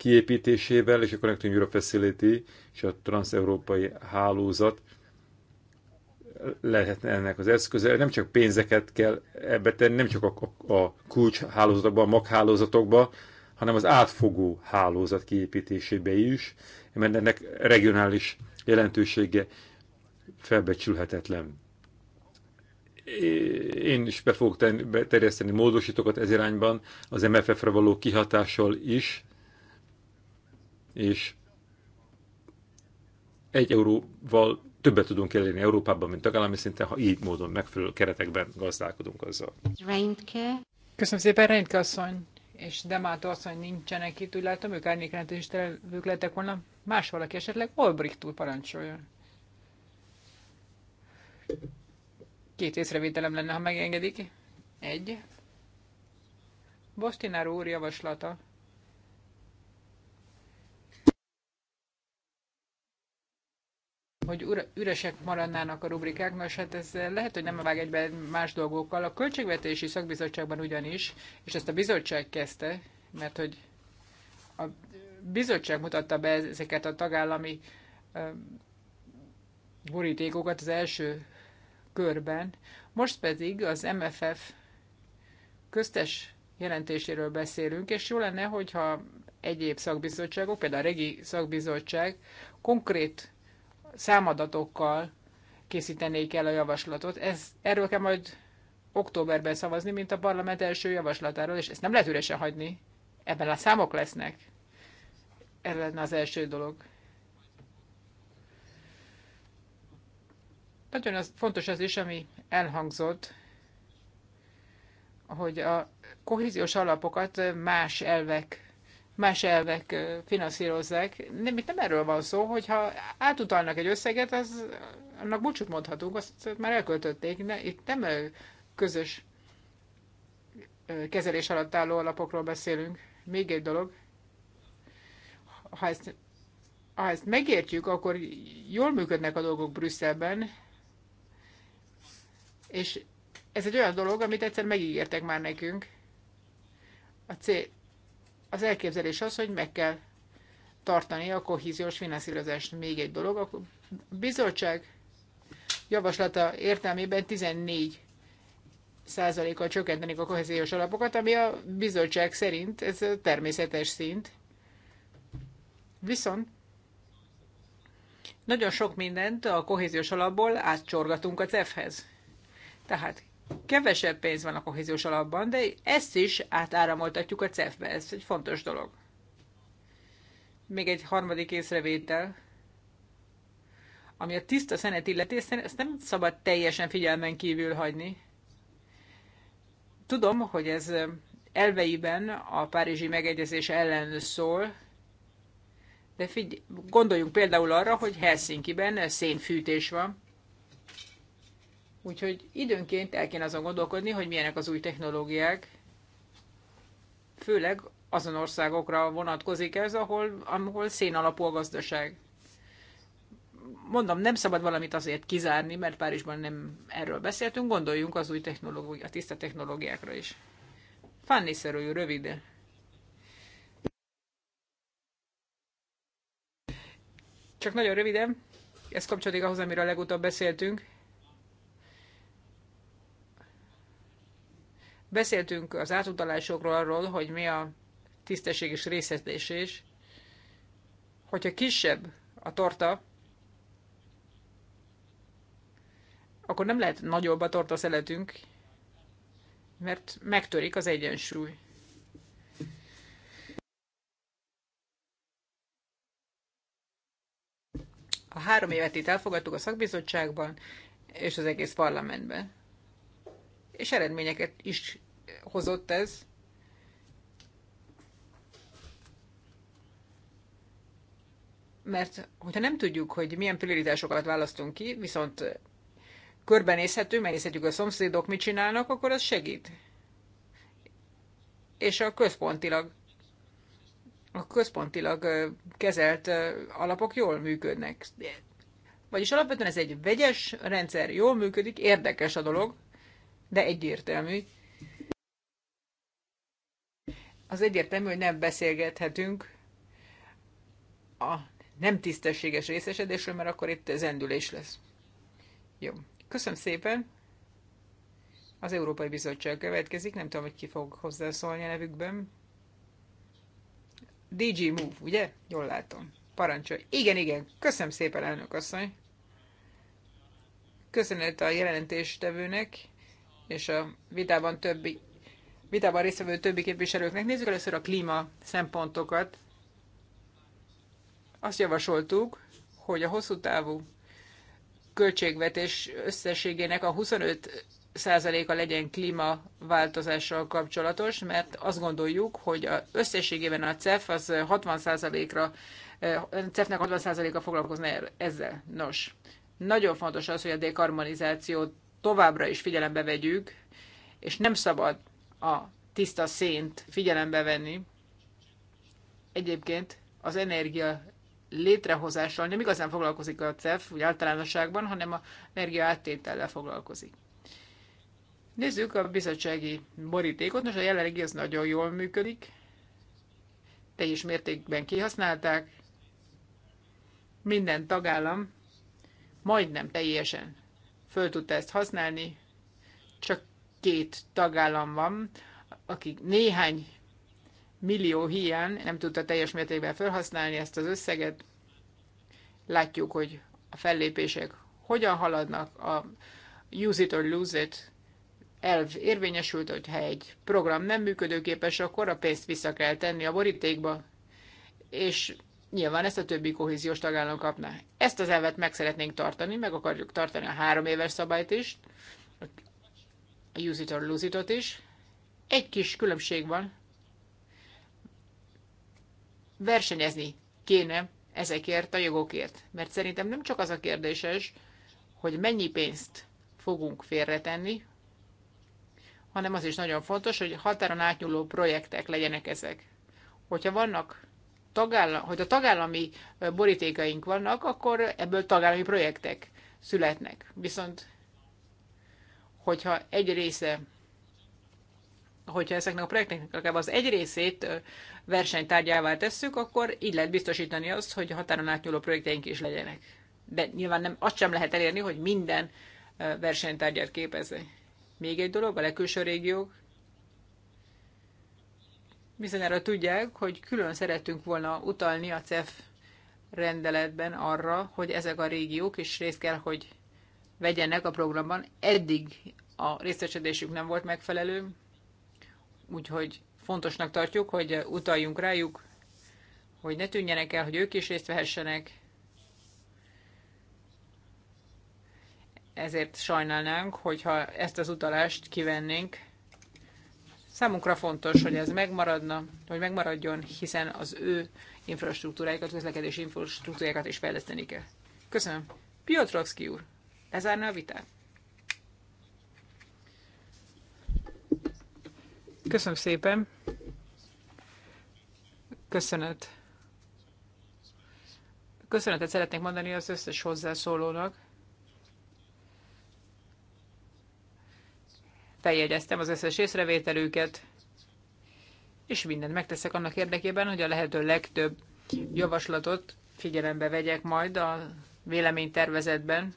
kiépítésével és a Connecting Europe Facility és a transeurópai hálózat lehetne ennek az eszköze. Nem csak pénzeket kell ebbe tenni, nem csak a, a hálózatokba, a hálózatokba, hanem az átfogó hálózat kiépítésébe is, mert ennek regionális jelentősége felbecsülhetetlen. Én is be fogok terjeszteni módosítókat ez irányban, az MFF-re való kihatással is, és egy euróval többet tudunk elérni Európában, mint tagállami szinten, ha így módon megfelelő keretekben gazdálkodunk
azzal. Reintke. Köszönöm szépen, Reintke asszony és Demátó asszony nincsenek itt, úgy látom, ők árnyékrendezéstelők lettek volna. Más valaki esetleg Olbricht túl parancsoljon. Két észrevételem lenne, ha megengedik. Egy. Bostinár úr javaslata hogy üresek maradnának a rubrikák, nos hát ez lehet, hogy nem vág egyben más dolgokkal. A költségvetési szakbizottságban ugyanis, és ezt a bizottság kezdte, mert hogy a bizottság mutatta be ezeket a tagállami borítékokat az első körben, most pedig az MFF köztes jelentéséről beszélünk, és jó lenne, hogyha egyéb szakbizottságok, például a regi szakbizottság konkrét számadatokkal készítenék el a javaslatot. Ez, erről kell majd októberben szavazni, mint a parlament első javaslatáról, és ezt nem lehet üresen hagyni. Ebben a számok lesznek. Ez lenne az első dolog. Nagyon az, fontos az is, ami elhangzott, hogy a kohéziós alapokat más elvek más elvek finanszírozzák. Nem, itt nem erről van szó, hogyha átutalnak egy összeget, az, annak búcsút mondhatunk, azt már elköltötték. Ne, itt nem közös kezelés alatt álló alapokról beszélünk. Még egy dolog, ha ezt, ha ezt megértjük, akkor jól működnek a dolgok Brüsszelben, és ez egy olyan dolog, amit egyszer megígértek már nekünk. A cél, az elképzelés az, hogy meg kell tartani a kohéziós finanszírozást. Még egy dolog, a bizottság javaslata értelmében 14 százalékkal csökkentenik a kohéziós alapokat, ami a bizottság szerint ez természetes szint. Viszont nagyon sok mindent a kohéziós alapból átcsorgatunk a CEF-hez. Tehát kevesebb pénz van a kohéziós alapban, de ezt is átáramoltatjuk a CEF-be, ez egy fontos dolog. Még egy harmadik észrevétel, ami a tiszta szenet illeti, ezt nem szabad teljesen figyelmen kívül hagyni. Tudom, hogy ez elveiben a Párizsi megegyezés ellen szól, de figy- gondoljunk például arra, hogy Helsinki-ben szénfűtés van, Úgyhogy időnként el kéne azon gondolkodni, hogy milyenek az új technológiák, főleg azon országokra vonatkozik ez, ahol, ahol szén alapú a gazdaság. Mondom, nem szabad valamit azért kizárni, mert Párizsban nem erről beszéltünk, gondoljunk az új technológia, a tiszta technológiákra is. Fanny szerű, rövid. Csak nagyon röviden, ez kapcsolódik ahhoz, amiről legutóbb beszéltünk. Beszéltünk az átutalásokról arról, hogy mi a tisztességes részletés is. Hogyha kisebb a torta, akkor nem lehet nagyobb a torta szeletünk, mert megtörik az egyensúly. A három évet itt elfogadtuk a szakbizottságban és az egész parlamentben és eredményeket is hozott ez. Mert hogyha nem tudjuk, hogy milyen prioritásokat választunk ki, viszont körbenézhető, megnézhetjük a szomszédok mit csinálnak, akkor az segít. És a központilag a központilag kezelt alapok jól működnek. Vagyis alapvetően ez egy vegyes rendszer, jól működik, érdekes a dolog, de egyértelmű. Az egyértelmű, hogy nem beszélgethetünk a nem tisztességes részesedésről, mert akkor itt zendülés lesz. Jó. Köszönöm szépen. Az Európai Bizottság következik, nem tudom, hogy ki fog hozzászólni a nevükben. DG Move, ugye? Jól látom. Parancsolj. Igen, igen. Köszönöm szépen, elnök asszony. Köszönet a jelentéstevőnek és a vitában, többi, vitában résztvevő többi képviselőknek. Nézzük először a klíma szempontokat. Azt javasoltuk, hogy a hosszú távú költségvetés összességének a 25 százaléka legyen klímaváltozással kapcsolatos, mert azt gondoljuk, hogy a összességében a CEF az 60 százalékra, eh, CEF-nek 60 százaléka foglalkozna ezzel. Nos, nagyon fontos az, hogy a dekarbonizációt továbbra is figyelembe vegyük, és nem szabad a tiszta szént figyelembe venni. Egyébként az energia létrehozással nem igazán foglalkozik a CEF, úgy általánosságban, hanem a energia áttétellel foglalkozik. Nézzük a bizottsági borítékot. Most a jelenlegi az nagyon jól működik. Teljes mértékben kihasználták. Minden tagállam majdnem teljesen föl tudta ezt használni, csak két tagállam van, akik néhány millió hián nem tudta teljes mértékben felhasználni ezt az összeget. Látjuk, hogy a fellépések hogyan haladnak, a use it or lose it elv érvényesült, hogy ha egy program nem működőképes, akkor a pénzt vissza kell tenni a borítékba, és nyilván ezt a többi kohéziós tagállam kapná. Ezt az elvet meg szeretnénk tartani, meg akarjuk tartani a három éves szabályt is, a use it or lose it is. Egy kis különbség van. Versenyezni kéne ezekért a jogokért. Mert szerintem nem csak az a kérdéses, hogy mennyi pénzt fogunk félretenni, hanem az is nagyon fontos, hogy határon átnyúló projektek legyenek ezek. Hogyha vannak tagállam, hogy a tagállami borítékaink vannak, akkor ebből tagállami projektek születnek. Viszont, hogyha egy része hogyha ezeknek a projekteknek akár az egy részét versenytárgyává tesszük, akkor így lehet biztosítani azt, hogy a határon átnyúló projekteink is legyenek. De nyilván nem, azt sem lehet elérni, hogy minden versenytárgyát képezze. Még egy dolog, a legkülső régiók. Bizonyára tudják, hogy külön szeretünk volna utalni a CEF rendeletben arra, hogy ezek a régiók is részt kell, hogy vegyenek a programban. Eddig a részesedésük nem volt megfelelő, úgyhogy fontosnak tartjuk, hogy utaljunk rájuk, hogy ne tűnjenek el, hogy ők is részt vehessenek. Ezért sajnálnánk, hogyha ezt az utalást kivennénk Számunkra fontos, hogy ez megmaradna, hogy megmaradjon, hiszen az ő infrastruktúráikat, közlekedési infrastruktúráikat is fejleszteni kell. Köszönöm. Piotrowski úr, lezárna a vitát. Köszönöm szépen. Köszönet. Köszönetet szeretnék mondani az összes hozzászólónak. feljegyeztem az összes észrevételüket, és mindent megteszek annak érdekében, hogy a lehető legtöbb javaslatot figyelembe vegyek majd a véleménytervezetben.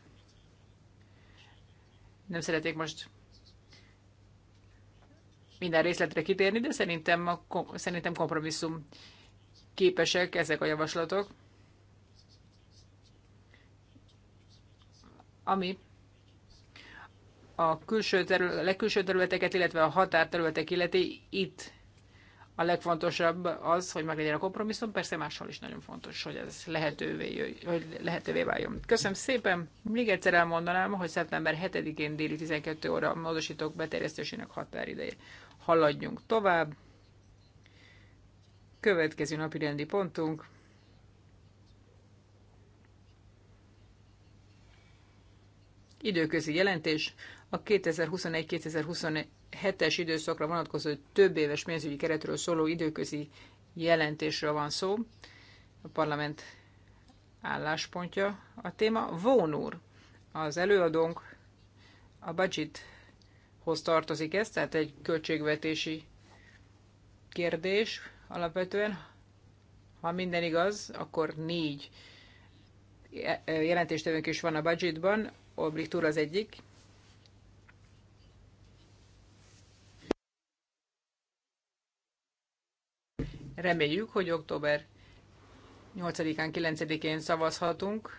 Nem szeretnék most minden részletre kitérni, de szerintem, a, szerintem kompromisszum képesek ezek a javaslatok. Ami a külső terület, legkülső területeket, illetve a határterületek illeti itt a legfontosabb az, hogy meglegyen a kompromisszum, persze máshol is nagyon fontos, hogy ez lehetővé, hogy lehetővé váljon. Köszönöm szépen, még egyszer elmondanám, hogy szeptember 7-én déli 12 óra a módosítók beterjesztésének határideje. Haladjunk tovább. Következő napi rendi pontunk. Időközi jelentés a 2021-2027-es időszakra vonatkozó több éves pénzügyi keretről szóló időközi jelentésről van szó. A parlament álláspontja a téma. Vónur, az előadónk a budgethoz tartozik ez, tehát egy költségvetési kérdés alapvetően. Ha minden igaz, akkor négy e, e, jelentéstevőnk is van a budgetban, Oblik az egyik, Reméljük, hogy október 8-án, 9-én szavazhatunk.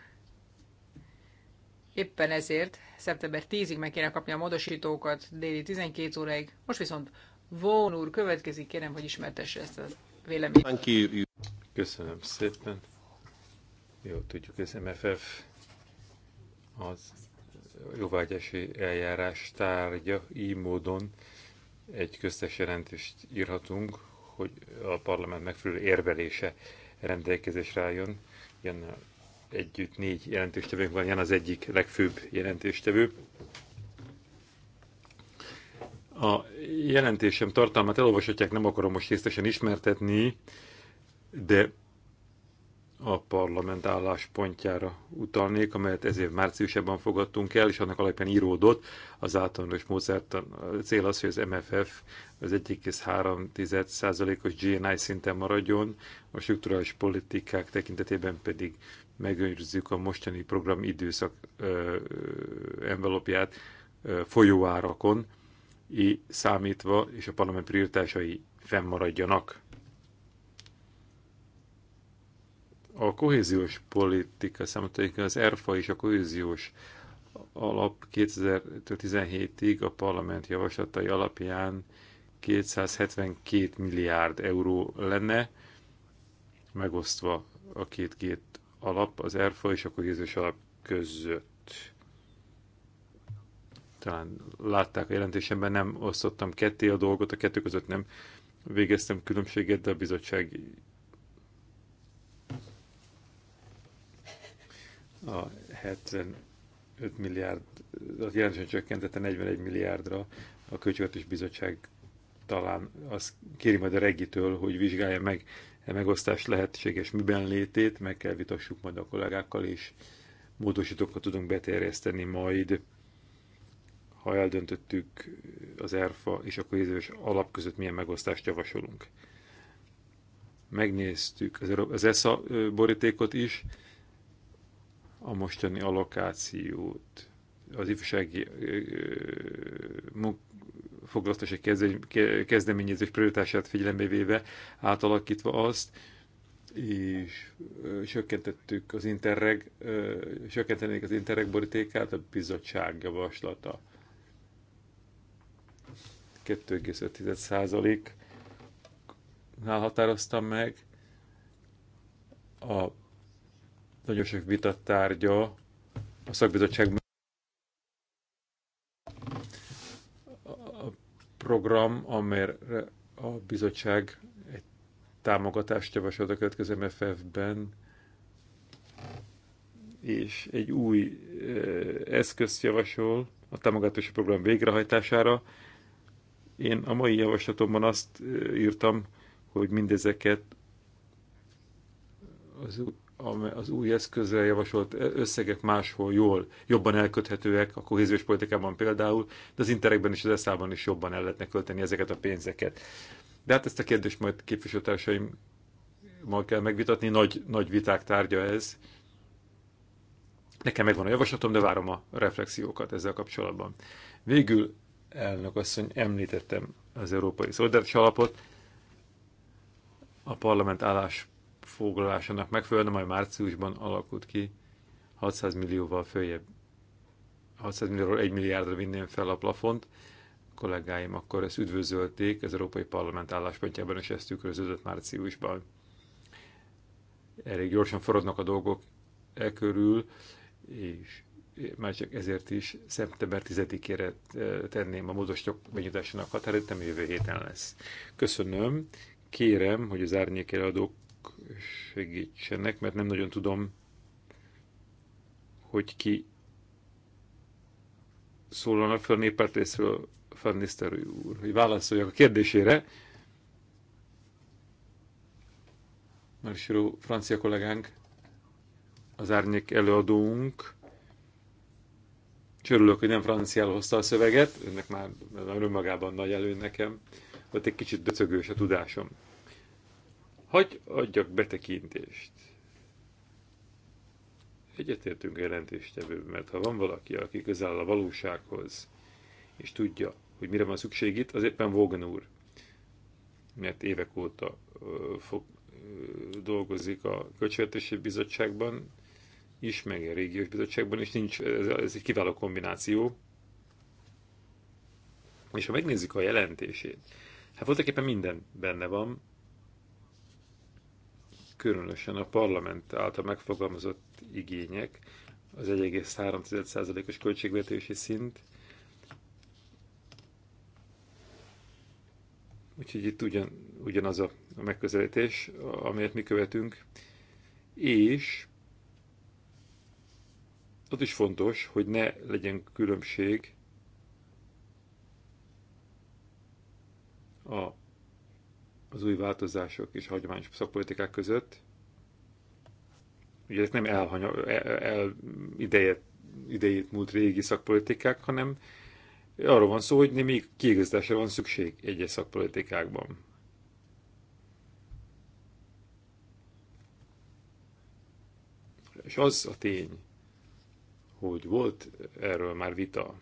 Éppen ezért szeptember 10-ig meg kéne kapni a módosítókat déli 12 óráig. Most viszont Vón úr következik, kérem, hogy ismertesse ezt a véleményt.
Köszönöm szépen. Jó, tudjuk, ez MFF az jóvágyási eljárás tárgya, így módon egy köztes jelentést írhatunk, hogy a parlament megfelelő érvelése rendelkezésre álljon. Ilyen együtt négy jelentéstevőnk van, ilyen az egyik legfőbb jelentéstevő. A jelentésem tartalmát elolvashatják, nem akarom most részletesen ismertetni, de a parlament álláspontjára utalnék, amelyet ez év márciusában fogadtunk el, és annak alapján íródott az általános módszert. A cél az, hogy az MFF az 1,3%-os GNI szinten maradjon, a strukturális politikák tekintetében pedig megőrizzük a mostani program időszak envelopját folyóárakon, számítva, és a parlament prioritásai fennmaradjanak. a kohéziós politika számítójéken az ERFA és a kohéziós alap 2017-ig a parlament javaslatai alapján 272 milliárd euró lenne, megosztva a két-két alap, az ERFA és a kohéziós alap között. Talán látták a jelentésemben, nem osztottam ketté a dolgot, a kettő között nem végeztem különbséget, de a bizottság a 75 milliárd, az jelentősen csökkentette 41 milliárdra a Költségvetés Bizottság talán azt kéri majd a reggitől, hogy vizsgálja meg a e megosztás lehetséges miben létét, meg kell vitassuk majd a kollégákkal, és módosítókat tudunk beterjeszteni majd, ha eldöntöttük az ERFA és a kohéziós alap között milyen megosztást javasolunk. Megnéztük az ESA borítékot is, a mostani allokációt, az ifjúsági foglalkoztatási kezdeményezés prioritását figyelembe véve átalakítva azt, és csökkentettük az interreg, csökkentenék az interreg borítékát a bizottság javaslata. 2,5%-nál határoztam meg. A nagyon sok vita tárgya a szakbizottságban. a program, amelyre a bizottság egy támogatást javasolt a következő MFF-ben, és egy új eh, eszközt javasol a támogatási program végrehajtására. Én a mai javaslatomban azt eh, írtam, hogy mindezeket az az új eszközre javasolt összegek máshol jól, jobban elköthetőek, a kohéziós politikában például, de az interekben és az eszában is jobban el lehetne költeni ezeket a pénzeket. De hát ezt a kérdést majd képviselőtársaimmal kell megvitatni, nagy, nagy viták tárgya ez. Nekem megvan a javaslatom, de várom a reflexiókat ezzel kapcsolatban. Végül elnök asszony, említettem az Európai Szolidaritás Alapot, a parlament állás állásfoglalásának megfelelően, majd márciusban alakult ki 600 millióval följebb. 600 millióról 1 milliárdra vinném fel a plafont. A kollégáim akkor ezt üdvözölték, az Európai Parlament álláspontjában is ezt tükröződött márciusban. Elég gyorsan forognak a dolgok e körül, és már csak ezért is szeptember 10-ére e, tenném a módosítók benyújtásának határidőt, ami jövő héten lesz. Köszönöm, kérem, hogy az árnyékeladók segítsenek, mert nem nagyon tudom, hogy ki szólalna fel néppárt részről Fanniszterő úr, hogy válaszoljak a kérdésére. Marisiro, francia kollégánk, az árnyék előadónk, Csörülök, hogy nem franciál hozta a szöveget, ennek már önmagában nagy elő nekem, vagy egy kicsit döcögős a tudásom. Hagy adjak betekintést. Egyetértünk jelentéstevő, mert ha van valaki, aki közel a valósághoz, és tudja, hogy mire van szükség itt, az éppen Vogan úr. Mert évek óta ö, fog, ö, dolgozik a Költségvetési Bizottságban is, meg a Régiós Bizottságban is, nincs, ez, ez egy kiváló kombináció. És ha megnézzük a jelentését, hát voltaképpen minden benne van, különösen a parlament által megfogalmazott igények, az 1,3%-os költségvetési szint. Úgyhogy itt ugyan, ugyanaz a, a megközelítés, amelyet mi követünk. És az is fontos, hogy ne legyen különbség a az új változások és hagyományos szakpolitikák között. Ugye ezek nem elhanya, el, el, idejét, idejét múlt régi szakpolitikák, hanem arról van szó, hogy némi kiigazításra van szükség egyes szakpolitikákban. És az a tény, hogy volt erről már vita,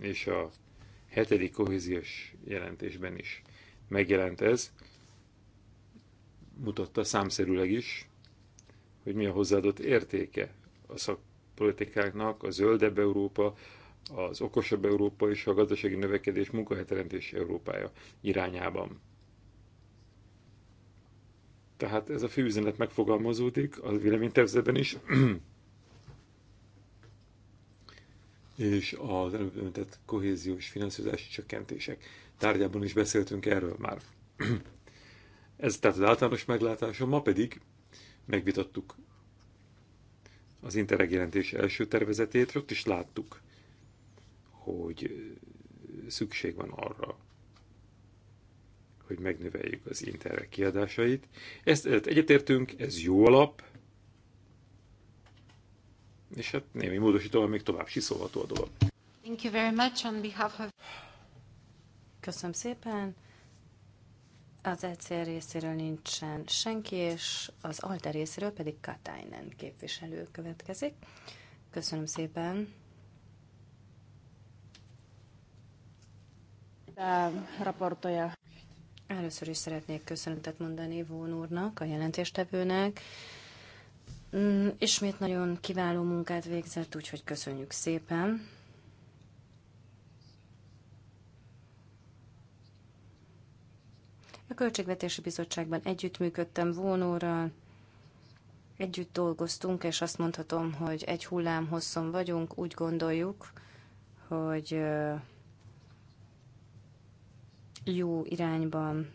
és a hetedik kohéziós jelentésben is megjelent ez, mutatta számszerűleg is, hogy mi a hozzáadott értéke a szakpolitikáknak, a zöldebb Európa, az okosabb Európa és a gazdasági növekedés munkahelyteremtés Európája irányában. Tehát ez a fő üzenet megfogalmazódik a véleménytervezetben is, és az előbb említett kohéziós finanszírozási csökkentések. Tárgyában is beszéltünk erről már. Ez tehát az általános meglátásom, ma pedig megvitattuk az Interreg jelentés első tervezetét, ott is láttuk, hogy szükség van arra, hogy megnöveljük az Interreg kiadásait. Ezt egyetértünk, ez jó alap, és hát némi módosítóval még tovább siszolható a dolog.
Thank you very much on behalf of... Köszönöm szépen. Az ECR részéről nincsen senki, és az ALTE részéről pedig Katainen képviselő következik. Köszönöm szépen. Raportoja. Először is szeretnék köszönetet mondani Vón úrnak, a jelentéstevőnek, Mm, ismét nagyon kiváló munkát végzett, úgyhogy köszönjük szépen. A Költségvetési Bizottságban együttműködtem Vónóral, együtt dolgoztunk, és azt mondhatom, hogy egy hullám hosszon vagyunk, úgy gondoljuk, hogy jó irányban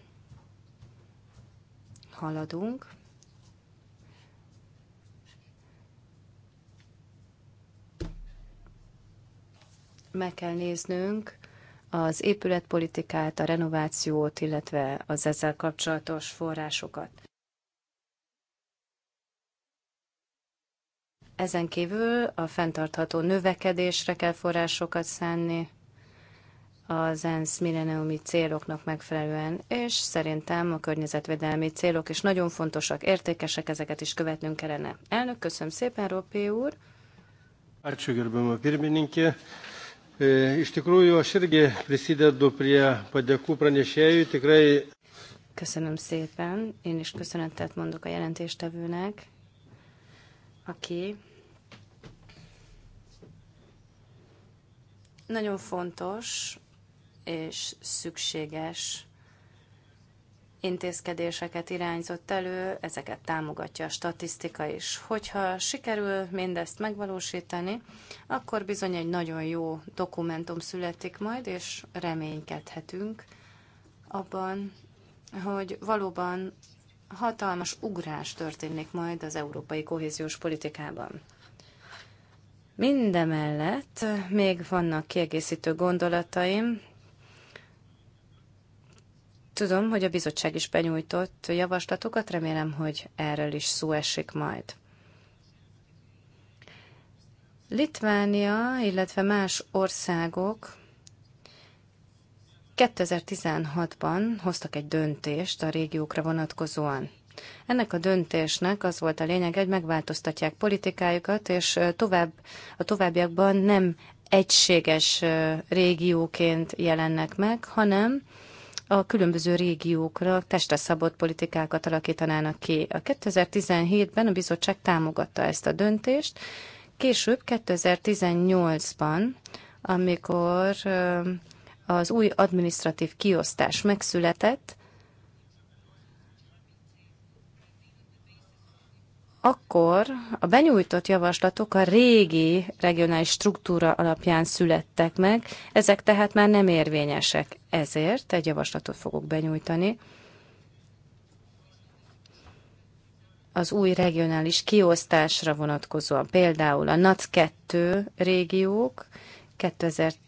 haladunk. meg kell néznünk az épületpolitikát, a renovációt, illetve az ezzel kapcsolatos forrásokat. Ezen kívül a fenntartható növekedésre kell forrásokat szánni az ENSZ milleniumi céloknak megfelelően, és szerintem a környezetvédelmi célok is nagyon fontosak, értékesek, ezeket is követnünk kellene. Elnök, köszönöm szépen, Ropé úr!
Ačiū E, iš tikrųjų, aš irgi prisidedu prie padėkų pranešėjų. Tikrai.
Köszönöm szépen. Én is köszönetet mondok a jelentéstevőnek, aki nagyon fontos és szükséges intézkedéseket irányzott elő, ezeket támogatja a statisztika is. Hogyha sikerül mindezt megvalósítani, akkor bizony egy nagyon jó dokumentum születik majd, és reménykedhetünk abban, hogy valóban hatalmas ugrás történik majd az európai kohéziós politikában. Mindemellett még vannak kiegészítő gondolataim, Tudom, hogy a bizottság is benyújtott javaslatokat, remélem, hogy erről is szó esik majd. Litvánia, illetve más országok 2016-ban hoztak egy döntést a régiókra vonatkozóan. Ennek a döntésnek az volt a lényeg, hogy megváltoztatják politikájukat, és tovább, a továbbiakban nem egységes régióként jelennek meg, hanem a különböző régiókra testre szabott politikákat alakítanának ki. A 2017-ben a bizottság támogatta ezt a döntést, később 2018-ban, amikor az új administratív kiosztás megszületett, akkor a benyújtott javaslatok a régi regionális struktúra alapján születtek meg, ezek tehát már nem érvényesek. Ezért egy javaslatot fogok benyújtani. Az új regionális kiosztásra vonatkozóan például a NAC 2 régiók 2016-ban,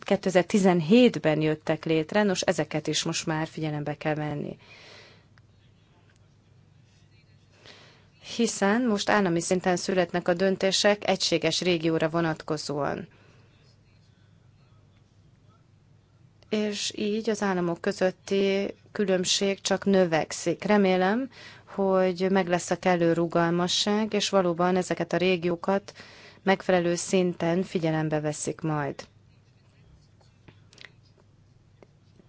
2017-ben jöttek létre, nos ezeket is most már figyelembe kell venni. hiszen most állami szinten születnek a döntések egységes régióra vonatkozóan. És így az államok közötti különbség csak növekszik. Remélem, hogy meg lesz a kellő rugalmasság, és valóban ezeket a régiókat megfelelő szinten figyelembe veszik majd.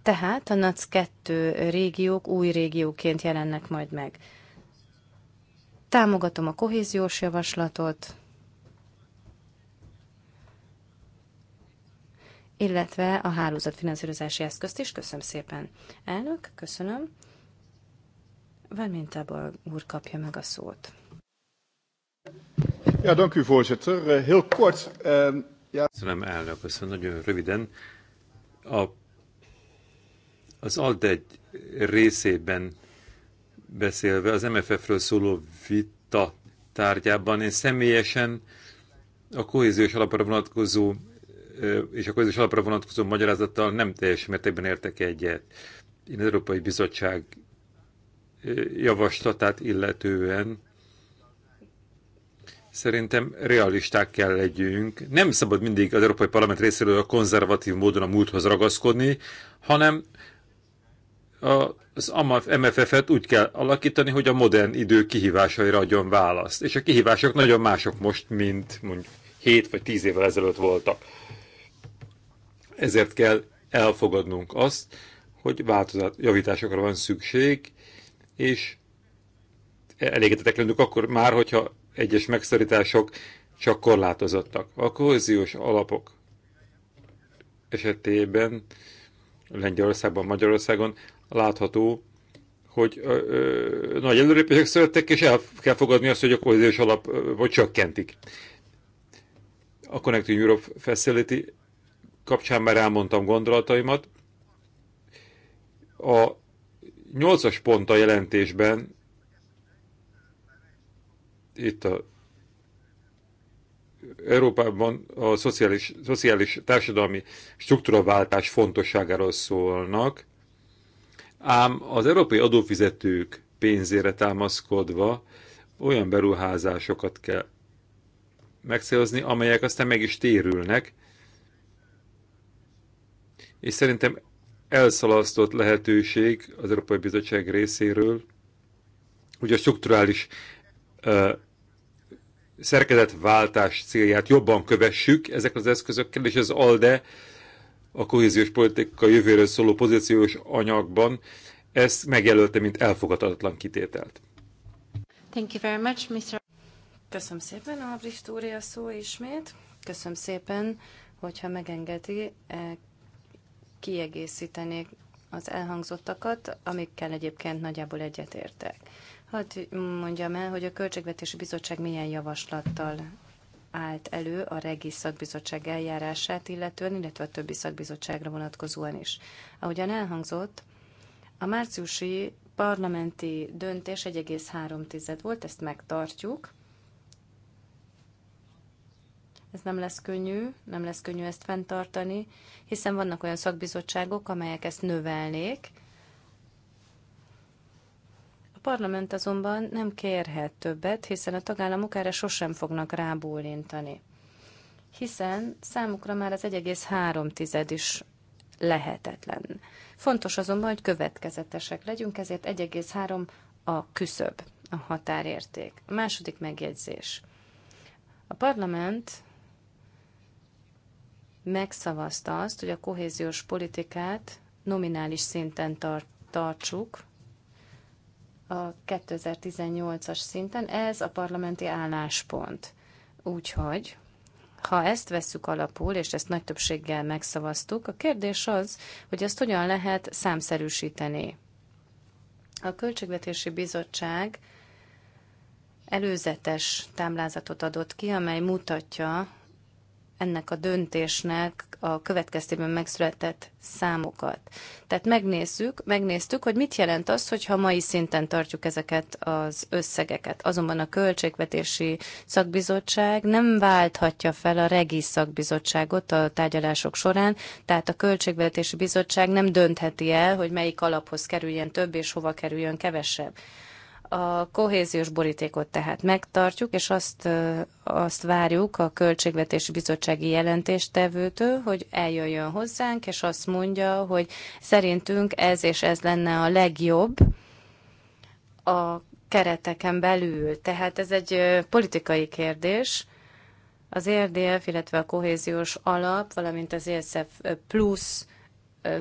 Tehát a NAC 2 régiók új régióként jelennek majd meg. Támogatom a kohéziós javaslatot, illetve a hálózatfinanszírozási eszközt is. Köszönöm szépen. Elnök, köszönöm. Vermintából úr kapja meg a szót.
Ja, dank u voorzitter. Eh, heel kort. Ehm, köszönöm, elnök, köszönöm. Nagyon röviden. A, az ALDE egy részében beszélve az MFF-ről szóló vita tárgyában, én személyesen a kohéziós alapra vonatkozó és a kohéziós alapra vonatkozó magyarázattal nem teljes mértékben értek egyet. Én az Európai Bizottság javaslatát illetően szerintem realisták kell legyünk. Nem szabad mindig az Európai Parlament részéről a konzervatív módon a múlthoz ragaszkodni, hanem az MFF-et úgy kell alakítani, hogy a modern idő kihívásaira adjon választ. És a kihívások nagyon mások most, mint mondjuk 7 vagy 10 évvel ezelőtt voltak. Ezért kell elfogadnunk azt, hogy változat, javításokra van szükség, és elégedetek lennünk akkor már, hogyha egyes megszorítások csak korlátozottak. A kohéziós alapok esetében Lengyelországban, Magyarországon látható, hogy ö, ö, nagy előrépések születtek, és el kell fogadni azt, hogy a kohéziós alap ö, vagy csökkentik. A Connecting Europe Facility kapcsán már elmondtam gondolataimat. A nyolcas pont a jelentésben, itt a Európában a szociális, szociális társadalmi struktúraváltás fontosságáról szólnak, Ám az európai adófizetők pénzére támaszkodva olyan beruházásokat kell megszerezni, amelyek aztán meg is térülnek, és szerintem elszalasztott lehetőség az Európai Bizottság részéről, hogy a strukturális ö, szerkezetváltás célját jobban kövessük ezek az eszközökkel, és az ALDE a kohéziós politika jövőről szóló pozíciós anyagban ezt megjelölte, mint elfogadhatatlan kitételt.
Thank you very much, Mr. Köszönöm szépen, a Tória szó ismét. Köszönöm szépen, hogyha megengedi, e, kiegészítenék az elhangzottakat, amikkel egyébként nagyjából egyetértek. Hadd mondjam el, hogy a Költségvetési Bizottság milyen javaslattal állt elő a regi szakbizottság eljárását illetően, illetve a többi szakbizottságra vonatkozóan is. Ahogyan elhangzott, a márciusi parlamenti döntés 1,3 volt, ezt megtartjuk. Ez nem lesz könnyű, nem lesz könnyű ezt fenntartani, hiszen vannak olyan szakbizottságok, amelyek ezt növelnék, a parlament azonban nem kérhet többet, hiszen a tagállamok erre sosem fognak rábólintani. Hiszen számukra már az 1,3 is lehetetlen. Fontos azonban, hogy következetesek legyünk, ezért 1,3 a küszöb, a határérték. A második megjegyzés. A parlament megszavazta azt, hogy a kohéziós politikát nominális szinten tart, tartsuk, a 2018-as szinten. Ez a parlamenti álláspont. Úgyhogy, ha ezt vesszük alapul, és ezt nagy többséggel megszavaztuk, a kérdés az, hogy ezt hogyan lehet számszerűsíteni. A Költségvetési Bizottság előzetes támlázatot adott ki, amely mutatja ennek a döntésnek a következtében megszületett számokat. Tehát megnézzük, megnéztük, hogy mit jelent az, hogyha mai szinten tartjuk ezeket az összegeket. Azonban a Költségvetési Szakbizottság nem válthatja fel a regi szakbizottságot a tárgyalások során, tehát a Költségvetési Bizottság nem döntheti el, hogy melyik alaphoz kerüljen több és hova kerüljön kevesebb. A kohéziós borítékot tehát megtartjuk, és azt, azt várjuk a Költségvetési Bizottsági jelentéstevőtől, hogy eljöjjön hozzánk, és azt mondja, hogy szerintünk ez és ez lenne a legjobb a kereteken belül. Tehát ez egy politikai kérdés. Az érdél, e illetve a kohéziós alap, valamint az ESF plusz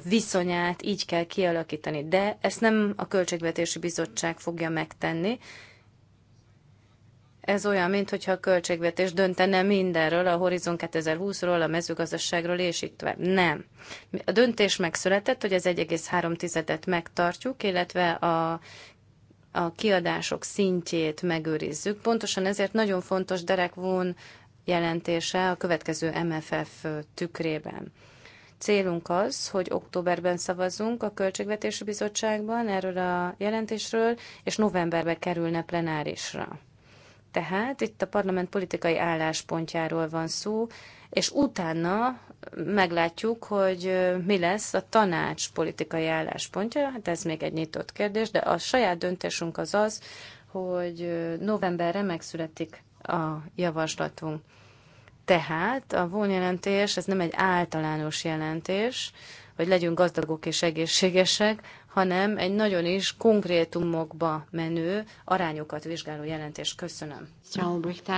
viszonyát így kell kialakítani. De ezt nem a Költségvetési Bizottság fogja megtenni. Ez olyan, mintha a költségvetés döntene mindenről, a Horizon 2020-ról, a mezőgazdaságról, és így tovább. Nem. A döntés megszületett, hogy az 1,3-et megtartjuk, illetve a a kiadások szintjét megőrizzük. Pontosan ezért nagyon fontos Derek Wun jelentése a következő MFF tükrében. Célunk az, hogy októberben szavazunk a Költségvetési Bizottságban erről a jelentésről, és novemberben kerülne plenárisra. Tehát itt a parlament politikai álláspontjáról van szó, és utána meglátjuk, hogy mi lesz a tanács politikai álláspontja. Hát ez még egy nyitott kérdés, de a saját döntésünk az az, hogy novemberre megszületik a javaslatunk. Tehát a vonjelentés, ez nem egy általános jelentés, hogy legyünk gazdagok és egészségesek, hanem egy nagyon is konkrétumokba menő arányokat vizsgáló jelentés. Köszönöm. I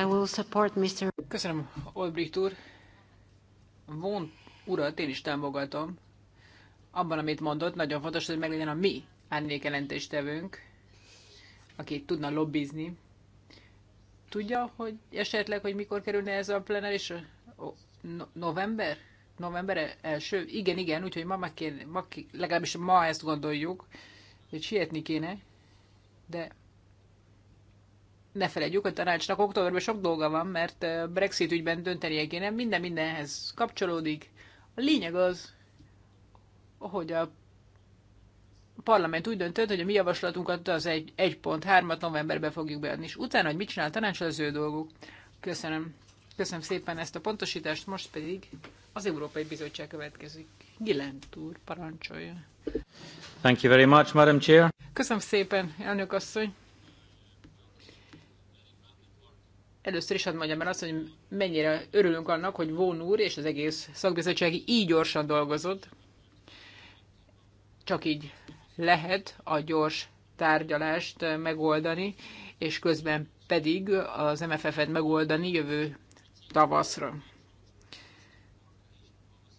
will support Mr. Köszönöm,
Olbricht úr. Von urat én is támogatom. Abban, amit mondott, nagyon fontos, hogy meglegyen a mi árnyék aki tudna lobbizni Tudja, hogy esetleg, hogy mikor kerülne ez a plenáris? No, november? November első? Igen, igen, úgyhogy ma, meg kéne, ma legalábbis ma ezt gondoljuk, hogy sietni kéne, de ne felejtjük, a tanácsnak októberben sok dolga van, mert Brexit ügyben döntenie kéne, minden mindenhez kapcsolódik. A lényeg az, hogy a parlament úgy döntött, hogy a mi javaslatunkat az 1.3-at novemberben fogjuk beadni, és utána, hogy mit csinál a tanács, az ő dolguk. Köszönöm. Köszönöm szépen ezt a pontosítást, most pedig az Európai Bizottság következik. Gilent úr, parancsolja.
Thank you very much, Madam Chair.
Köszönöm szépen, elnök asszony. Először is hadd mondjam el azt, hogy mennyire örülünk annak, hogy Vón úr és az egész szakbizottság így gyorsan dolgozott. Csak így lehet a gyors tárgyalást megoldani, és közben pedig az MFF-et megoldani jövő tavaszra.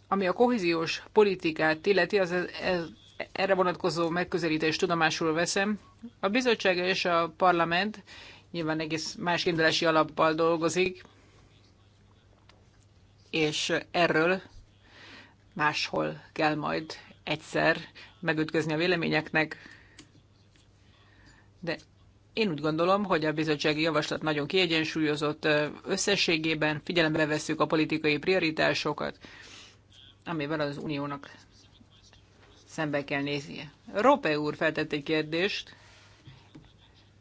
Ami a kohéziós politikát illeti, az ez, erre vonatkozó megközelítést tudomásul veszem. A bizottság és a parlament nyilván egész más kiindulási alappal dolgozik, és erről máshol kell majd egyszer megütközni a véleményeknek, de én úgy gondolom, hogy a bizottsági javaslat nagyon kiegyensúlyozott összességében, figyelembe vesszük a politikai prioritásokat, amivel az uniónak szembe kell néznie. Rope úr feltett egy kérdést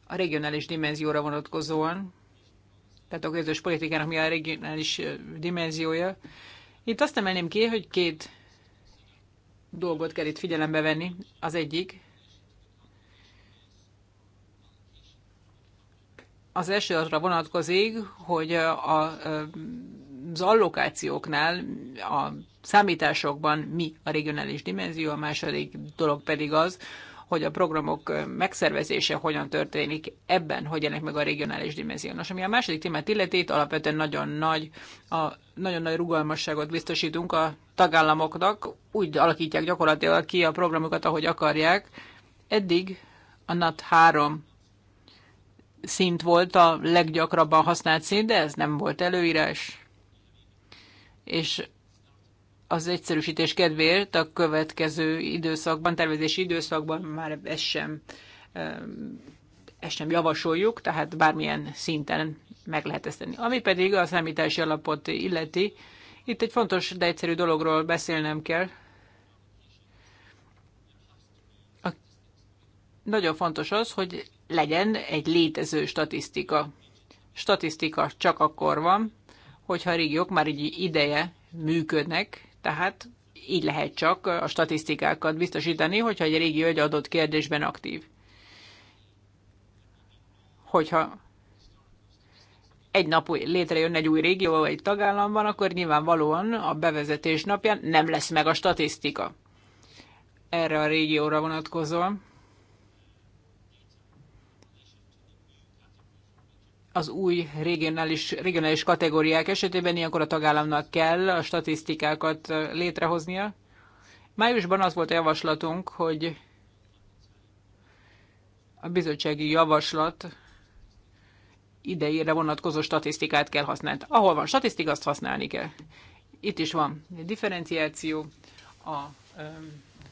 a regionális dimenzióra vonatkozóan, tehát a közös politikának mi a regionális dimenziója. Itt azt emelném ki, hogy két dolgot kell itt figyelembe venni. Az egyik, az első azra vonatkozik, hogy a, az allokációknál a számításokban mi a regionális dimenzió, a második dolog pedig az, hogy a programok megszervezése hogyan történik ebben, hogy ennek meg a regionális dimenzió. Nos, ami a második témát illeti, alapvetően nagyon nagy, a, nagyon nagy rugalmasságot biztosítunk a tagállamoknak, úgy alakítják gyakorlatilag ki a programokat, ahogy akarják. Eddig a NAT 3 szint volt a leggyakrabban használt szint, de ez nem volt előírás. És az egyszerűsítés kedvéért a következő időszakban, tervezési időszakban már ezt sem, ezt sem javasoljuk, tehát bármilyen szinten meg lehet ezt tenni. Ami pedig a számítási alapot illeti, itt egy fontos, de egyszerű dologról beszélnem kell. A, nagyon fontos az, hogy legyen egy létező statisztika. Statisztika csak akkor van, hogyha a régiók már egy ideje működnek, tehát így lehet csak a statisztikákat biztosítani, hogyha egy régi egy adott kérdésben aktív. Hogyha egy nap létrejön egy új régió vagy egy tagállamban, akkor nyilvánvalóan a bevezetés napján nem lesz meg a statisztika. Erre a régióra vonatkozóan. az új regionális, regionális kategóriák esetében ilyenkor a tagállamnak kell a statisztikákat létrehoznia. Májusban az volt a javaslatunk, hogy a bizottsági javaslat idejére vonatkozó statisztikát kell használni. Ahol van statisztika, azt használni kell. Itt is van differenciáció a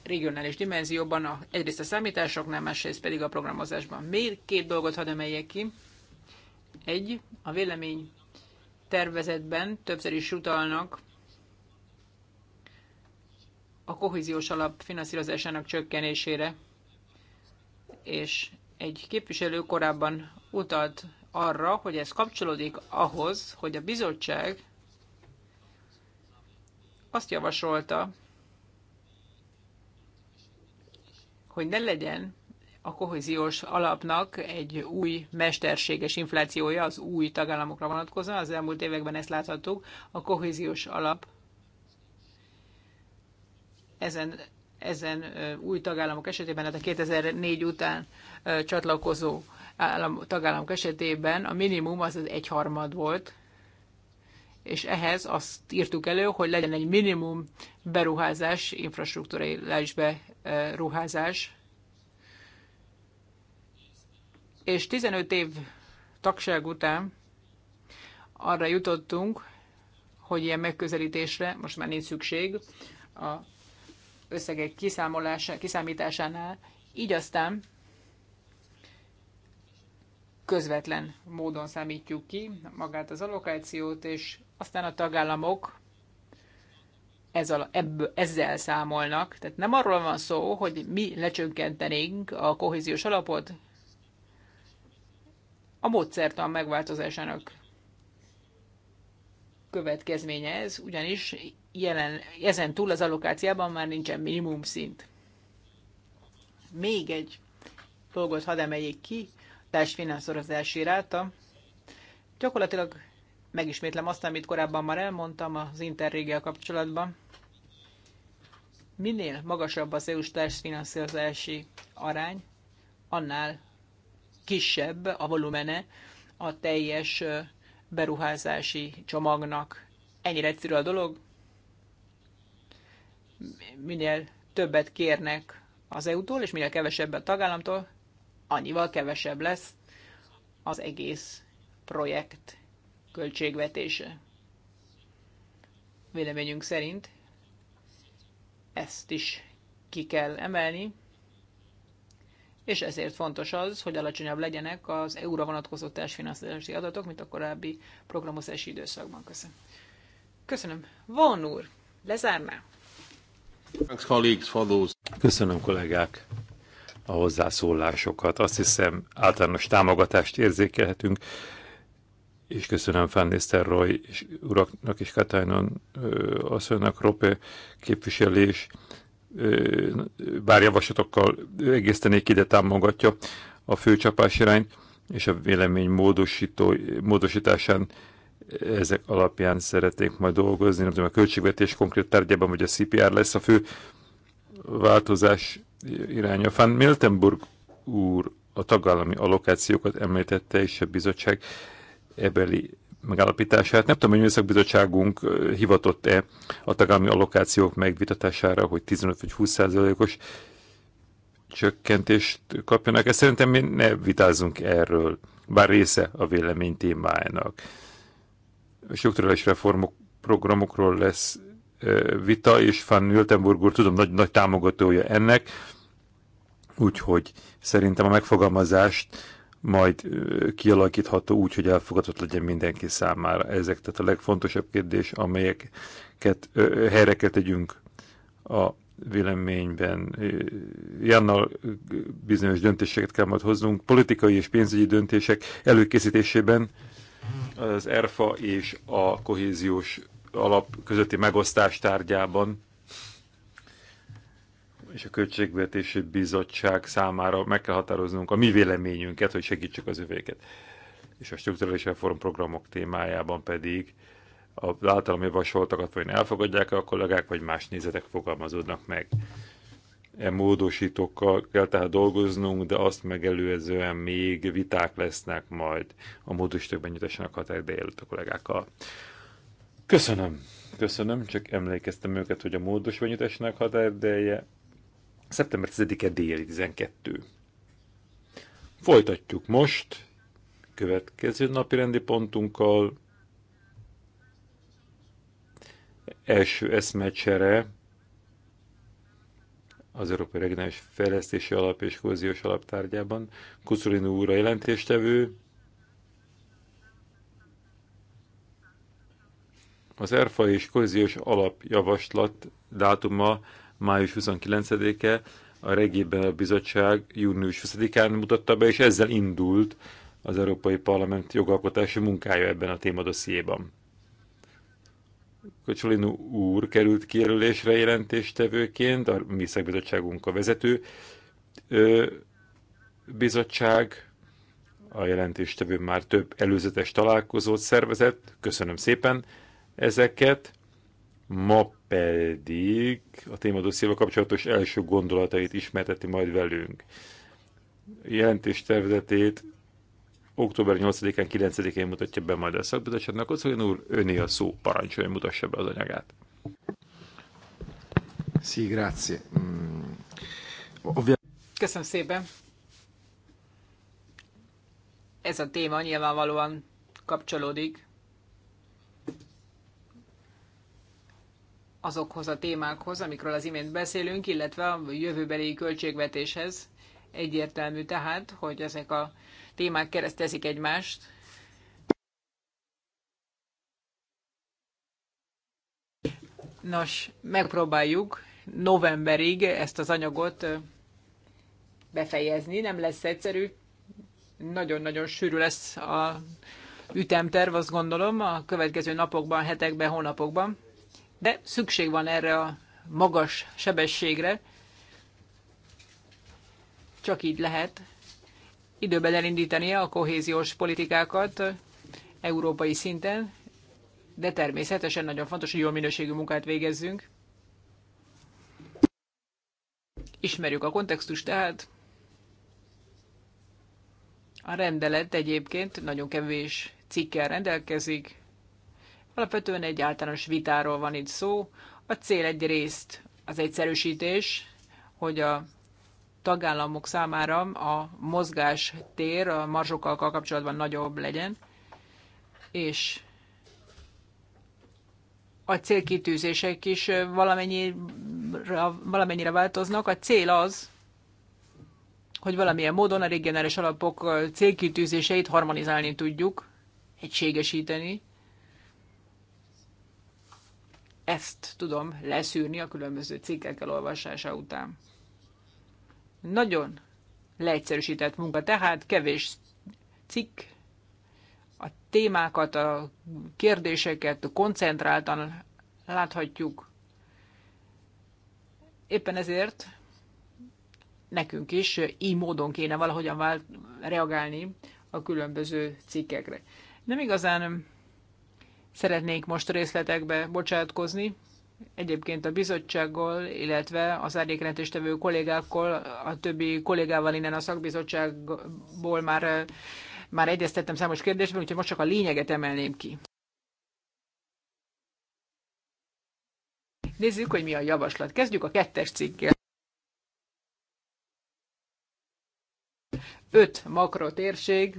regionális dimenzióban, a, egyrészt a számításoknál, másrészt pedig a programozásban. Még két dolgot hadd emeljek ki. Egy, a vélemény tervezetben többször is utalnak a kohéziós alap finanszírozásának csökkenésére, és egy képviselő korábban utalt arra, hogy ez kapcsolódik ahhoz, hogy a bizottság azt javasolta, hogy ne legyen a kohéziós alapnak egy új mesterséges inflációja az új tagállamokra vonatkozóan. Az elmúlt években ezt láthattuk. A kohéziós alap ezen, ezen új tagállamok esetében, tehát a 2004 után csatlakozó állam, tagállamok esetében a minimum az az egyharmad volt, és ehhez azt írtuk elő, hogy legyen egy minimum beruházás, infrastruktúrális beruházás és 15 év tagság után arra jutottunk, hogy ilyen megközelítésre most már nincs szükség a összegek kiszámolása, kiszámításánál, így aztán közvetlen módon számítjuk ki magát az allokációt, és aztán a tagállamok ezzel, ebből, ezzel számolnak. Tehát nem arról van szó, hogy mi lecsökkentenénk a kohéziós alapot, a módszertan megváltozásának következménye ez, ugyanis jelen, ezen túl az allokáciában már nincsen minimum szint. Még egy dolgot hadd emeljék ki, társfinanszorozási ráta. Gyakorlatilag megismétlem azt, amit korábban már elmondtam az interrégia kapcsolatban. Minél magasabb az EU-s társfinanszírozási arány, annál kisebb a volumene a teljes beruházási csomagnak. Ennyire egyszerű a dolog. Minél többet kérnek az EU-tól, és minél kevesebb a tagállamtól, annyival kevesebb lesz az egész projekt költségvetése. Véleményünk szerint ezt is ki kell emelni és ezért fontos az, hogy alacsonyabb legyenek az EU-ra vonatkozó társfinanszírozási adatok, mint a korábbi programozási időszakban. Köszönöm. Köszönöm. Von úr, lezárná?
Köszönöm, kollégák, a hozzászólásokat. Azt hiszem, általános támogatást érzékelhetünk, és köszönöm Fennészter Roy és uraknak és Katajnon asszonynak Rope képviselés bár javaslatokkal egésztenék ide támogatja a főcsapás irányt, és a vélemény módosító, módosításán ezek alapján szeretnék majd dolgozni, nem tudom, a költségvetés konkrét tárgyában, vagy a CPR lesz a fő változás iránya. Fán Miltenburg úr a tagállami allokációkat említette, és a bizottság ebeli megállapítását. Nem tudom, hogy Műszakbizottságunk hivatott-e a tagállami allokációk megvitatására, hogy 15 vagy 20 százalékos csökkentést kapjanak. Ezt szerintem mi ne vitázzunk erről, bár része a vélemény témájának. A strukturális reformok programokról lesz vita, és Van Nültenburg úr, tudom, nagy, nagy támogatója ennek, úgyhogy szerintem a megfogalmazást majd kialakítható úgy, hogy elfogadott legyen mindenki számára. Ezek tehát a legfontosabb kérdés, amelyeket helyre kell tegyünk a véleményben. Jannal bizonyos döntéseket kell majd hoznunk, politikai és pénzügyi döntések előkészítésében az ERFA és a kohéziós alap közötti megosztás tárgyában és a Költségvetési Bizottság számára meg kell határoznunk a mi véleményünket, hogy segítsük az övéket. És a strukturális reformprogramok témájában pedig a általam javasoltakat vagy elfogadják a kollégák, vagy más nézetek fogalmazódnak meg. E módosítókkal kell tehát dolgoznunk, de azt megelőzően még viták lesznek majd a módosítók benyújtásának a előtt a kollégákkal. Köszönöm! Köszönöm, csak emlékeztem őket, hogy a módos benyújtásnak határideje Szeptember 10-e déli 12. Folytatjuk most következő napi rendi pontunkkal. Első eszmecsere az Európai Regionális Fejlesztési Alap és Kóziós Alap tárgyában. Kuszulinu úr a jelentéstevő. Az ERFA és Kóziós Alap javaslat dátuma május 29-e, a regében a bizottság június 20-án mutatta be, és ezzel indult az Európai Parlament jogalkotási munkája ebben a témadossziéban. Kocsolinu úr került kijelölésre jelentéstevőként, a mi szakbizottságunk a vezető ö, bizottság, a jelentéstevő már több előzetes találkozót szervezett, köszönöm szépen ezeket, Ma pedig a témadosszéval kapcsolatos első gondolatait ismerteti majd velünk. Jelentés tervezetét október 8-án, 9-én mutatja be majd a szakbizottságnak. szóljon úr, öné a szó, parancsolja, mutassa be az anyagát. Sí, grazie. Mm,
Köszönöm szépen. Ez a téma nyilvánvalóan kapcsolódik azokhoz a témákhoz, amikről az imént beszélünk, illetve a jövőbeli költségvetéshez. Egyértelmű tehát, hogy ezek a témák keresztezik egymást. Nos, megpróbáljuk novemberig ezt az anyagot befejezni. Nem lesz egyszerű, nagyon-nagyon sűrű lesz a ütemterv, azt gondolom, a következő napokban, hetekben, hónapokban de szükség van erre a magas sebességre, csak így lehet időben elindítani a kohéziós politikákat európai szinten, de természetesen nagyon fontos, hogy jó minőségű munkát végezzünk. Ismerjük a kontextust, tehát a rendelet egyébként nagyon kevés cikkel rendelkezik, Alapvetően egy általános vitáról van itt szó. A cél egy részt, az egyszerűsítés, hogy a tagállamok számára a mozgás tér a marzsokkal kapcsolatban nagyobb legyen, és a célkitűzések is valamennyire, valamennyire változnak. A cél az, hogy valamilyen módon a regionális alapok célkitűzéseit harmonizálni tudjuk, egységesíteni, ezt tudom leszűrni a különböző cikkek elolvasása után. Nagyon leegyszerűsített munka, tehát kevés cikk, a témákat, a kérdéseket koncentráltan láthatjuk. Éppen ezért nekünk is így módon kéne valahogyan vált, reagálni a különböző cikkekre. Nem igazán Szeretnék most részletekbe bocsátkozni. Egyébként a bizottsággal, illetve az tevő kollégákkal, a többi kollégával innen a szakbizottságból már, már egyeztettem számos kérdésben, úgyhogy most csak a lényeget emelném ki. Nézzük, hogy mi a javaslat. Kezdjük a kettes cikkel. Öt makrotérség,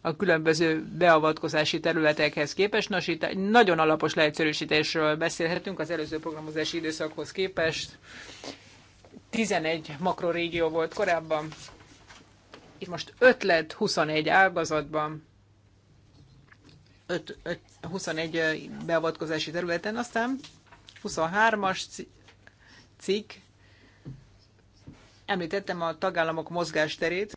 a különböző beavatkozási területekhez képest. Nos, itt nagyon alapos leegyszerűsítésről beszélhetünk az előző programozási időszakhoz képest. 11 makrorégió volt korábban, itt most 5 lett 21 ágazatban, 5, 5, 21 beavatkozási területen, aztán 23-as cikk, említettem a tagállamok mozgásterét,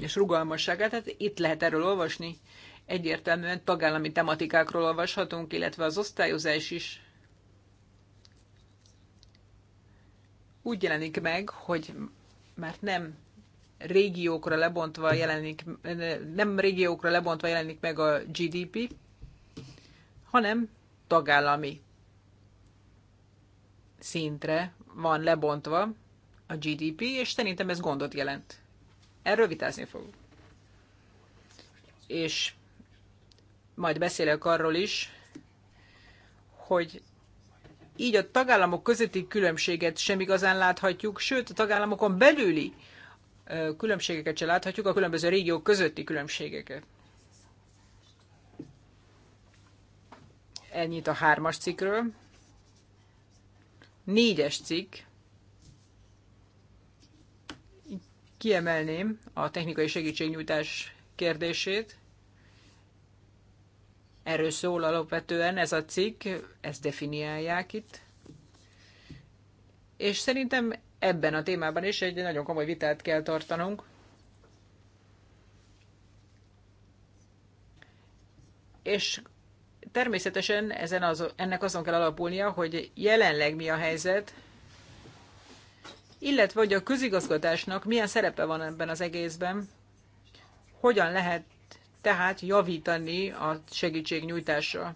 és rugalmasságát, tehát itt lehet erről olvasni, egyértelműen tagállami tematikákról olvashatunk, illetve az osztályozás is úgy jelenik meg, hogy már nem régiókra lebontva jelenik, nem régiókra lebontva jelenik meg a GDP, hanem tagállami szintre van lebontva a GDP, és szerintem ez gondot jelent. Erről vitázni fogunk. És majd beszélek arról is, hogy így a tagállamok közötti különbséget sem igazán láthatjuk, sőt a tagállamokon belüli különbségeket sem láthatjuk, a különböző régiók közötti különbségeket. Ennyit a hármas cikkről. Négyes cikk. Kiemelném a technikai segítségnyújtás kérdését. Erről szól alapvetően ez a cikk, ezt definiálják itt. És szerintem ebben a témában is egy nagyon komoly vitát kell tartanunk. És természetesen ezen az, ennek azon kell alapulnia, hogy jelenleg mi a helyzet, illetve hogy a közigazgatásnak milyen szerepe van ebben az egészben, hogyan lehet tehát javítani a segítségnyújtásra.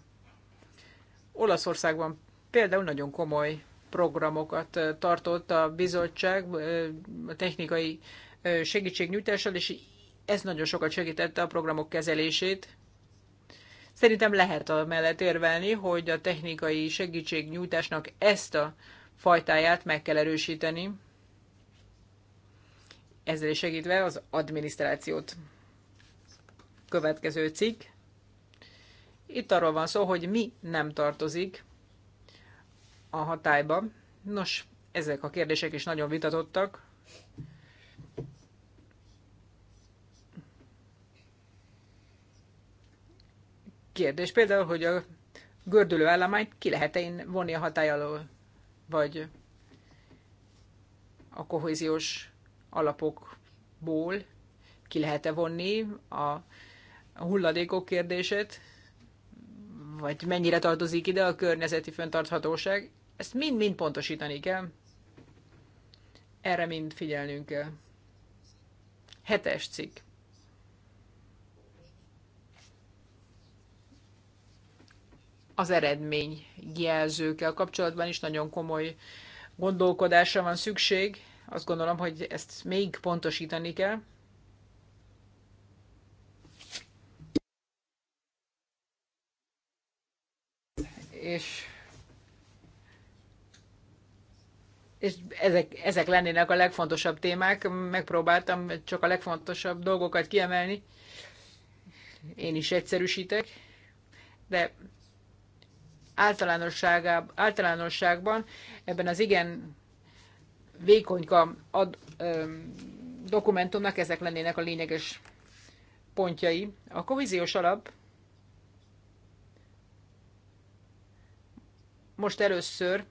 Olaszországban például nagyon komoly programokat tartott a bizottság a technikai segítségnyújtással, és ez nagyon sokat segítette a programok kezelését. Szerintem lehet a mellett érvelni, hogy a technikai segítségnyújtásnak ezt a fajtáját meg kell erősíteni ezzel segítve az adminisztrációt. Következő cikk. Itt arról van szó, hogy mi nem tartozik a hatályba. Nos, ezek a kérdések is nagyon vitatottak. Kérdés például, hogy a gördülő állományt ki lehet-e vonni a hatály alól, vagy a kohéziós alapokból ki lehet-e vonni a hulladékok kérdését, vagy mennyire tartozik ide a környezeti fenntarthatóság. Ezt mind-mind pontosítani kell. Erre mind figyelnünk kell. Hetes cikk. Az eredmény jelzőkkel kapcsolatban is nagyon komoly gondolkodásra van szükség. Azt gondolom, hogy ezt még pontosítani kell. És és ezek, ezek lennének a legfontosabb témák. Megpróbáltam csak a legfontosabb dolgokat kiemelni. Én is egyszerűsítek, de általánosságában ebben az igen vékonyka ad, ö, dokumentumnak ezek lennének a lényeges pontjai. A kovíziós alap most először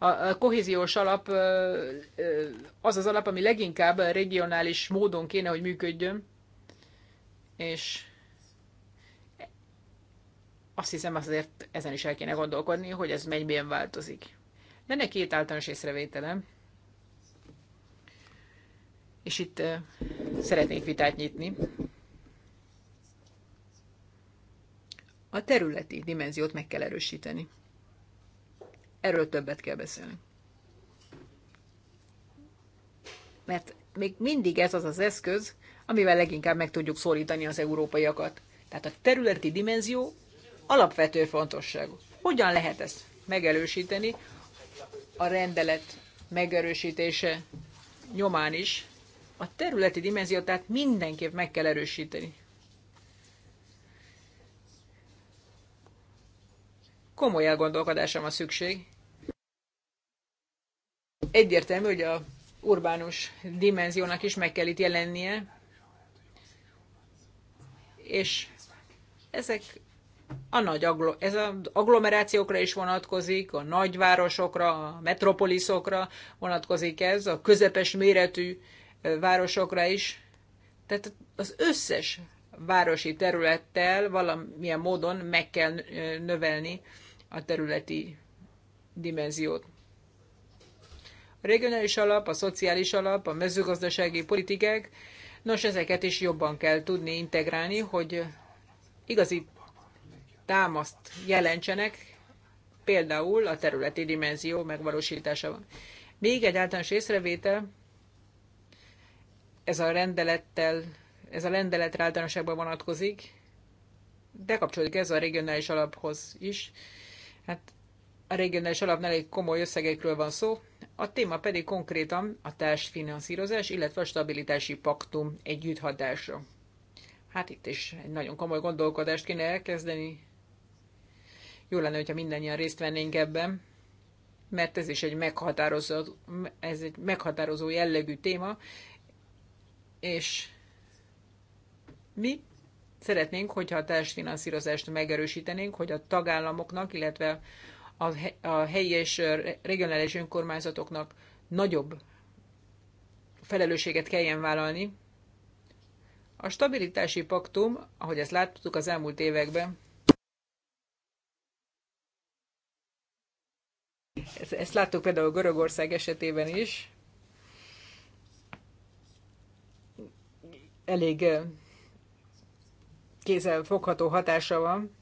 a kohéziós alap az az alap, ami leginkább regionális módon kéne, hogy működjön, és azt hiszem azért ezen is el kéne gondolkodni, hogy ez mennyiben változik. Lenne két általános észrevételem, és itt uh, szeretnék vitát nyitni. A területi dimenziót meg kell erősíteni. Erről többet kell beszélni. Mert még mindig ez az az eszköz, amivel leginkább meg tudjuk szólítani az európaiakat. Tehát a területi dimenzió alapvető fontosságú. Hogyan lehet ezt megelősíteni? a rendelet megerősítése nyomán is a területi dimenziót tehát mindenképp meg kell erősíteni. Komoly elgondolkodásra van szükség. Egyértelmű, hogy a urbánus dimenziónak is meg kell itt jelennie, és ezek a nagy aglo- ez az agglomerációkra is vonatkozik, a nagyvárosokra, a metropoliszokra vonatkozik ez, a közepes méretű városokra is. Tehát az összes városi területtel valamilyen módon meg kell növelni a területi dimenziót. A regionális alap, a szociális alap, a mezőgazdasági politikák, nos, ezeket is jobban kell tudni integrálni, hogy igazi támaszt jelentsenek, például a területi dimenzió van. Még egy általános észrevétel, ez a rendelettel, ez a rendeletre általánosságban vonatkozik, de kapcsolódik ez a regionális alaphoz is. Hát a regionális alapnál egy komoly összegekről van szó, a téma pedig konkrétan a társfinanszírozás, illetve a stabilitási paktum együtthatása. Hát itt is egy nagyon komoly gondolkodást kéne elkezdeni, jó lenne, hogyha mindannyian részt vennénk ebben, mert ez is egy meghatározó, ez egy meghatározó jellegű téma, és mi szeretnénk, hogyha a társfinanszírozást megerősítenénk, hogy a tagállamoknak, illetve a helyi és regionális önkormányzatoknak nagyobb felelősséget kelljen vállalni. A stabilitási paktum, ahogy ezt láttuk az elmúlt években, Ezt, ezt láttuk például Görögország esetében is. Elég kézzel fogható hatása van.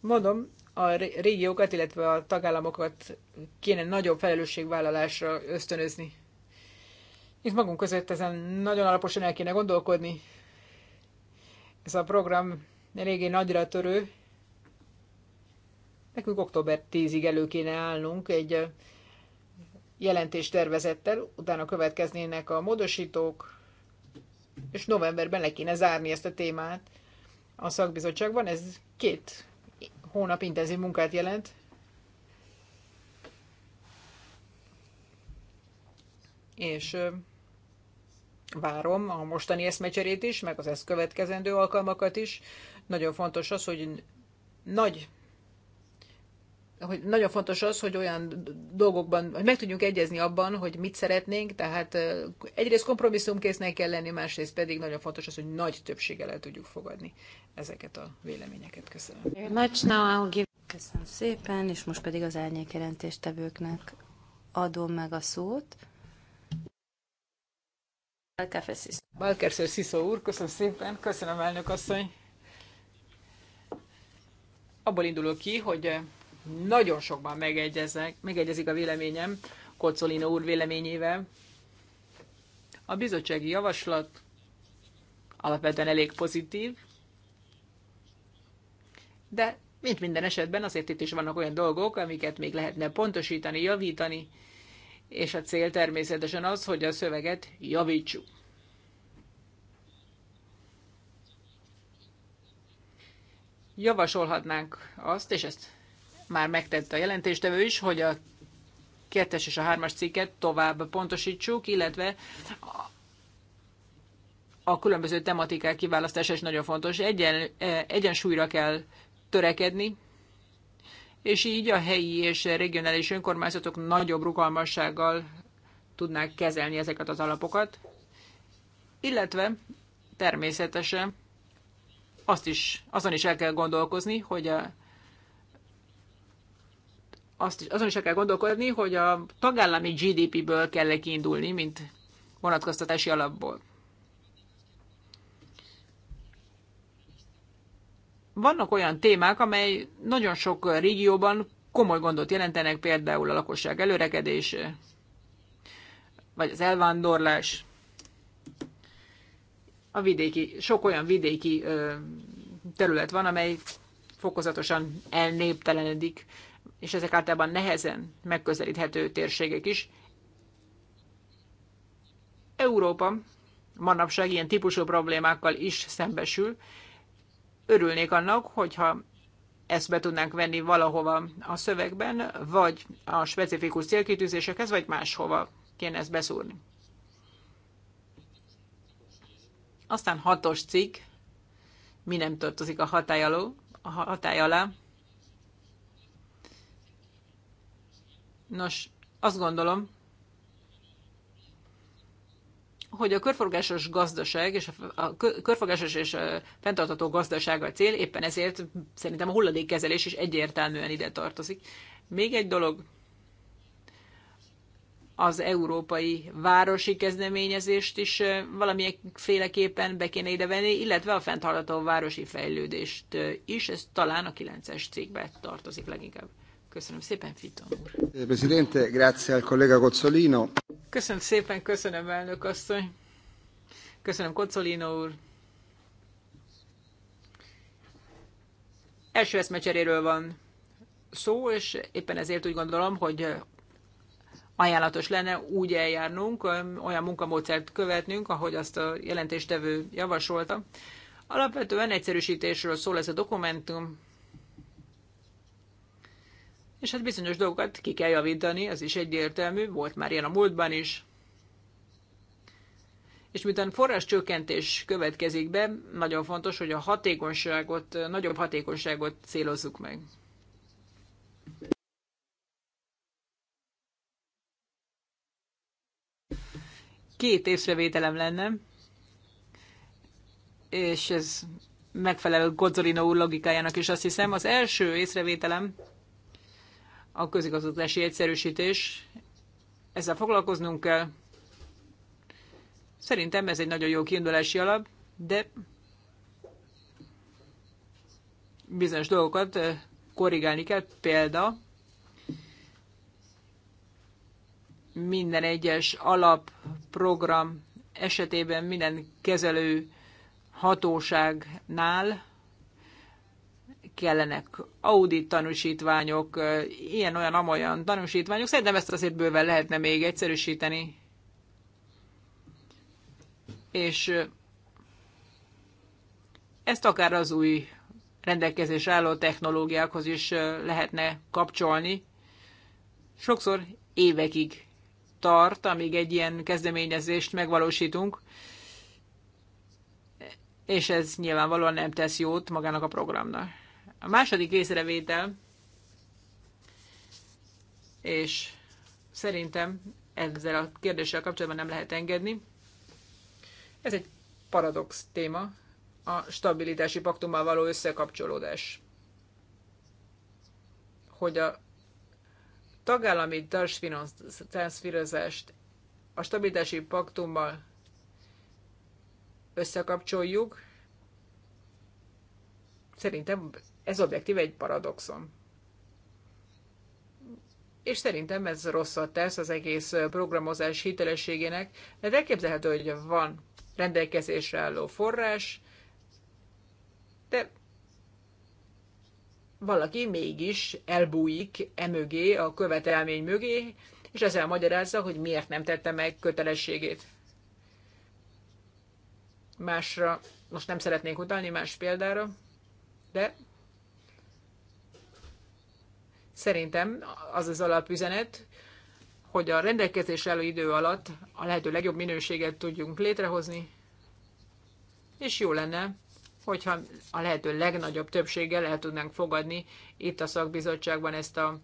Mondom, a régiókat, illetve a tagállamokat kéne nagyobb felelősségvállalásra ösztönözni. Itt magunk között ezen nagyon alaposan el kéne gondolkodni. Ez a program eléggé nagyra törő, Nekünk október 10-ig elő kéne állnunk egy jelentéstervezettel, utána következnének a módosítók, és novemberben le kéne zárni ezt a témát a szakbizottságban. Ez két hónap intenzív munkát jelent. És várom a mostani eszmecserét is, meg az ezt következendő alkalmakat is. Nagyon fontos az, hogy nagy hogy nagyon fontos az, hogy olyan dolgokban, hogy meg tudjunk egyezni abban, hogy mit szeretnénk, tehát egyrészt kompromisszumkésznek kell lenni, másrészt pedig nagyon fontos az, hogy nagy többséggel el tudjuk fogadni ezeket a véleményeket. Köszönöm.
Köszönöm szépen, és most pedig az árnyék jelentéstevőknek adom meg a szót.
Balkerszer Sziszó úr, köszönöm szépen, köszönöm elnök asszony. Abból indulok ki, hogy nagyon sokban megegyezek, megegyezik a véleményem Kocolina úr véleményével. A bizottsági javaslat alapvetően elég pozitív, de mint minden esetben azért itt is vannak olyan dolgok, amiket még lehetne pontosítani, javítani, és a cél természetesen az, hogy a szöveget javítsuk. Javasolhatnánk azt, és ezt már megtette a jelentéstevő is, hogy a kettes és a hármas cikket tovább pontosítsuk, illetve a különböző tematikák kiválasztása is nagyon fontos. Egyen, e, egyensúlyra kell törekedni, és így a helyi és regionális önkormányzatok nagyobb rugalmassággal tudnák kezelni ezeket az alapokat, illetve természetesen azt is, azon is el kell gondolkozni, hogy a azt is, azon is kell gondolkodni, hogy a tagállami GDP-ből kell -e kiindulni, mint vonatkoztatási alapból. Vannak olyan témák, amely nagyon sok régióban komoly gondot jelentenek, például a lakosság előrekedése, vagy az elvándorlás, a vidéki, sok olyan vidéki terület van, amely fokozatosan elnéptelenedik és ezek általában nehezen megközelíthető térségek is. Európa manapság ilyen típusú problémákkal is szembesül. Örülnék annak, hogyha ezt be tudnánk venni valahova a szövegben, vagy a specifikus célkitűzésekhez, vagy máshova kéne ezt beszúrni. Aztán hatos cikk, mi nem tartozik a hatály, a hatály alá. Nos, azt gondolom, hogy a körforgásos gazdaság és a, körforgásos és a fenntartató gazdaság a cél, éppen ezért szerintem a hulladékkezelés is egyértelműen ide tartozik. Még egy dolog, az európai városi kezdeményezést is féleképpen be kéne venni, illetve a fenntartható városi fejlődést is, ez talán a 9-es cégbe tartozik leginkább. Köszönöm szépen, Fito.
úr. Eh, Presidente, grazie al collega Cozzolino.
Köszönöm szépen, köszönöm elnök asszony. Köszönöm Cozzolino úr. Első eszmecseréről van szó, és éppen ezért úgy gondolom, hogy ajánlatos lenne úgy eljárnunk, olyan munkamódszert követnünk, ahogy azt a jelentéstevő javasolta. Alapvetően egyszerűsítésről szól ez a dokumentum, és hát bizonyos dolgokat ki kell javítani, ez is egyértelmű, volt már ilyen a múltban is. És miután forráscsökkentés következik be, nagyon fontos, hogy a hatékonyságot, nagyobb hatékonyságot célozzuk meg. Két észrevételem lenne, és ez megfelelő Godzolino úr logikájának is azt hiszem. Az első észrevételem a közigazgatási egyszerűsítés. Ezzel foglalkoznunk kell. Szerintem ez egy nagyon jó kiindulási alap, de bizonyos dolgokat eh, korrigálni kell. Példa, minden egyes alapprogram esetében minden kezelő hatóságnál kellenek audit tanúsítványok, ilyen-olyan, amolyan tanúsítványok. Szerintem ezt azért bőven lehetne még egyszerűsíteni. És ezt akár az új rendelkezés álló technológiákhoz is lehetne kapcsolni. Sokszor évekig tart, amíg egy ilyen kezdeményezést megvalósítunk, és ez nyilvánvalóan nem tesz jót magának a programnak a második észrevétel, és szerintem ezzel a kérdéssel kapcsolatban nem lehet engedni. Ez egy paradox téma, a stabilitási paktummal való összekapcsolódás. Hogy a tagállami társfinanszírozást a stabilitási paktummal összekapcsoljuk, szerintem ez objektív egy paradoxon. És szerintem ez rosszat tesz az egész programozás hitelességének, mert elképzelhető, hogy van rendelkezésre álló forrás, de valaki mégis elbújik emögé, a követelmény mögé, és ezzel magyarázza, hogy miért nem tette meg kötelességét. Másra, most nem szeretnék utalni más példára, de Szerintem az az alapüzenet, hogy a rendelkezés álló idő alatt a lehető legjobb minőséget tudjunk létrehozni, és jó lenne, hogyha a lehető legnagyobb többséggel el tudnánk fogadni itt a szakbizottságban ezt a,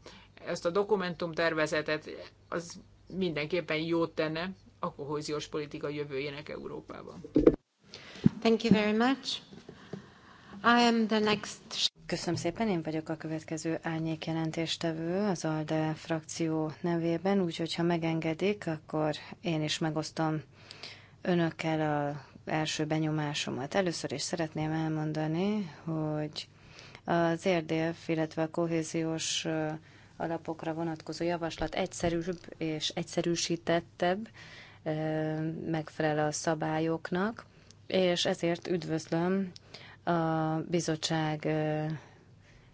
ezt a dokumentumtervezetet, az mindenképpen jót tenne a kohéziós politika jövőjének Európában.
Thank you very much. I am the next... Köszönöm szépen, én vagyok a következő árnyék jelentéstevő az ALDE frakció nevében, úgyhogy ha megengedik, akkor én is megosztom önökkel a első benyomásomat. Először is szeretném elmondani, hogy az érdélf, illetve a kohéziós alapokra vonatkozó javaslat egyszerűbb és egyszerűsítettebb, megfelel a szabályoknak, és ezért üdvözlöm a bizottság,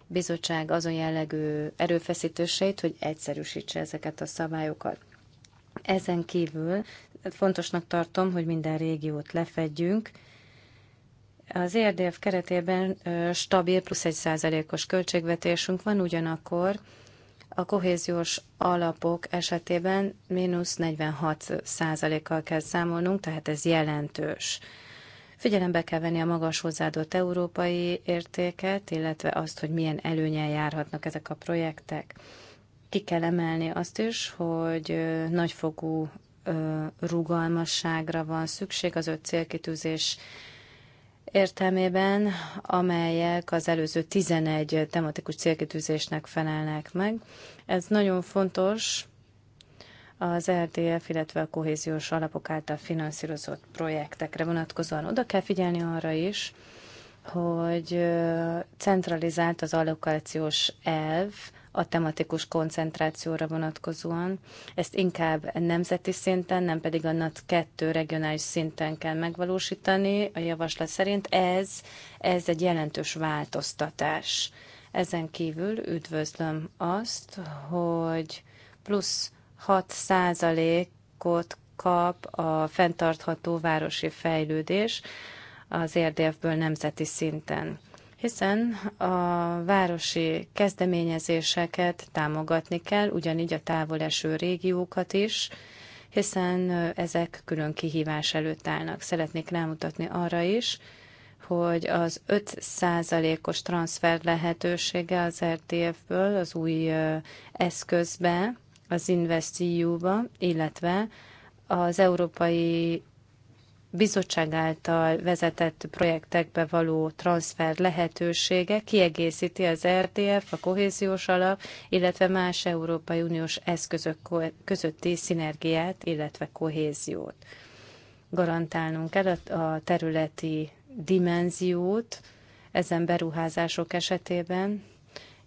bizottság azon jellegű erőfeszítőseit, hogy egyszerűsítse ezeket a szabályokat. Ezen kívül fontosnak tartom, hogy minden régiót lefedjünk. Az ERDF keretében stabil plusz egy százalékos költségvetésünk van, ugyanakkor a kohéziós alapok esetében mínusz 46 százalékkal kell számolnunk, tehát ez jelentős. Figyelembe kell venni a magas hozzáadott európai értéket, illetve azt, hogy milyen előnyel járhatnak ezek a projektek. Ki kell emelni azt is, hogy nagyfogú rugalmasságra van szükség az öt célkitűzés értelmében, amelyek az előző 11 tematikus célkitűzésnek felelnek meg. Ez nagyon fontos, az RDF, e illetve a kohéziós alapok által finanszírozott projektekre vonatkozóan. Oda kell figyelni arra is, hogy centralizált az allokációs elv a tematikus koncentrációra vonatkozóan. Ezt inkább nemzeti szinten, nem pedig a NAT 2 regionális szinten kell megvalósítani a javaslat szerint. Ez, ez egy jelentős változtatás. Ezen kívül üdvözlöm azt, hogy plusz 6%-ot kap a fenntartható városi fejlődés az érdévből nemzeti szinten hiszen a városi kezdeményezéseket támogatni kell, ugyanígy a távol eső régiókat is, hiszen ezek külön kihívás előtt állnak. Szeretnék rámutatni arra is, hogy az 5%-os transfer lehetősége az RTF-ből az új eszközbe az InvestEU-ba, illetve az Európai Bizottság által vezetett projektekbe való transfer lehetősége kiegészíti az RDF, a kohéziós alap, illetve más Európai Uniós eszközök közötti szinergiát, illetve kohéziót. Garantálnunk kell a területi dimenziót ezen beruházások esetében,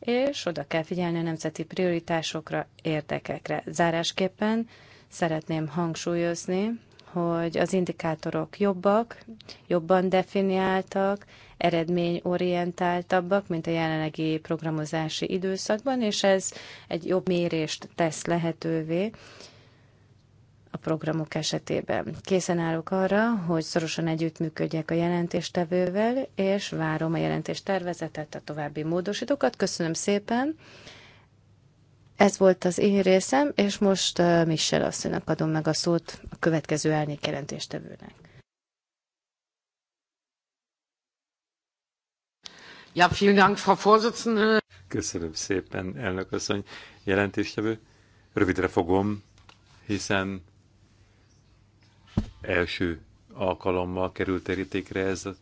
és oda kell figyelni a nemzeti prioritásokra, érdekekre. Zárásképpen szeretném hangsúlyozni, hogy az indikátorok jobbak, jobban definiáltak, eredményorientáltabbak, mint a jelenlegi programozási időszakban, és ez egy jobb mérést tesz lehetővé, a programok esetében. Készen állok arra, hogy szorosan együttműködjek a jelentéstevővel, és várom a tervezetet, a további módosítókat. Köszönöm szépen! Ez volt az én részem, és most uh, Michel asszonynak adom meg a szót a következő elnék jelentéstevőnek. Ja, vielen Dank, Frau Vorsitzende.
Köszönöm szépen, elnök asszony, jelentéstevő. Rövidre fogom, hiszen első alkalommal került terítékre ez a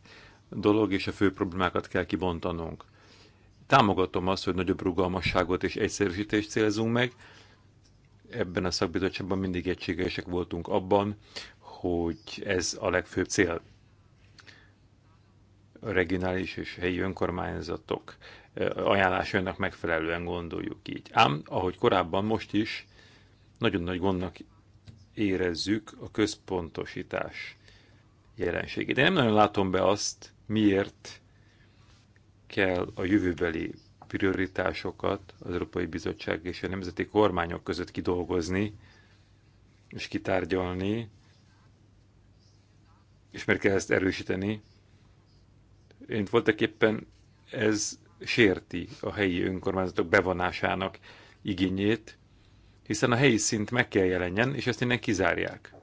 dolog, és a fő problémákat kell kibontanunk. Támogatom azt, hogy nagyobb rugalmasságot és egyszerűsítést célzunk meg. Ebben a szakbizottságban mindig egységesek voltunk abban, hogy ez a legfőbb cél. A regionális és helyi önkormányzatok eh, ajánlásainak megfelelően gondoljuk így. Ám, ahogy korábban, most is nagyon nagy gondnak érezzük a központosítás jelenségét. Én nem nagyon látom be azt, miért kell a jövőbeli prioritásokat az Európai Bizottság és a nemzeti kormányok között kidolgozni és kitárgyalni, és mert kell ezt erősíteni. Én voltak éppen ez sérti a helyi önkormányzatok bevonásának igényét, hiszen a helyi szint meg kell jelenjen, és ezt innen kizárják.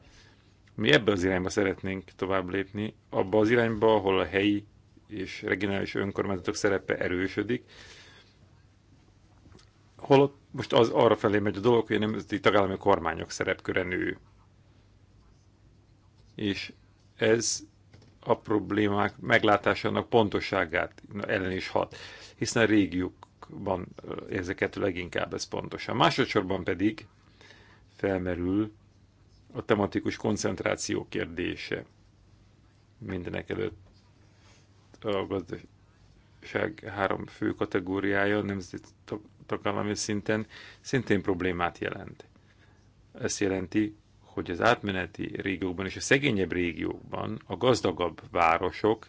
Mi ebbe az irányba szeretnénk tovább lépni, abba az irányba, ahol a helyi és regionális önkormányzatok szerepe erősödik, holott most az arra felé megy a dolog, hogy a nemzeti tagállami kormányok szerepköre nő. És ez a problémák meglátásának pontosságát ellen is hat, hiszen a régiók van érzékelhető leginkább ez pontosan. Másodszorban pedig felmerül a tematikus koncentráció kérdése. Mindenek előtt a gazdaság három fő kategóriája nemzeti tagállami szinten szintén problémát jelent. Ez jelenti, hogy az átmeneti régiókban és a szegényebb régiókban a gazdagabb városok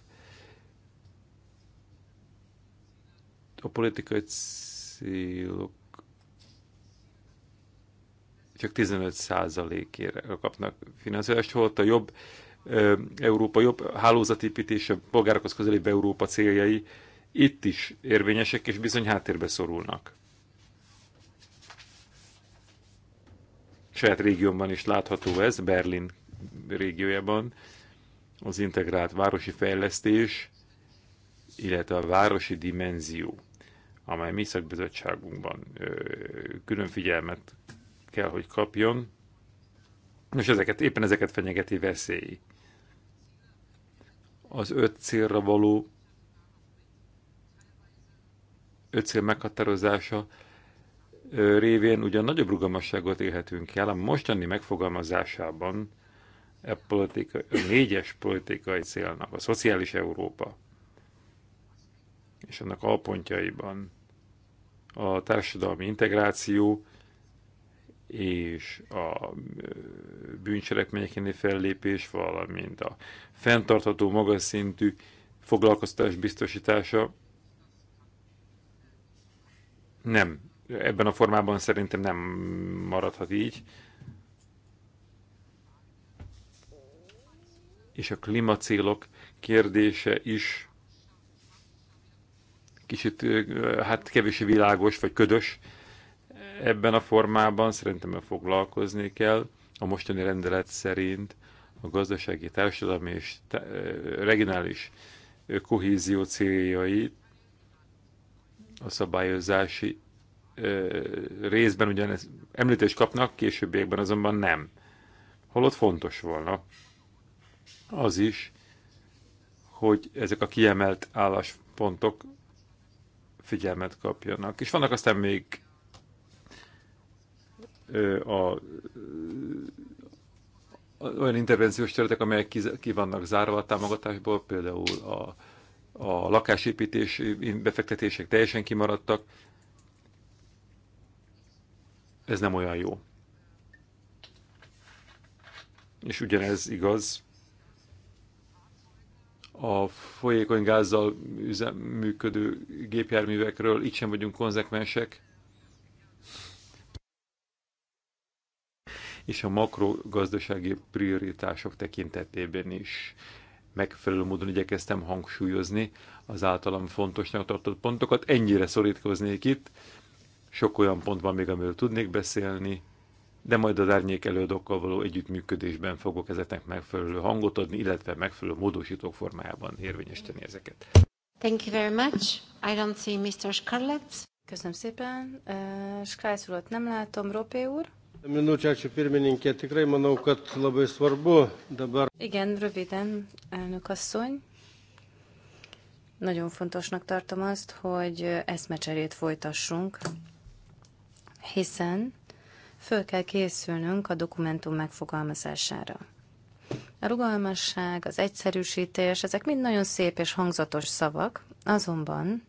a politikai célok csak 15 százalékére kapnak finanszírozást, holott a jobb Európa, jobb hálózatépítés, a polgárokhoz közelébb Európa céljai itt is érvényesek, és bizony háttérbe szorulnak. Saját régiónban is látható ez, Berlin régiójában az integrált városi fejlesztés, illetve a városi dimenzió amely mi szakbizottságunkban külön figyelmet kell, hogy kapjon, és ezeket, éppen ezeket fenyegeti veszély. Az öt célra való öt cél meghatározása révén ugyan nagyobb rugalmasságot élhetünk ki, a mostani megfogalmazásában e politika, a négyes politikai célnak, a szociális Európa és annak alpontjaiban a társadalmi integráció és a bűncselekményekéni fellépés, valamint a fenntartható magas szintű foglalkoztatás biztosítása nem, ebben a formában szerintem nem maradhat így. És a klímacélok kérdése is kicsit hát kevésbé világos vagy ködös ebben a formában, szerintem foglalkozni kell. A mostani rendelet szerint a gazdasági, társadalmi és regionális kohézió céljai, a szabályozási részben ugyan említést kapnak, későbbiekben azonban nem. Holott fontos volna az is, hogy ezek a kiemelt álláspontok figyelmet kapjanak. És vannak aztán még a, olyan intervenciós területek, amelyek ki, ki vannak zárva a támogatásból, például a, a lakásépítés befektetések teljesen kimaradtak. Ez nem olyan jó. És ugyanez igaz a folyékony gázzal üzem, működő gépjárművekről, itt sem vagyunk konzekvensek. És a makrogazdasági prioritások tekintetében is megfelelő módon igyekeztem hangsúlyozni az általam fontosnak tartott pontokat. Ennyire szorítkoznék itt. Sok olyan pont van még, amiről tudnék beszélni, de majd az árnyék előadókkal való együttműködésben fogok ezeknek megfelelő hangot adni, illetve megfelelő módosítók formájában érvényesíteni ezeket.
Thank you very much. I don't see Mr. Scarlett. Köszönöm szépen. Uh, Skrájsz urat nem látom. Ropé úr? Igen, röviden, elnök asszony. Nagyon fontosnak tartom azt, hogy eszmecserét folytassunk, hiszen föl kell készülnünk a dokumentum megfogalmazására. A rugalmasság, az egyszerűsítés, ezek mind nagyon szép és hangzatos szavak, azonban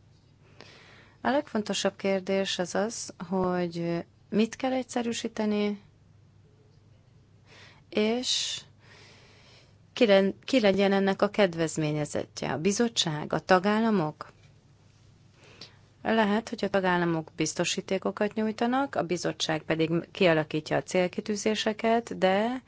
a legfontosabb kérdés az az, hogy mit kell egyszerűsíteni, és ki, legyen ennek a kedvezményezettje? A bizottság, a tagállamok? Lehet, hogy a tagállamok biztosítékokat nyújtanak, a bizottság pedig kialakítja a célkitűzéseket, de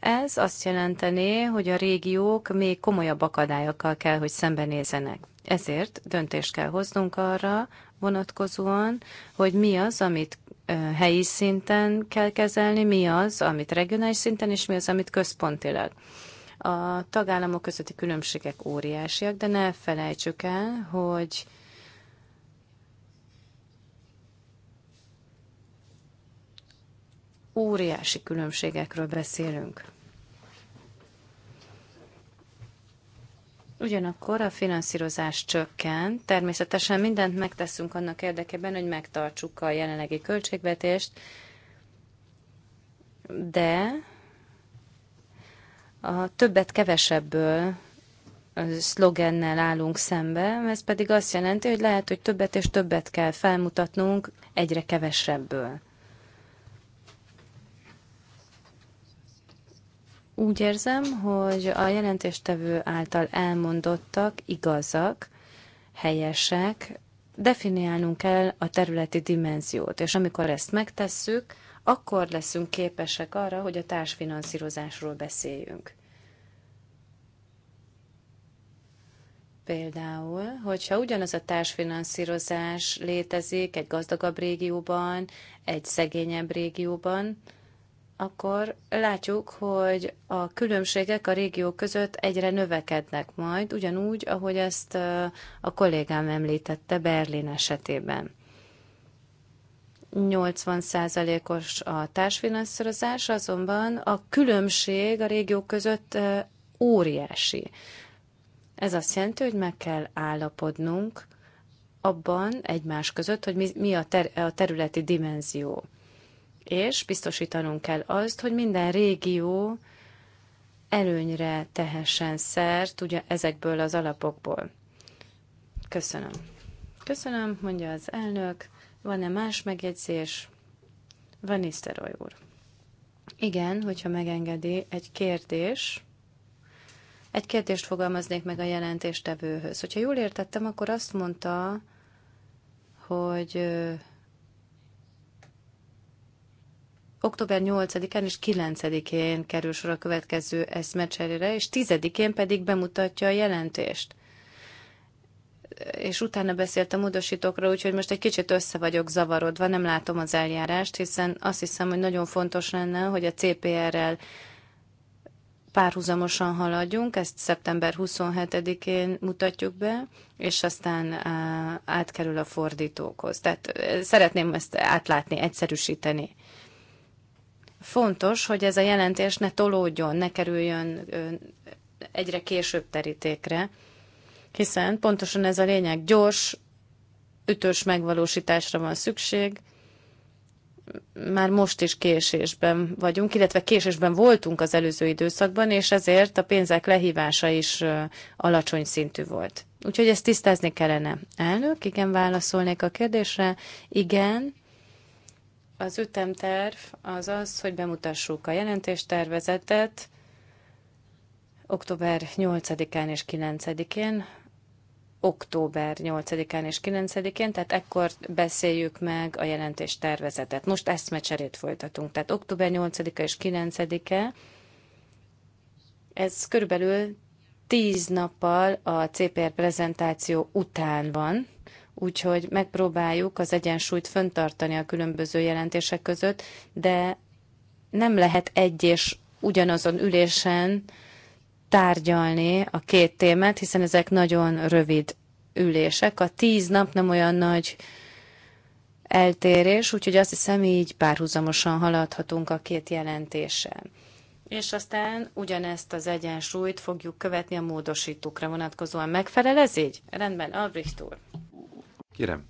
ez azt jelenteni, hogy a régiók még komolyabb akadályokkal kell, hogy szembenézenek. Ezért döntést kell hoznunk arra vonatkozóan, hogy mi az, amit helyi szinten kell kezelni, mi az, amit regionális szinten, és mi az, amit központilag. A tagállamok közötti különbségek óriásiak, de ne felejtsük el, hogy óriási különbségekről beszélünk. Ugyanakkor a finanszírozás csökken, természetesen mindent megteszünk annak érdekében, hogy megtartsuk a jelenlegi költségvetést, de a többet kevesebből szlogennel állunk szembe, ez pedig azt jelenti, hogy lehet, hogy többet és többet kell felmutatnunk egyre kevesebből. Úgy érzem, hogy a jelentéstevő által elmondottak igazak, helyesek, definiálnunk kell a területi dimenziót, és amikor ezt megtesszük, akkor leszünk képesek arra, hogy a társfinanszírozásról beszéljünk. Például, hogyha ugyanaz a társfinanszírozás létezik egy gazdagabb régióban, egy szegényebb régióban, akkor látjuk, hogy a különbségek a régiók között egyre növekednek majd, ugyanúgy, ahogy ezt a kollégám említette Berlin esetében. 80%-os a társfinanszírozás, azonban a különbség a régiók között óriási. Ez azt jelenti, hogy meg kell állapodnunk abban egymás között, hogy mi, mi a, ter, a területi dimenzió és biztosítanunk kell azt, hogy minden régió előnyre tehessen szert ugye ezekből az alapokból. Köszönöm. Köszönöm, mondja az elnök. Van-e más megjegyzés? Van Nisztelrooy úr. Igen, hogyha megengedi, egy kérdés. Egy kérdést fogalmaznék meg a jelentéstevőhöz. Hogyha jól értettem, akkor azt mondta, hogy október 8-án és 9-én kerül sor a következő eszmecserére, és 10-én pedig bemutatja a jelentést. És utána beszélt a módosítókra, úgyhogy most egy kicsit össze vagyok zavarodva, nem látom az eljárást, hiszen azt hiszem, hogy nagyon fontos lenne, hogy a CPR-rel párhuzamosan haladjunk, ezt szeptember 27-én mutatjuk be, és aztán átkerül a fordítókhoz. Tehát szeretném ezt átlátni, egyszerűsíteni. Fontos, hogy ez a jelentés ne tolódjon, ne kerüljön egyre később terítékre, hiszen pontosan ez a lényeg gyors, ütős megvalósításra van szükség, már most is késésben vagyunk, illetve késésben voltunk az előző időszakban, és ezért a pénzek lehívása is alacsony szintű volt. Úgyhogy ezt tisztázni kellene. Elnök, igen, válaszolnék a kérdésre. Igen, az ütemterv az az, hogy bemutassuk a jelentéstervezetet október 8-án és 9-én, október 8-án és 9-én, tehát ekkor beszéljük meg a jelentés tervezetet. Most mecserét folytatunk, tehát október 8-a és 9-e, ez körülbelül 10 nappal a CPR prezentáció után van, úgyhogy megpróbáljuk az egyensúlyt föntartani a különböző jelentések között, de nem lehet egy és ugyanazon ülésen tárgyalni a két témát, hiszen ezek nagyon rövid ülések. A tíz nap nem olyan nagy eltérés, úgyhogy azt hiszem így párhuzamosan haladhatunk a két jelentéssel. És aztán ugyanezt az egyensúlyt fogjuk követni a módosítókra vonatkozóan. Megfelel ez így? Rendben, Albrecht úr.
Kérem,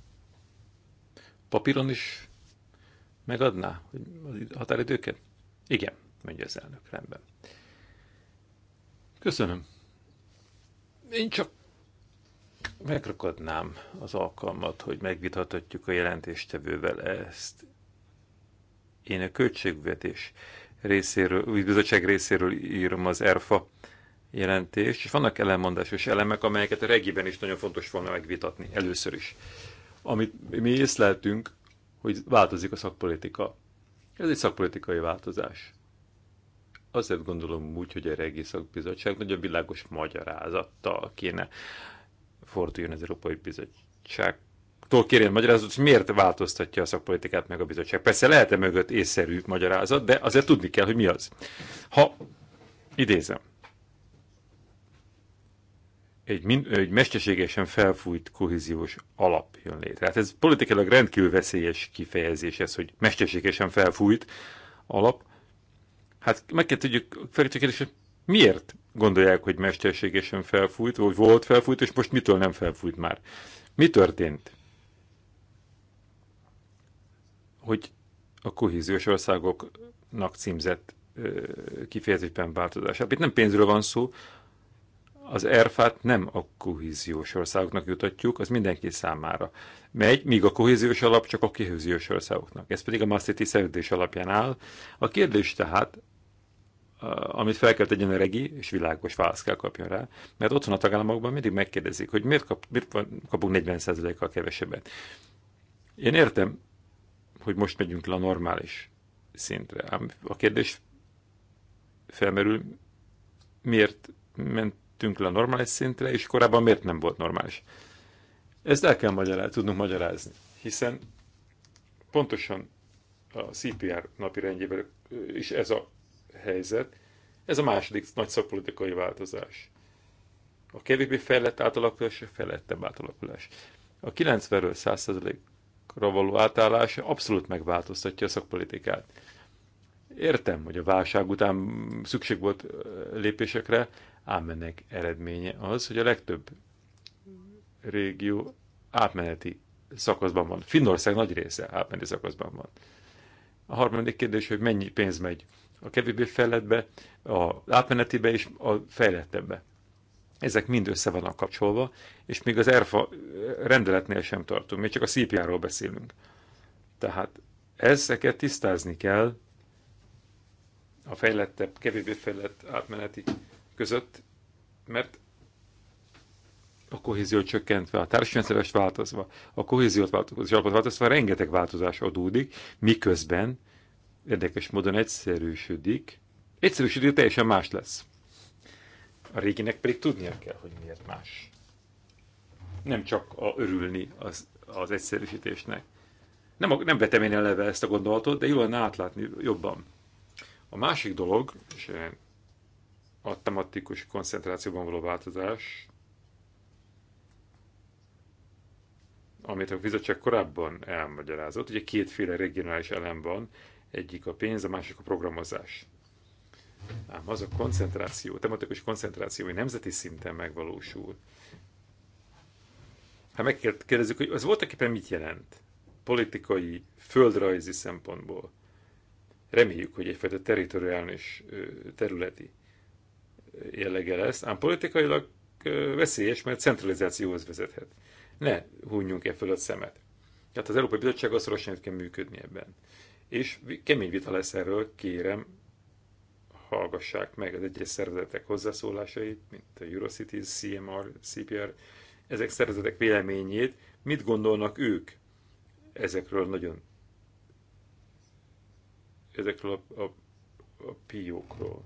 papíron is megadná a határidőket? Igen, mondja az elnök, rendben. Köszönöm. Én csak megrakadnám az alkalmat, hogy megvitathatjuk a jelentéstevővel ezt. Én a költségvetés részéről, a bizottság részéről írom az ERFA jelentés, és vannak ellenmondásos elemek, amelyeket a regiben is nagyon fontos volna megvitatni először is. Amit mi észleltünk, hogy változik a szakpolitika. Ez egy szakpolitikai változás. Azért gondolom úgy, hogy a regi szakbizottság nagyon világos magyarázattal kéne forduljon az Európai Bizottság tól kérjen magyarázatot, hogy miért változtatja a szakpolitikát meg a bizottság. Persze lehet-e mögött észszerű magyarázat, de azért tudni kell, hogy mi az. Ha idézem, egy, min, egy mesterségesen felfújt kohéziós alap jön létre. Hát ez politikailag rendkívül veszélyes kifejezés ez, hogy mesterségesen felfújt alap. Hát meg kell tudjuk felíteni hogy miért gondolják, hogy mesterségesen felfújt, vagy volt felfújt, és most mitől nem felfújt már. Mi történt? Hogy a kohéziós országoknak címzett kifejezésben változás. Hát itt nem pénzről van szó, az erfát nem a kohéziós országoknak jutatjuk, az mindenki számára megy, míg a kohéziós alap csak a kohéziós országoknak. Ez pedig a Maastrichti szerződés alapján áll. A kérdés tehát, amit fel kell tegyen a regi, és világos választ kell kapjon rá, mert otthon a tagállamokban mindig megkérdezik, hogy miért, kap, miért kapunk 40%-kal kevesebbet. Én értem, hogy most megyünk le a normális szintre, a kérdés felmerül, miért ment léptünk le a normális szintre, és korábban miért nem volt normális. Ezt el kell magyarázni, tudnunk magyarázni, hiszen pontosan a CPR napi rendjében is ez a helyzet, ez a második nagy szakpolitikai változás. A kevésbé fejlett átalakulás és a fejlettebb átalakulás. A 90-ről 100%-ra való átállás abszolút megváltoztatja a szakpolitikát. Értem, hogy a válság után szükség volt lépésekre, ám eredménye az, hogy a legtöbb régió átmeneti szakaszban van. Finnország nagy része átmeneti szakaszban van. A harmadik kérdés, hogy mennyi pénz megy a kevésbé fejlettbe, a átmenetibe és a fejlettebbe. Ezek mind össze vannak kapcsolva, és még az ERFA rendeletnél sem tartunk, még csak a CPR-ról beszélünk. Tehát ezeket tisztázni kell, a fejlettebb, kevésbé fejlett átmeneti között, mert a kohézió csökkentve, a társadalmi változva, a kohéziót változva, a változva rengeteg változás adódik, miközben érdekes módon egyszerűsödik, egyszerűsödik, teljesen más lesz. A réginek pedig tudnia kell, hogy miért más. Nem csak a örülni az, az egyszerűsítésnek. Nem, nem vetem én eleve ezt a gondolatot, de jól lenne átlátni jobban. A másik dolog, és a tematikus koncentrációban való változás, amit a bizottság korábban elmagyarázott. Ugye kétféle regionális elem van, egyik a pénz, a másik a programozás. Ám az a koncentráció, tematikus koncentráció, ami nemzeti szinten megvalósul. Hát megkérdezzük, hogy az voltak éppen mit jelent? Politikai, földrajzi szempontból. Reméljük, hogy egyfajta teritoriális területi jellege lesz, ám politikailag veszélyes, mert centralizációhoz vezethet. Ne hunjunk e fölött szemet. Tehát az Európai Bizottság az rosszul kell működni ebben. És kemény vita lesz erről, kérem, hallgassák meg az egyes szervezetek hozzászólásait, mint a Eurocities, CMR, CPR, ezek szervezetek véleményét, mit gondolnak ők ezekről nagyon ezekről a, a, a piókról.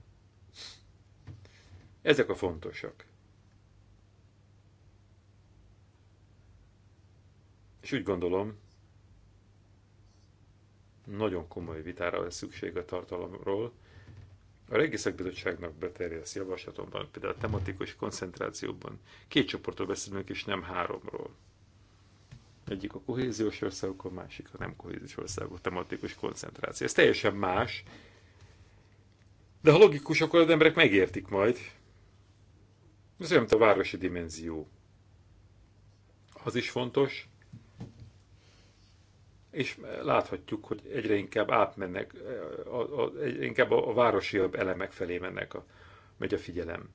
Ezek a fontosak. És úgy gondolom, nagyon komoly vitára lesz szükség a tartalomról. A Régészek Bizottságnak beterjesz javaslatomban, például a tematikus koncentrációban két csoportról beszélünk, és nem háromról. Egyik a kohéziós országok, a másik a nem kohéziós országok tematikus koncentráció. Ez teljesen más, de ha logikus, akkor az emberek megértik majd, ez olyan, mint a városi dimenzió. Az is fontos, és láthatjuk, hogy egyre inkább átmennek, a, a, egyre inkább a, városi városiabb elemek felé mennek a, megy a figyelem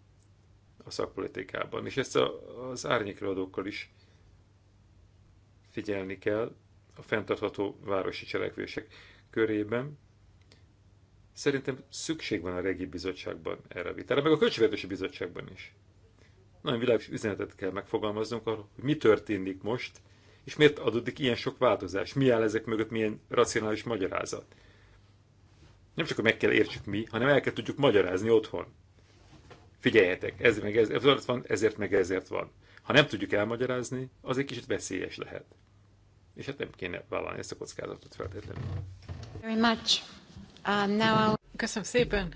a szakpolitikában. És ezt a, az árnyékradókkal is figyelni kell a fenntartható városi cselekvések körében. Szerintem szükség van a régi bizottságban erre a vitára, meg a költségvetési bizottságban is nagyon világos üzenetet kell megfogalmaznunk arról, hogy mi történik most, és miért adódik ilyen sok változás, mi áll ezek mögött, milyen racionális magyarázat. Nem csak, hogy meg kell értsük mi, hanem el kell tudjuk magyarázni otthon. Figyeljetek, ez meg ez, ezért van, ezért meg ezért van. Ha nem tudjuk elmagyarázni, az egy kicsit veszélyes lehet. És hát nem kéne vállalni ezt a kockázatot feltétlenül.
Very much. Um, now I'll... Köszönöm szépen.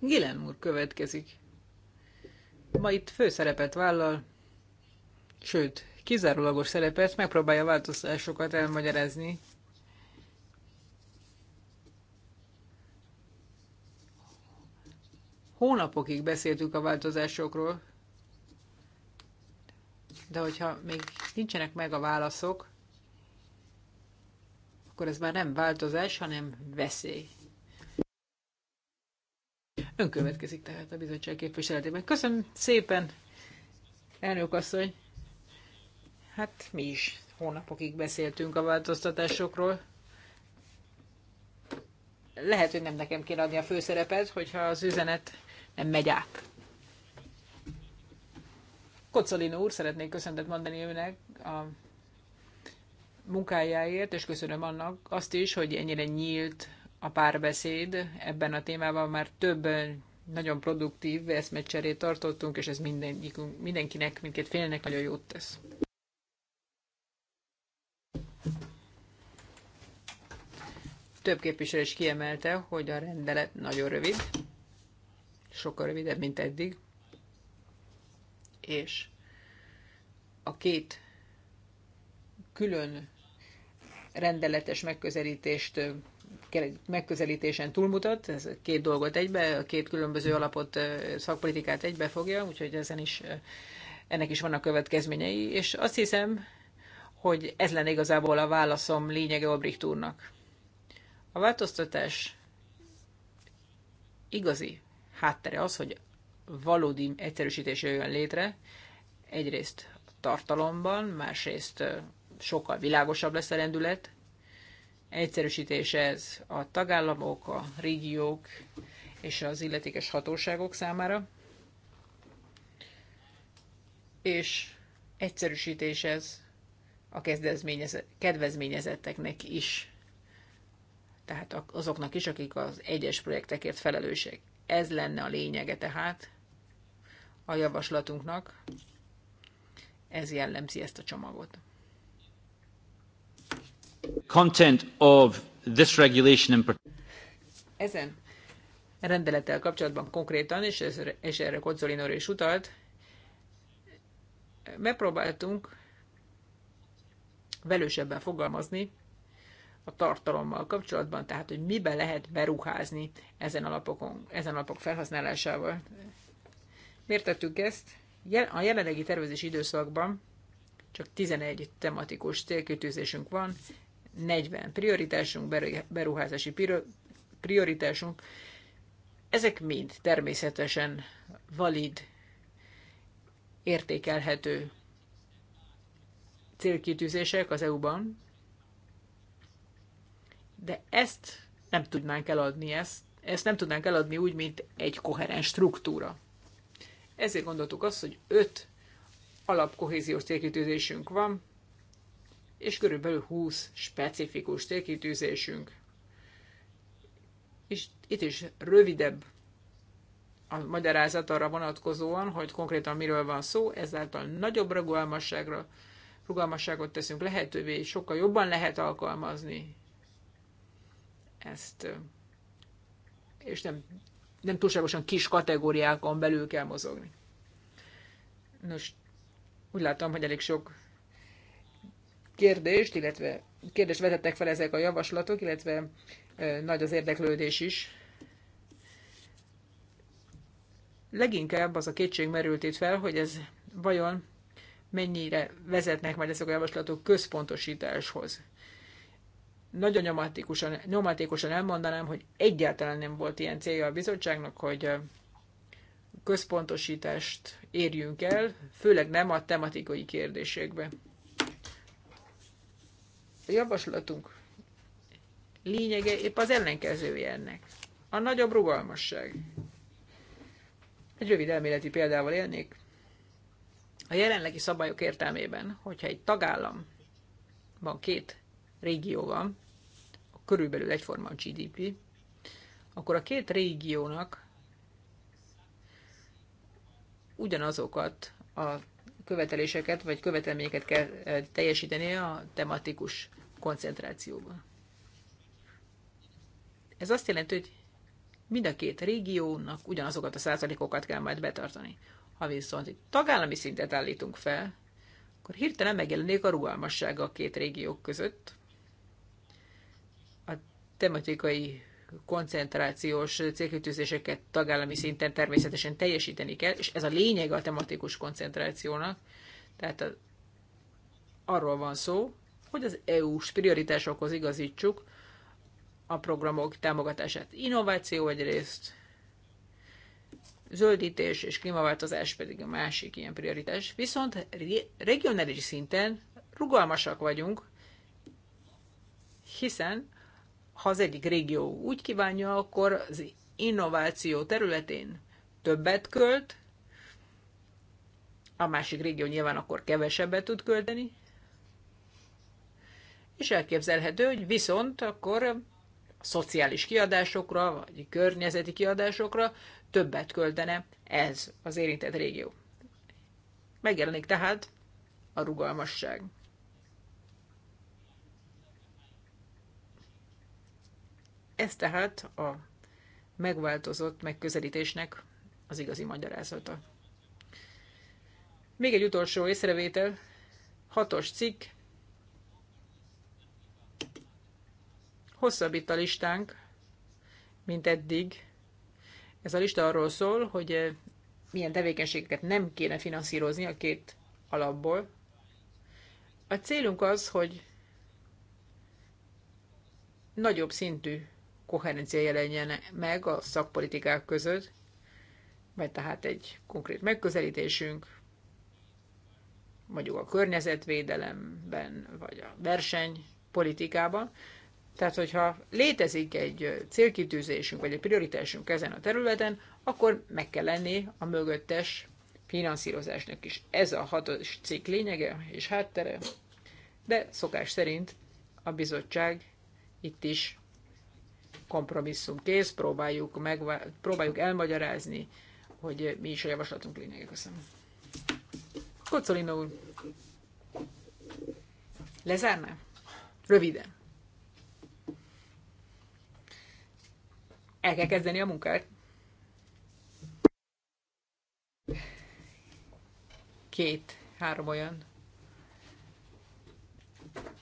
Gilen úr következik ma itt főszerepet vállal, sőt, kizárólagos szerepet, megpróbálja változásokat elmagyarázni. Hónapokig beszéltük a változásokról, de hogyha még nincsenek meg a válaszok, akkor ez már nem változás, hanem veszély. Ön következik tehát a bizottság képviseletében. Köszönöm szépen, elnök asszony. Hát mi is hónapokig beszéltünk a változtatásokról. Lehet, hogy nem nekem kéne adni a főszerepet, hogyha az üzenet nem megy át. Kocolino úr, szeretnék köszöntet mondani őnek a munkájáért, és köszönöm annak azt is, hogy ennyire nyílt a párbeszéd ebben a témában már több nagyon produktív eszmecserét tartottunk, és ez minden, mindenkinek, mindkét félnek nagyon jót tesz. Több képviselő is kiemelte, hogy a rendelet nagyon rövid, sokkal rövidebb, mint eddig, és a két külön rendeletes megközelítést megközelítésen túlmutat, ez két dolgot egybe, a két különböző alapot, szakpolitikát egybe fogja, úgyhogy ezen is, ennek is vannak következményei, és azt hiszem, hogy ez lenne igazából a válaszom lényege Albrecht úrnak. A változtatás igazi háttere az, hogy valódi egyszerűsítés jön létre, egyrészt tartalomban, másrészt sokkal világosabb lesz a rendület, egyszerűsítés ez a tagállamok, a régiók és az illetékes hatóságok számára, és egyszerűsítés ez a kedvezményezetteknek is, tehát azoknak is, akik az egyes projektekért felelősek. Ez lenne a lényege tehát a javaslatunknak, ez jellemzi ezt a csomagot.
Content of this regulation
in Ezen rendelettel kapcsolatban konkrétan, és, ez, és erre Kozolinor is utalt, megpróbáltunk velősebben fogalmazni a tartalommal kapcsolatban, tehát hogy miben lehet beruházni ezen alapokon, ezen alapok felhasználásával. Miért tettük ezt? A jelenlegi tervezési időszakban csak 11 tematikus célkütőzésünk van, 40 prioritásunk, beruházási prioritásunk, ezek mind természetesen valid, értékelhető célkitűzések az EU-ban, de ezt nem tudnánk eladni, ezt, ezt nem tudnánk eladni úgy, mint egy koherens struktúra. Ezért gondoltuk azt, hogy öt alapkohéziós célkitűzésünk van, és körülbelül 20 specifikus célkitűzésünk. És itt is rövidebb a magyarázat arra vonatkozóan, hogy konkrétan miről van szó, ezáltal nagyobb rugalmasságra, rugalmasságot teszünk lehetővé, és sokkal jobban lehet alkalmazni ezt, és nem, nem túlságosan kis kategóriákon belül kell mozogni. Nos, úgy látom, hogy elég sok kérdést, illetve kérdést vetettek fel ezek a javaslatok, illetve nagy az érdeklődés is. Leginkább az a kétség merült itt fel, hogy ez vajon mennyire vezetnek majd ezek a javaslatok központosításhoz. Nagyon nyomatékosan, nyomatékosan elmondanám, hogy egyáltalán nem volt ilyen célja a bizottságnak, hogy központosítást érjünk el, főleg nem a tematikai kérdésekbe. A javaslatunk lényege épp az ellenkezője ennek. A nagyobb rugalmasság. Egy rövid elméleti példával élnék. A jelenlegi szabályok értelmében, hogyha egy tagállamban két régió van, körülbelül egyforma a GDP, akkor a két régiónak ugyanazokat a követeléseket vagy követelményeket kell eh, teljesíteni a tematikus koncentrációban. Ez azt jelenti, hogy mind a két régiónak ugyanazokat a százalékokat kell majd betartani. Ha viszont egy tagállami szintet állítunk fel, akkor hirtelen megjelenik a rugalmasság a két régiók között. A tematikai koncentrációs célkitűzéseket tagállami szinten természetesen teljesíteni kell, és ez a lényeg a tematikus koncentrációnak. Tehát a, arról van szó, hogy az EU-s prioritásokhoz igazítsuk a programok támogatását. Innováció egyrészt, zöldítés és klímaváltozás pedig a másik ilyen prioritás. Viszont regionális szinten rugalmasak vagyunk, hiszen ha az egyik régió úgy kívánja, akkor az innováció területén többet költ, a másik régió nyilván akkor kevesebbet tud költeni, és elképzelhető, hogy viszont akkor a szociális kiadásokra, vagy környezeti kiadásokra többet költene ez az érintett régió. Megjelenik tehát a rugalmasság. Ez tehát a megváltozott megközelítésnek az igazi magyarázata. Még egy utolsó észrevétel, hatos cikk, Hosszabb itt a listánk, mint eddig. Ez a lista arról szól, hogy eh, milyen tevékenységeket nem kéne finanszírozni a két alapból. A célunk az, hogy nagyobb szintű koherencia jelenjen meg a szakpolitikák között, vagy tehát egy konkrét megközelítésünk, mondjuk a környezetvédelemben, vagy a versenypolitikában, tehát, hogyha létezik egy célkitűzésünk, vagy egy prioritásunk ezen a területen, akkor meg kell lenni a mögöttes finanszírozásnak is. Ez a hatos cikk lényege és háttere, de szokás szerint a bizottság itt is kompromisszum kész, próbáljuk, megvá- próbáljuk elmagyarázni, hogy mi is a javaslatunk lényege. Köszönöm. Kocolino úr, lezárná? Röviden. el kell kezdeni a munkát. Két, három olyan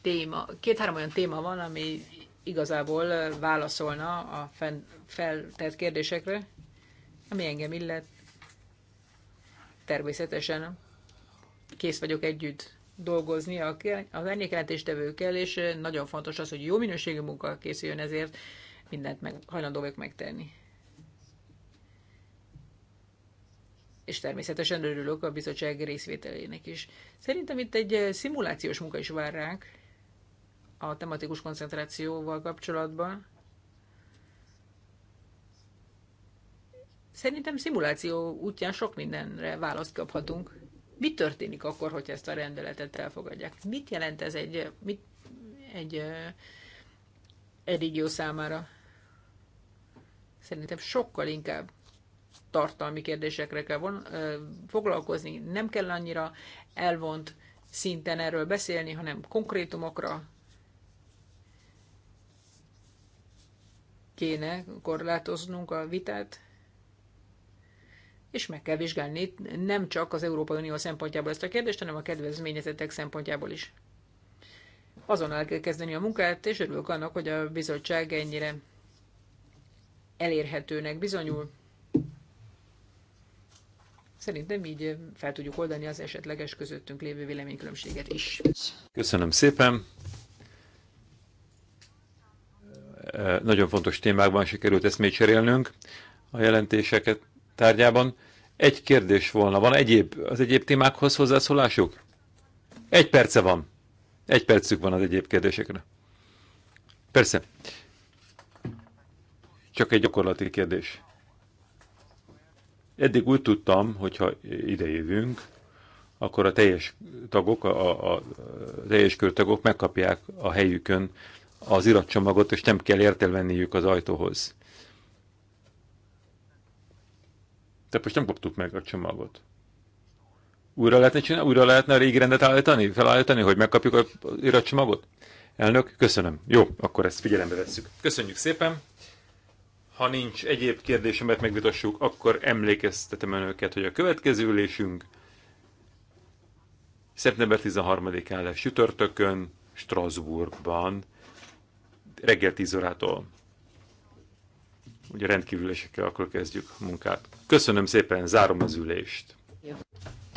téma, két-három olyan téma van, ami igazából válaszolna a feltett kérdésekre, ami engem illet. Természetesen kész vagyok együtt dolgozni az tevőkkel és nagyon fontos az, hogy jó minőségű munka készüljön ezért mindent meg, hajlandó vagyok megtenni. És természetesen örülök a bizottság részvételének is. Szerintem itt egy eh, szimulációs munka is vár ránk a tematikus koncentrációval kapcsolatban. Szerintem szimuláció útján sok mindenre választ kaphatunk. Mi történik akkor, hogy ezt a rendeletet elfogadják? Mit jelent ez egy, eh, mit, egy, egy eh, régió számára? Szerintem sokkal inkább tartalmi kérdésekre kell von, ö, foglalkozni. Nem kell annyira elvont szinten erről beszélni, hanem konkrétumokra kéne korlátoznunk a vitát, és meg kell vizsgálni nem csak az Európai Unió szempontjából ezt a kérdést, hanem a kedvezményezettek szempontjából is. Azonnal kell kezdeni a munkát, és örülök annak, hogy a bizottság ennyire elérhetőnek bizonyul. Szerintem így eh, fel tudjuk oldani az esetleges közöttünk lévő véleménykülönbséget is.
Köszönöm szépen! Eh, nagyon fontos témákban sikerült eszmét cserélnünk a jelentéseket tárgyában. Egy kérdés volna, van egyéb, az egyéb témákhoz hozzászólásuk? Egy perce van. Egy percük van az egyéb kérdésekre. Persze. Csak egy gyakorlati kérdés. Eddig úgy tudtam, hogyha idejövünk, akkor a teljes tagok, a, a, a teljes körtagok megkapják a helyükön az iratcsomagot, és nem kell értelvenniük az ajtóhoz. Tehát most nem kaptuk meg a csomagot. Újra lehetne, csinálni, újra lehetne a régi rendet állítani, felállítani, hogy megkapjuk a iratcsomagot? Elnök, köszönöm. Jó, akkor ezt figyelembe vesszük. Köszönjük szépen! Ha nincs egyéb kérdésemet megvitassuk, akkor emlékeztetem önöket, hogy a következő ülésünk szeptember 13-án lesz sütörtökön, Strasbourgban, reggel 10 órától. Ugye rendkívülésekkel akkor kezdjük a munkát. Köszönöm szépen, zárom az
ülést. Jó.